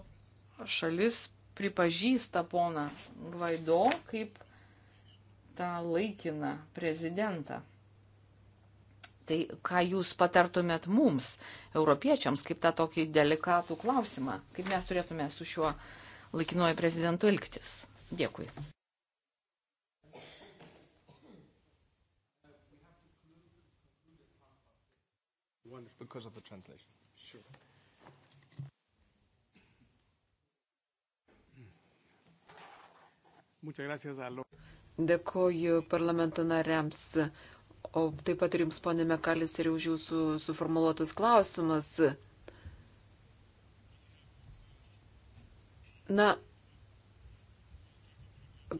šalis pripažįsta poną Gvaido kaip tą laikiną prezidentą. Tai ką jūs patartumėt mums, europiečiams, kaip tą tokį delikatų klausimą, kaip mes turėtume su šiuo laikinuoju prezidentu elgtis? Dėkui. Because of the translation. Sure. Dėkoju parlamento nariams, o taip pat ir jums, ponė Mekalis, ir už jūsų suformuoluotus klausimus. Na,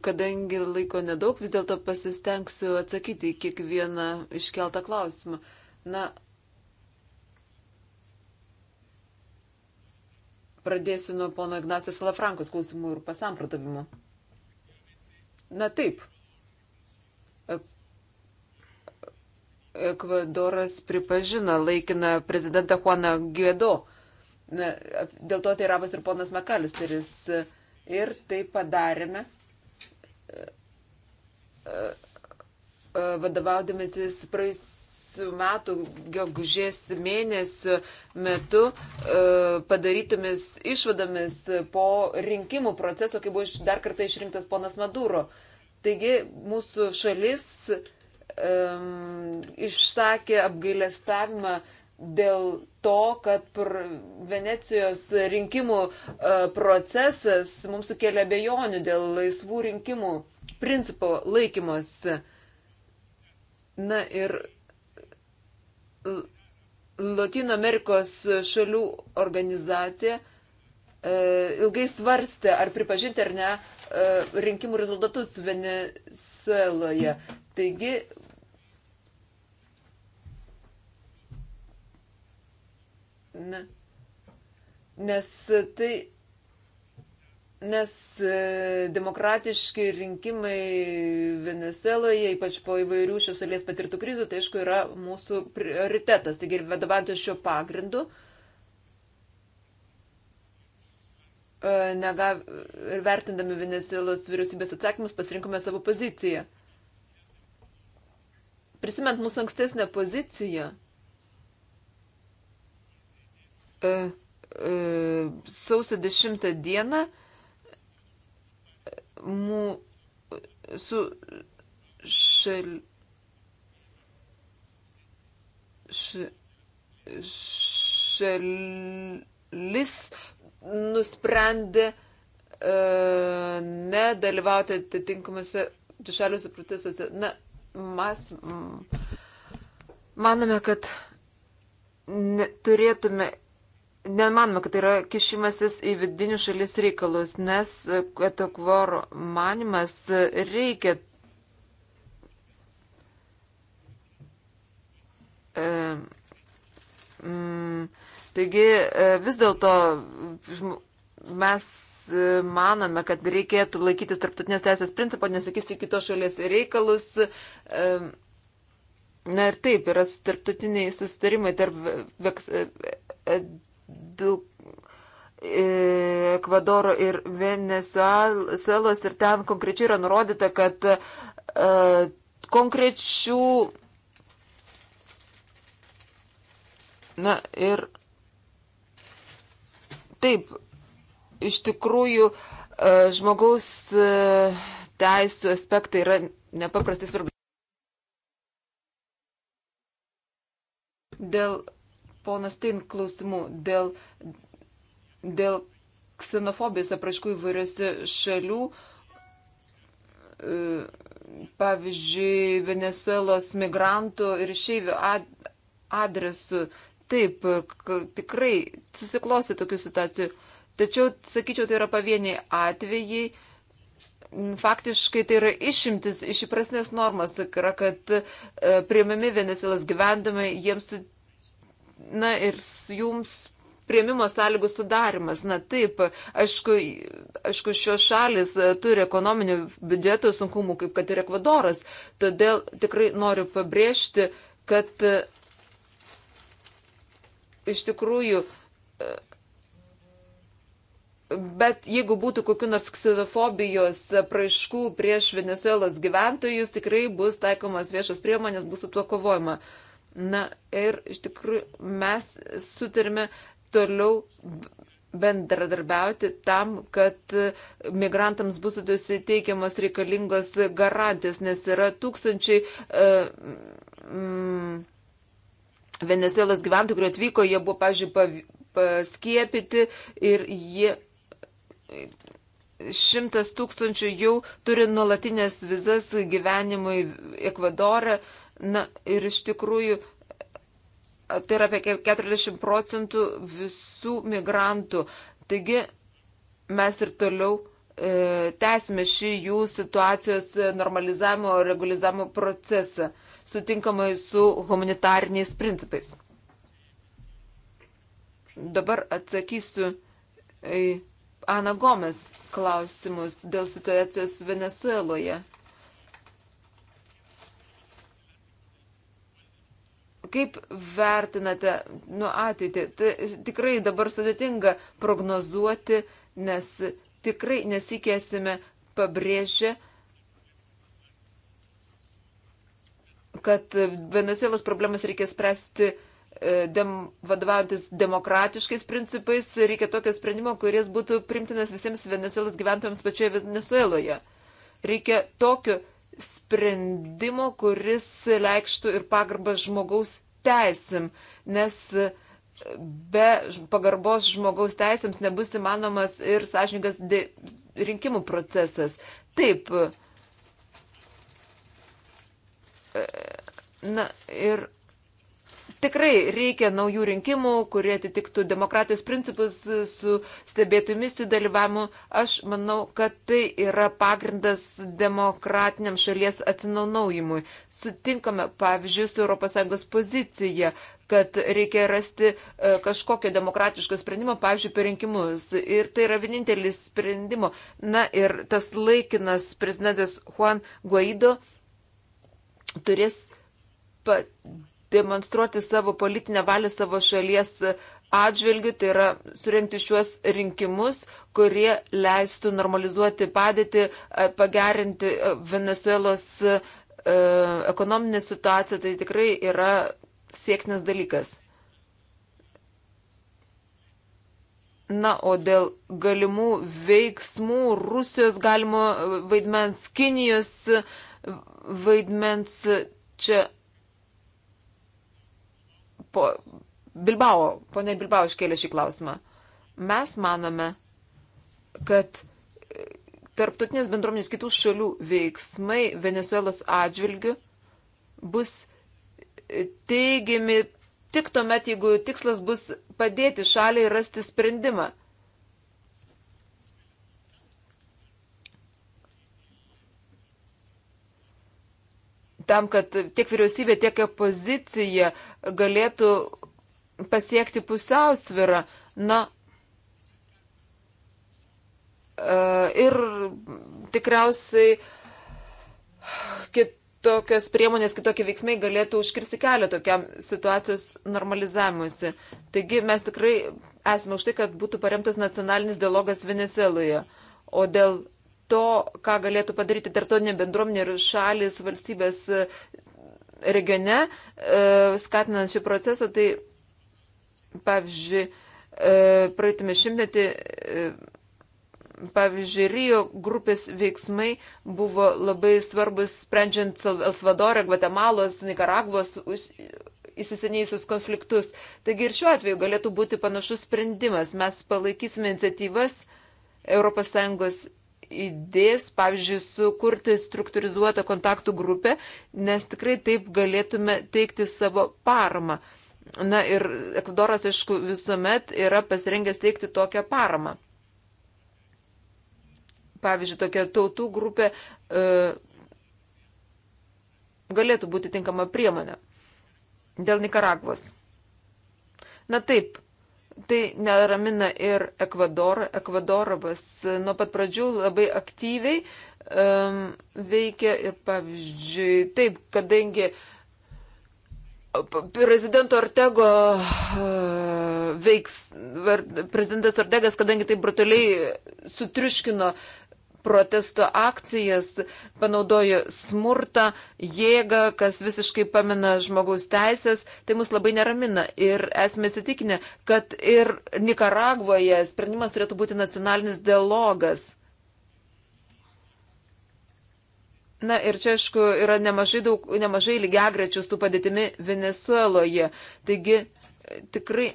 kadangi laiko nedaug, vis dėlto pasistengsiu atsakyti į kiekvieną iškeltą klausimą. Na, pradėsiu nuo pono Ignacijos Lafrankos klausimų ir pasamprotavimo. Na taip. E, Ekvadoras pripažino laikiną prezidentą Juaną Guaido. Dėl to teiravas ir ponas Makalisteris. Ir tai padarėme e, e, vadovaudamasis praėjus metų gegužės mėnesio metu e, padarytomis išvadomis po rinkimų proceso, kai buvo dar kartą išrinktas ponas Maduro. Taigi mūsų šalis um, išsakė apgailestavimą dėl to, kad Venecijos rinkimų uh, procesas mums sukėlė abejonių dėl laisvų rinkimų principo laikymosi. Na ir Latino Amerikos šalių organizacija e, ilgai svarstė, ar pripažinti ar ne e, rinkimų rezultatus Venezueloje. Taigi, ne, nes tai Nes e, demokratiški rinkimai Venezueloje, ypač po įvairių šios šalies patirtų krizių, tai aišku yra mūsų prioritetas. Taigi ir vadovantis šio pagrindu e, negav, ir vertindami Venezuelos vyriausybės atsakymus pasirinkome savo poziciją. Prisimint mūsų ankstesnę poziciją, e, sausio 10 dieną mū, su šal, š, šalis nusprendė uh, nedalyvauti atitinkamuose dvišaliuose procesuose. Na, mes manome, kad turėtume Nemanoma, kad tai yra kišimasis į vidinių šalies reikalus, nes etakvor manimas reikia. E, mm, taigi e, vis dėlto mes e, manome, kad reikėtų laikytis tarptautinės teisės principo, nesakysti kitos šalies reikalus. E, na ir taip, yra tarptautiniai susitarimai tarp veks, e, e, du e, Ekvadoro ir Venezuelos ir ten konkrečiai yra nurodyta, kad e, konkrečių. Na ir taip, iš tikrųjų, e, žmogaus e, teisų aspektai yra nepaprastai svarbu. Dėl ponas Tin klausimų dėl, dėl ksenofobijos apraškų įvairiose šalių, e, pavyzdžiui, Venezuelos migrantų ir šeivių adresų. Taip, tikrai susiklosi tokių situacijų. Tačiau, sakyčiau, tai yra pavieniai atvejai faktiškai tai yra išimtis iš įprasnės normos, yra, kad e, priimami Venezuelos gyvendami, jiems na ir jums prieimimo sąlygų sudarimas. Na taip, aišku, aišku šios šalis e, turi ekonominių biudžeto sunkumų, kaip kad ir Ekvadoras. Todėl tikrai noriu pabrėžti, kad e, iš tikrųjų. E, bet jeigu būtų kokiu nors ksenofobijos praaiškų prieš Venezuelos gyventojus, tikrai bus taikomas viešas priemonės, bus su tuo kovojama. Uh, Na ir iš tikrųjų mes sutarime toliau bendradarbiauti tam, kad migrantams bus suteikiamos reikalingos garantijos, nes yra tūkstančiai. Uh, mm, Venezuelos gyventojų, kurie atvyko, jie buvo, pažiūrėjau, paskiepyti ir jie šimtas tūkstančių jau turi nuolatinės vizas gyvenimui Ekvadorą. Uh, Na ir iš tikrųjų tai yra apie 40 procentų visų migrantų. Taigi mes ir toliau e, tęsime šį jų situacijos normalizavimo, regulizavimo procesą sutinkamai su humanitariniais principais. Dabar atsakysiu į Ana Gomes klausimus dėl situacijos Venezueloje. Kaip vertinate nu, ateitį? Tai tikrai dabar sudėtinga prognozuoti, nes tikrai nesikėsime pabrėžę, kad Venezuelos problemas reikia spręsti e, dem, vadovaujantis demokratiškais principais, reikia tokio sprendimo, kuris būtų primtinas visiems Venezuelos gyventojams pačioje Venezueloje. Reikia tokio sprendimo, kuris leikštų ir pagarbą žmogaus teisim, nes be pagarbos žmogaus teisėms nebus įmanomas ir sąžininkas rinkimų procesas. Taip. E, na ir Tikrai reikia naujų rinkimų, kurie atitiktų demokratijos principus su stebėtų misijų dalyvavimu. Aš manau, kad tai yra pagrindas demokratiniam šalies atsinaujinimui. Sutinkame, pavyzdžiui, su ES pozicija kad reikia rasti e, kažkokio demokratiško sprendimo, pavyzdžiui, per rinkimus. Ir tai yra vienintelis sprendimo. Na ir tas laikinas prezidentas Juan Guaido turės demonstruoti savo politinę valią savo šalies atžvilgių, tai yra surinkti šiuos rinkimus, kurie leistų normalizuoti padėtį, e, pagerinti e, Venezuelos e, ekonominė situacija tai tikrai yra siektinas dalykas. Na, o dėl galimų veiksmų Rusijos galimo vaidmens, Kinijos vaidmens, čia po, Bilbao, ponai Bilbao iškėlė šį klausimą. Mes manome, kad e, tarptautinės bendruomenės kitų šalių veiksmai Venezuelos atžvilgių bus e, teigiami tik tuomet, jeigu tikslas bus padėti šaliai rasti sprendimą. tam, kad tiek vyriausybė, tiek opozicija galėtų pasiekti pusiausvirą. Na, e, ir tikriausiai kitokios priemonės, kitokie veiksmai galėtų užkirsti kelią tokiam situacijos normalizavimuisi. Taigi mes tikrai esame už tai, kad būtų paremtas nacionalinis dialogas Venezueloje. O dėl to, ką galėtų padaryti tarptautinė bendruomenė ir šalis, valstybės e, regione, e, skatinant šį procesą, tai pavyzdžiui, e, praeitame šimtmetį, pavyzdžiui, Rio grupės veiksmai buvo labai svarbus sprendžiant El Salvadorą, Gvatemalos, Nikaragvos įsisenėjusius konfliktus. Taigi ir šiuo atveju galėtų būti panašus sprendimas. Mes palaikysime iniciatyvas ES idės, pavyzdžiui, sukurti struktūrizuotą kontaktų grupę, nes tikrai taip galėtume teikti savo paramą. Na ir Ekvadoras, aišku, visuomet yra pasirengęs teikti tokią paramą. Pavyzdžiui, tokia tautų grupė e, galėtų būti tinkama priemonė dėl Nikaragvos. Na taip, Tai neramina ir Ekvadorą. Ekvadorabas nuo pat pradžių labai aktyviai um, veikia ir pavyzdžiui, taip, kadangi prezidento Ortego veiks, prezidentas Ortegas, kadangi taip brutaliai sutriuškino protesto akcijas, panaudojo smurtą, jėgą, kas visiškai pamena žmogaus teisės, tai mus labai neramina. Ir esame įsitikinę, kad ir Nikaragvoje sprendimas turėtų būti nacionalinis dialogas. Na ir čia, aišku, yra nemažai, daug, nemažai lygiagrečių su padėtimi Venezueloje. Taigi tikrai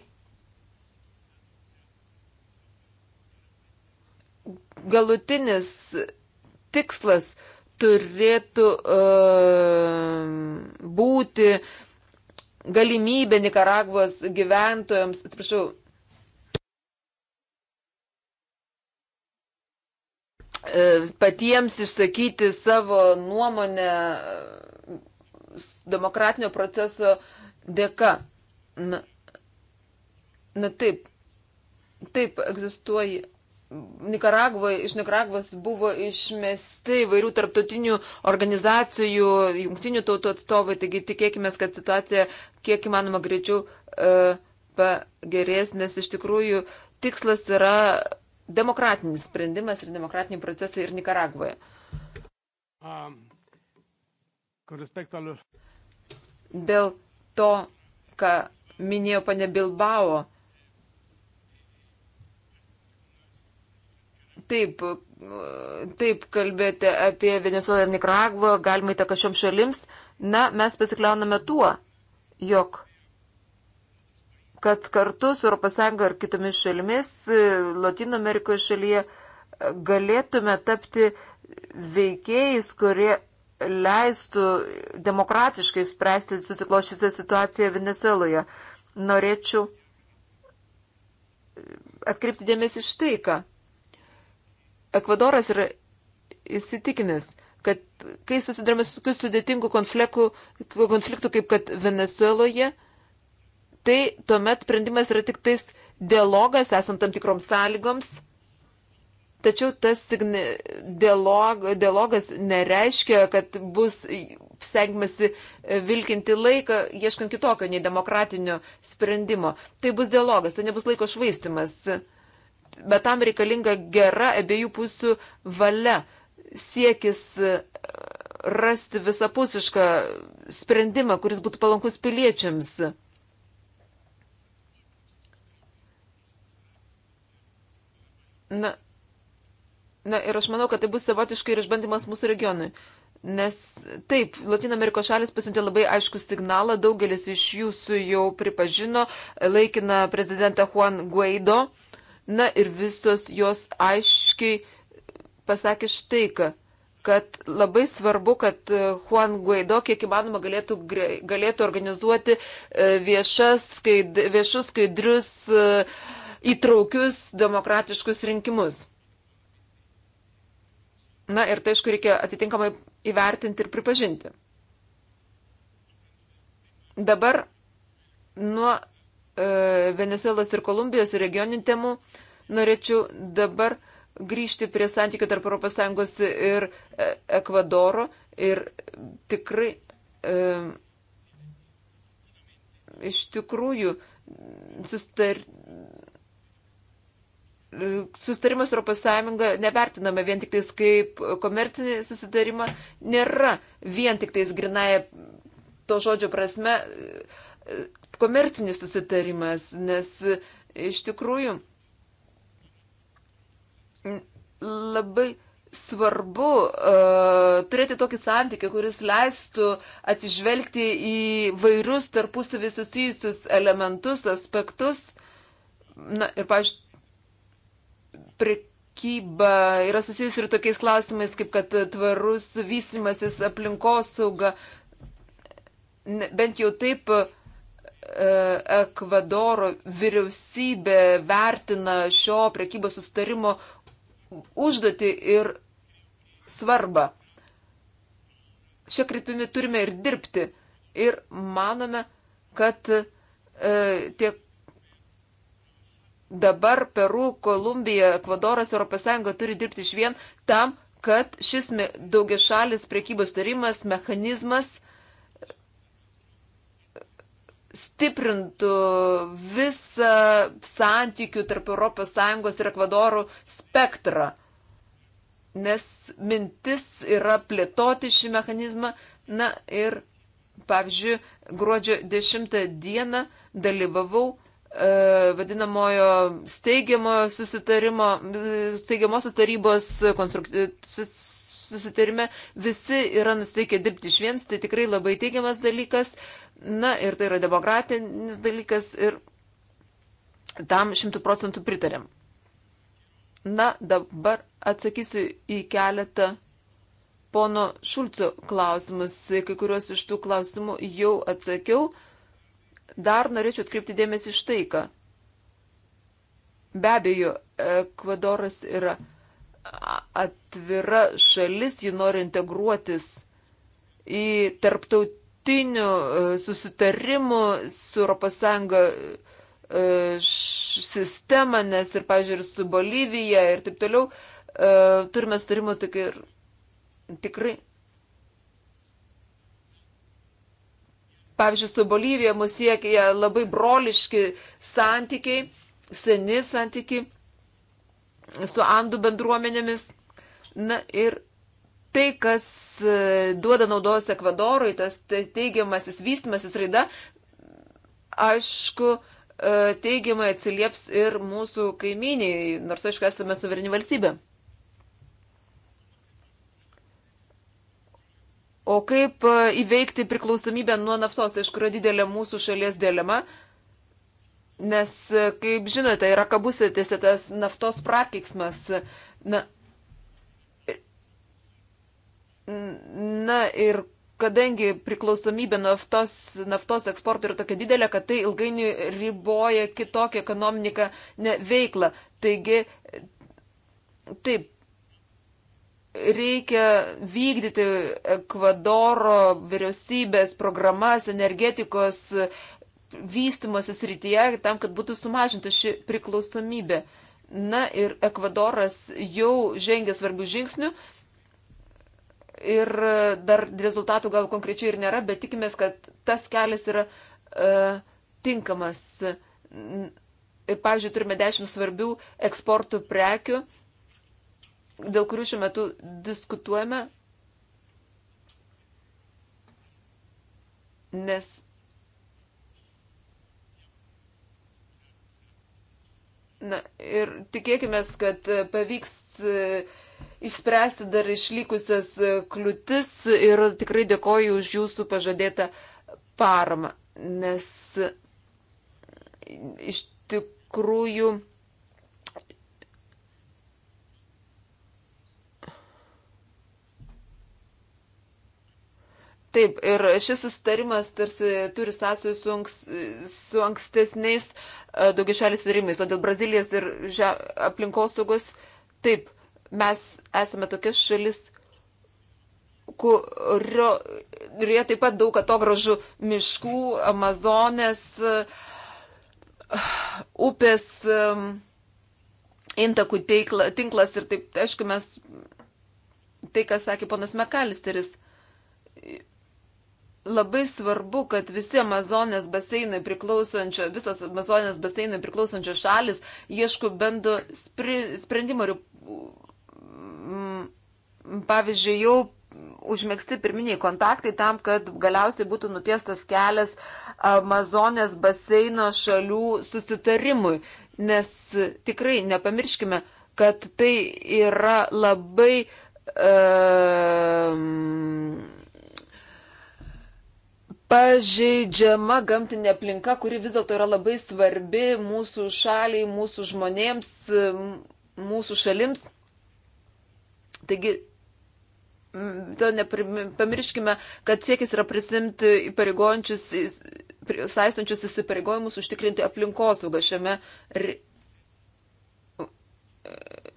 galutinis tikslas turėtų uh, būti galimybė Nikaragvos gyventojams, atsiprašau, e, patiems išsakyti savo nuomonę demokratinio proceso dėka. Na, na taip, taip egzistuoja Nikaragvoje, iš Nikaragvos buvo išmesti įvairių tarptautinių organizacijų, jungtinių tautų atstovai, taigi tikėkime, kad situacija kiek įmanoma greičiau e, pagerės, nes iš tikrųjų tikslas yra demokratinis sprendimas ir demokratiniai procesai ir Nikaragvoje. Um, Dėl to, ką minėjo pane Bilbao, Taip, taip kalbėjote apie Venezuelą ir Nikaragvą, galima įtaką šioms šalims. Na, mes pasikliauname tuo, jog kad kartu su ES ir kitomis šalimis Latino Amerikoje šalyje galėtume tapti veikėjais, kurie leistų demokratiškai spręsti susiklošysią situaciją Venezueloje. Norėčiau atkreipti dėmesį štai ką. Ekvadoras yra įsitikinęs, kad kai susidurime su tokiu sudėtingu konfliktu, konfliktu kaip kad Venezueloje, tai tuomet sprendimas yra tik tais dialogas, esant tam tikroms sąlygoms. Tačiau tas dialog, dialogas nereiškia, kad bus stengimasi vilkinti laiką, ieškant kitokio nei demokratinio sprendimo. Tai bus dialogas, tai nebus laiko švaistimas bet tam reikalinga gera abiejų pusių valia, siekis e, rasti visapusišką sprendimą, kuris būtų palankus piliečiams. Na, na ir aš manau, kad tai bus savotiškai ir išbandymas mūsų regionui. Nes taip, Latino Amerikos šalis pasiuntė labai aišku signalą, daugelis iš jūsų jau pripažino laikiną prezidentą Juan Guaido. Na ir visos jos aiškiai pasakė štai ką kad labai svarbu, kad e, Juan Guaido kiek įmanoma galėtų, galėtų organizuoti e, viešas, skaid, viešus, skaidrius, e, įtraukius demokratiškus rinkimus. Na ir tai, aišku, reikia atitinkamai įvertinti ir pripažinti. Dabar nuo E, Venezuelos ir Kolumbijos regioninių temų, norėčiau dabar grįžti prie santykių tarp ES ir e, Ekvadoro ir tikrai e, iš tikrųjų sustar, sustarimas Europos Sąjunga nevertiname vien tik tais kaip komercinį susitarimą, nėra vien tik tais grinaja to žodžio prasme komercinis susitarimas, nes e, iš tikrųjų labai svarbu uh, turėti tokį santykį, kuris leistų atsižvelgti į vairius tarpusavį susijusius elementus, aspektus. Na ir, pažiūrėjau, prekyba yra susijusi ir tokiais klausimais, kaip kad tvarus vystimasis aplinkosauga. Bent jau taip uh, E, Ekvadoro vyriausybė vertina šio prekybos sustarimo užduotį ir svarbą. Šią kryptimį turime ir dirbti. Ir manome, kad e, tiek dabar Peru, Kolumbija, Ekvadoras, ES turi dirbti iš vien tam, kad šis daugiašalis prekybos tarimas, mechanizmas stiprintų visą santykių tarp ES ir Ekvadorų spektrą. Nes mintis yra plėtoti šį mechanizmą. Na ir, pavyzdžiui, gruodžio 10 dieną dalyvavau e, vadinamojo steigiamo susitarimo, steigiamosios tarybos sus, susitarime. Visi yra nusteikę dirbti iš viens, tai tikrai labai teigiamas dalykas. E, Na ir tai yra demokratinis dalykas ir tam šimtų procentų pritarėm. Na, dabar atsakysiu į keletą pono Šulco klausimus. Kai kuriuos iš tų klausimų jau atsakiau. Dar norėčiau atkreipti dėmesį iš tai, ką. Be abejo, Ekvadoras yra atvira šalis, ji nori integruotis į tarptautinį tarptautinių e, susitarimų su ES e, sistema, nes ir, pažiūrėjau, su Bolivija ir taip toliau, e, turime sutarimų tik ir tikrai. Pavyzdžiui, su Bolivija mus siekia labai broliški santykiai, seni santykiai su Andų bendruomenėmis. Na ir tai, kas e, duoda naudos Ekvadorui, tas teigiamasis vystimasis raida, aišku, e, teigiamai atsilieps ir mūsų kaimyniai, nors aišku, esame suvereni valstybė. O kaip e, įveikti priklausomybę nuo naftos, tai iš kurio didelė mūsų šalies dilema, nes, kaip žinote, yra kabusėtėse tas naftos prakeiksmas. Na, Na ir kadangi priklausomybė naftos, naftos eksporto yra tokia didelė, kad tai ilgainiui riboja kitokią ekonomiką ne, veiklą. Taigi, taip, reikia vykdyti Ekvadoro vyriausybės programas energetikos vystimosi srityje tam, kad būtų sumažinta ši priklausomybė. Na ir Ekvadoras jau žengia svarbių žingsnių, ir dar rezultatų gal konkrečiai ir nėra, bet tikimės, kad tas kelias yra e, tinkamas. Ir, pavyzdžiui, turime dešimt svarbių eksportų prekių, dėl kurių šiuo metu diskutuojame, nes Na ir tikėkime, kad pavyks išspręsti dar išlikusias e, kliūtis ir tikrai dėkoju už jūsų pažadėtą paramą, nes iš tikrųjų Taip, ir šis sustarimas tarsi turi sąsajų su, anks, su ankstesniais e, daugiašaliais surimais, o dėl Brazilijos ir žia, aplinkosaugos, taip, uh, mes esame tokia šalis, kurioje taip pat daug atogražų miškų, Amazonės, upės, intakų tinklas ir taip, aišku, mes tai, ką sakė ponas Mekalisteris, labai svarbu, kad visi Amazonės baseinai priklausančio, visos Amazonės baseinai priklausančios šalis ieško bendro sprendimo ir Mm, pavyzdžiui, jau užmėgsti pirminiai kontaktai tam, kad galiausiai būtų nutiestas kelias Amazonės baseino šalių susitarimui. Nes tikrai nepamirškime, kad tai yra labai. Um, pažeidžiama gamtinė aplinka, kuri vis dėlto yra labai svarbi mūsų šaliai, mūsų žmonėms, mūsų šalims. Taigi, mm, to nepamirškime, kad siekis yra prisimti įpareigojančius, saistančius įsipareigojimus užtikrinti aplinkosaugą šiame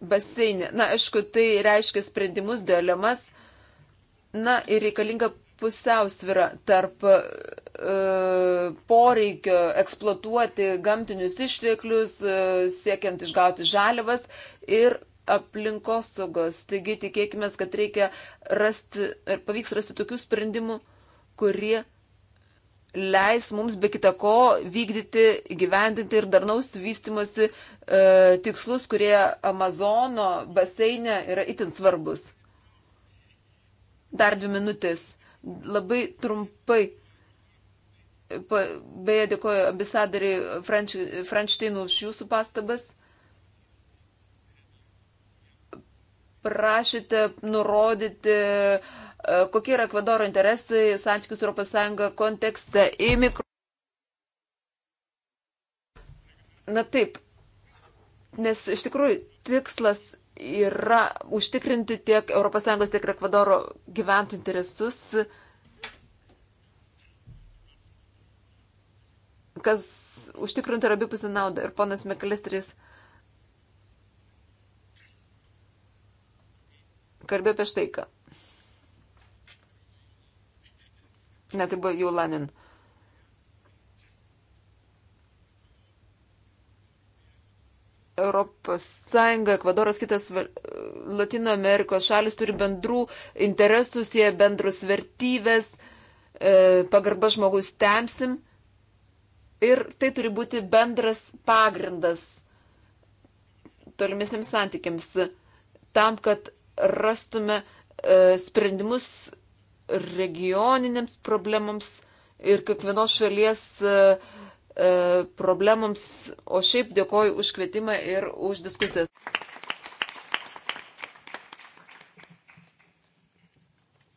baseinė. Na, aišku, tai reiškia sprendimus, dilemas. Na, ir reikalinga pusiausvyrą tarp e, poreikio eksploatuoti gamtinius išteklius, e, siekiant išgauti žalivas ir aplinkosaugos. Taigi tikėkime, kad reikia rasti, pavyks rasti tokių sprendimų, kurie leis mums be kita ko vykdyti, gyvendinti ir darnaus vystimosi e, tikslus, kurie Amazono baseinė yra itin svarbus. Dar dvi minutės. Labai trumpai. Beje, dėkoju ambasadoriai Franč, Franšteinų už jūsų pastabas. prašėte nurodyti, e, kokie yra Ekvadoro interesai santykius Europos Sąjunga kontekste į mikro. Na taip, nes iš tikrųjų tikslas yra užtikrinti tiek ES, tiek Ekvadoro gyventojų interesus, kas užtikrinti ir abipusį naudą. Ir ponas Mekalistris. Uh, kalbėjo apie štai ką. Ne, tai buvo jau Lanin. Europos Sąjunga, Ekvadoras, kitas Latino Amerikos šalis turi bendrų interesų, jie bendrus vertybės, e, pagarba žmogus temsim. Ir tai turi būti bendras pagrindas tolimesniams santykiams tam, kad rastume e, sprendimus regioninėms problemams ir kiekvienos šalies e, e, problemams. O šiaip dėkoju už kvietimą ir už diskusijas.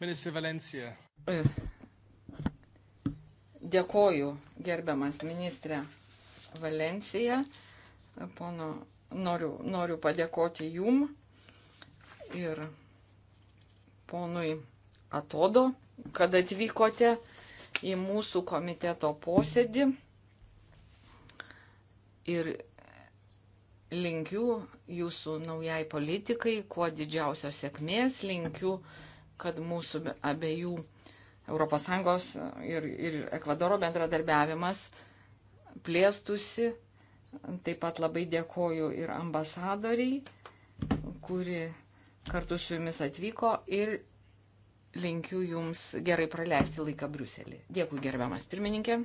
Ministrė Valencija. Dėkoju, gerbiamas ministrė Valencija. Pono, noriu, noriu padėkoti jum ir ponui Atodo, kad atvykote į mūsų komiteto posėdį. Ir linkiu jūsų naujai politikai kuo didžiausios sėkmės, linkiu, kad mūsų abiejų ES ir, ir Ekvadoro bendradarbiavimas plėstusi. Taip pat labai dėkoju ir ambasadoriai, kuri kartu su jumis atvyko ir linkiu jums gerai praleisti laiką Briuselį. Dėkui gerbiamas pirmininkė.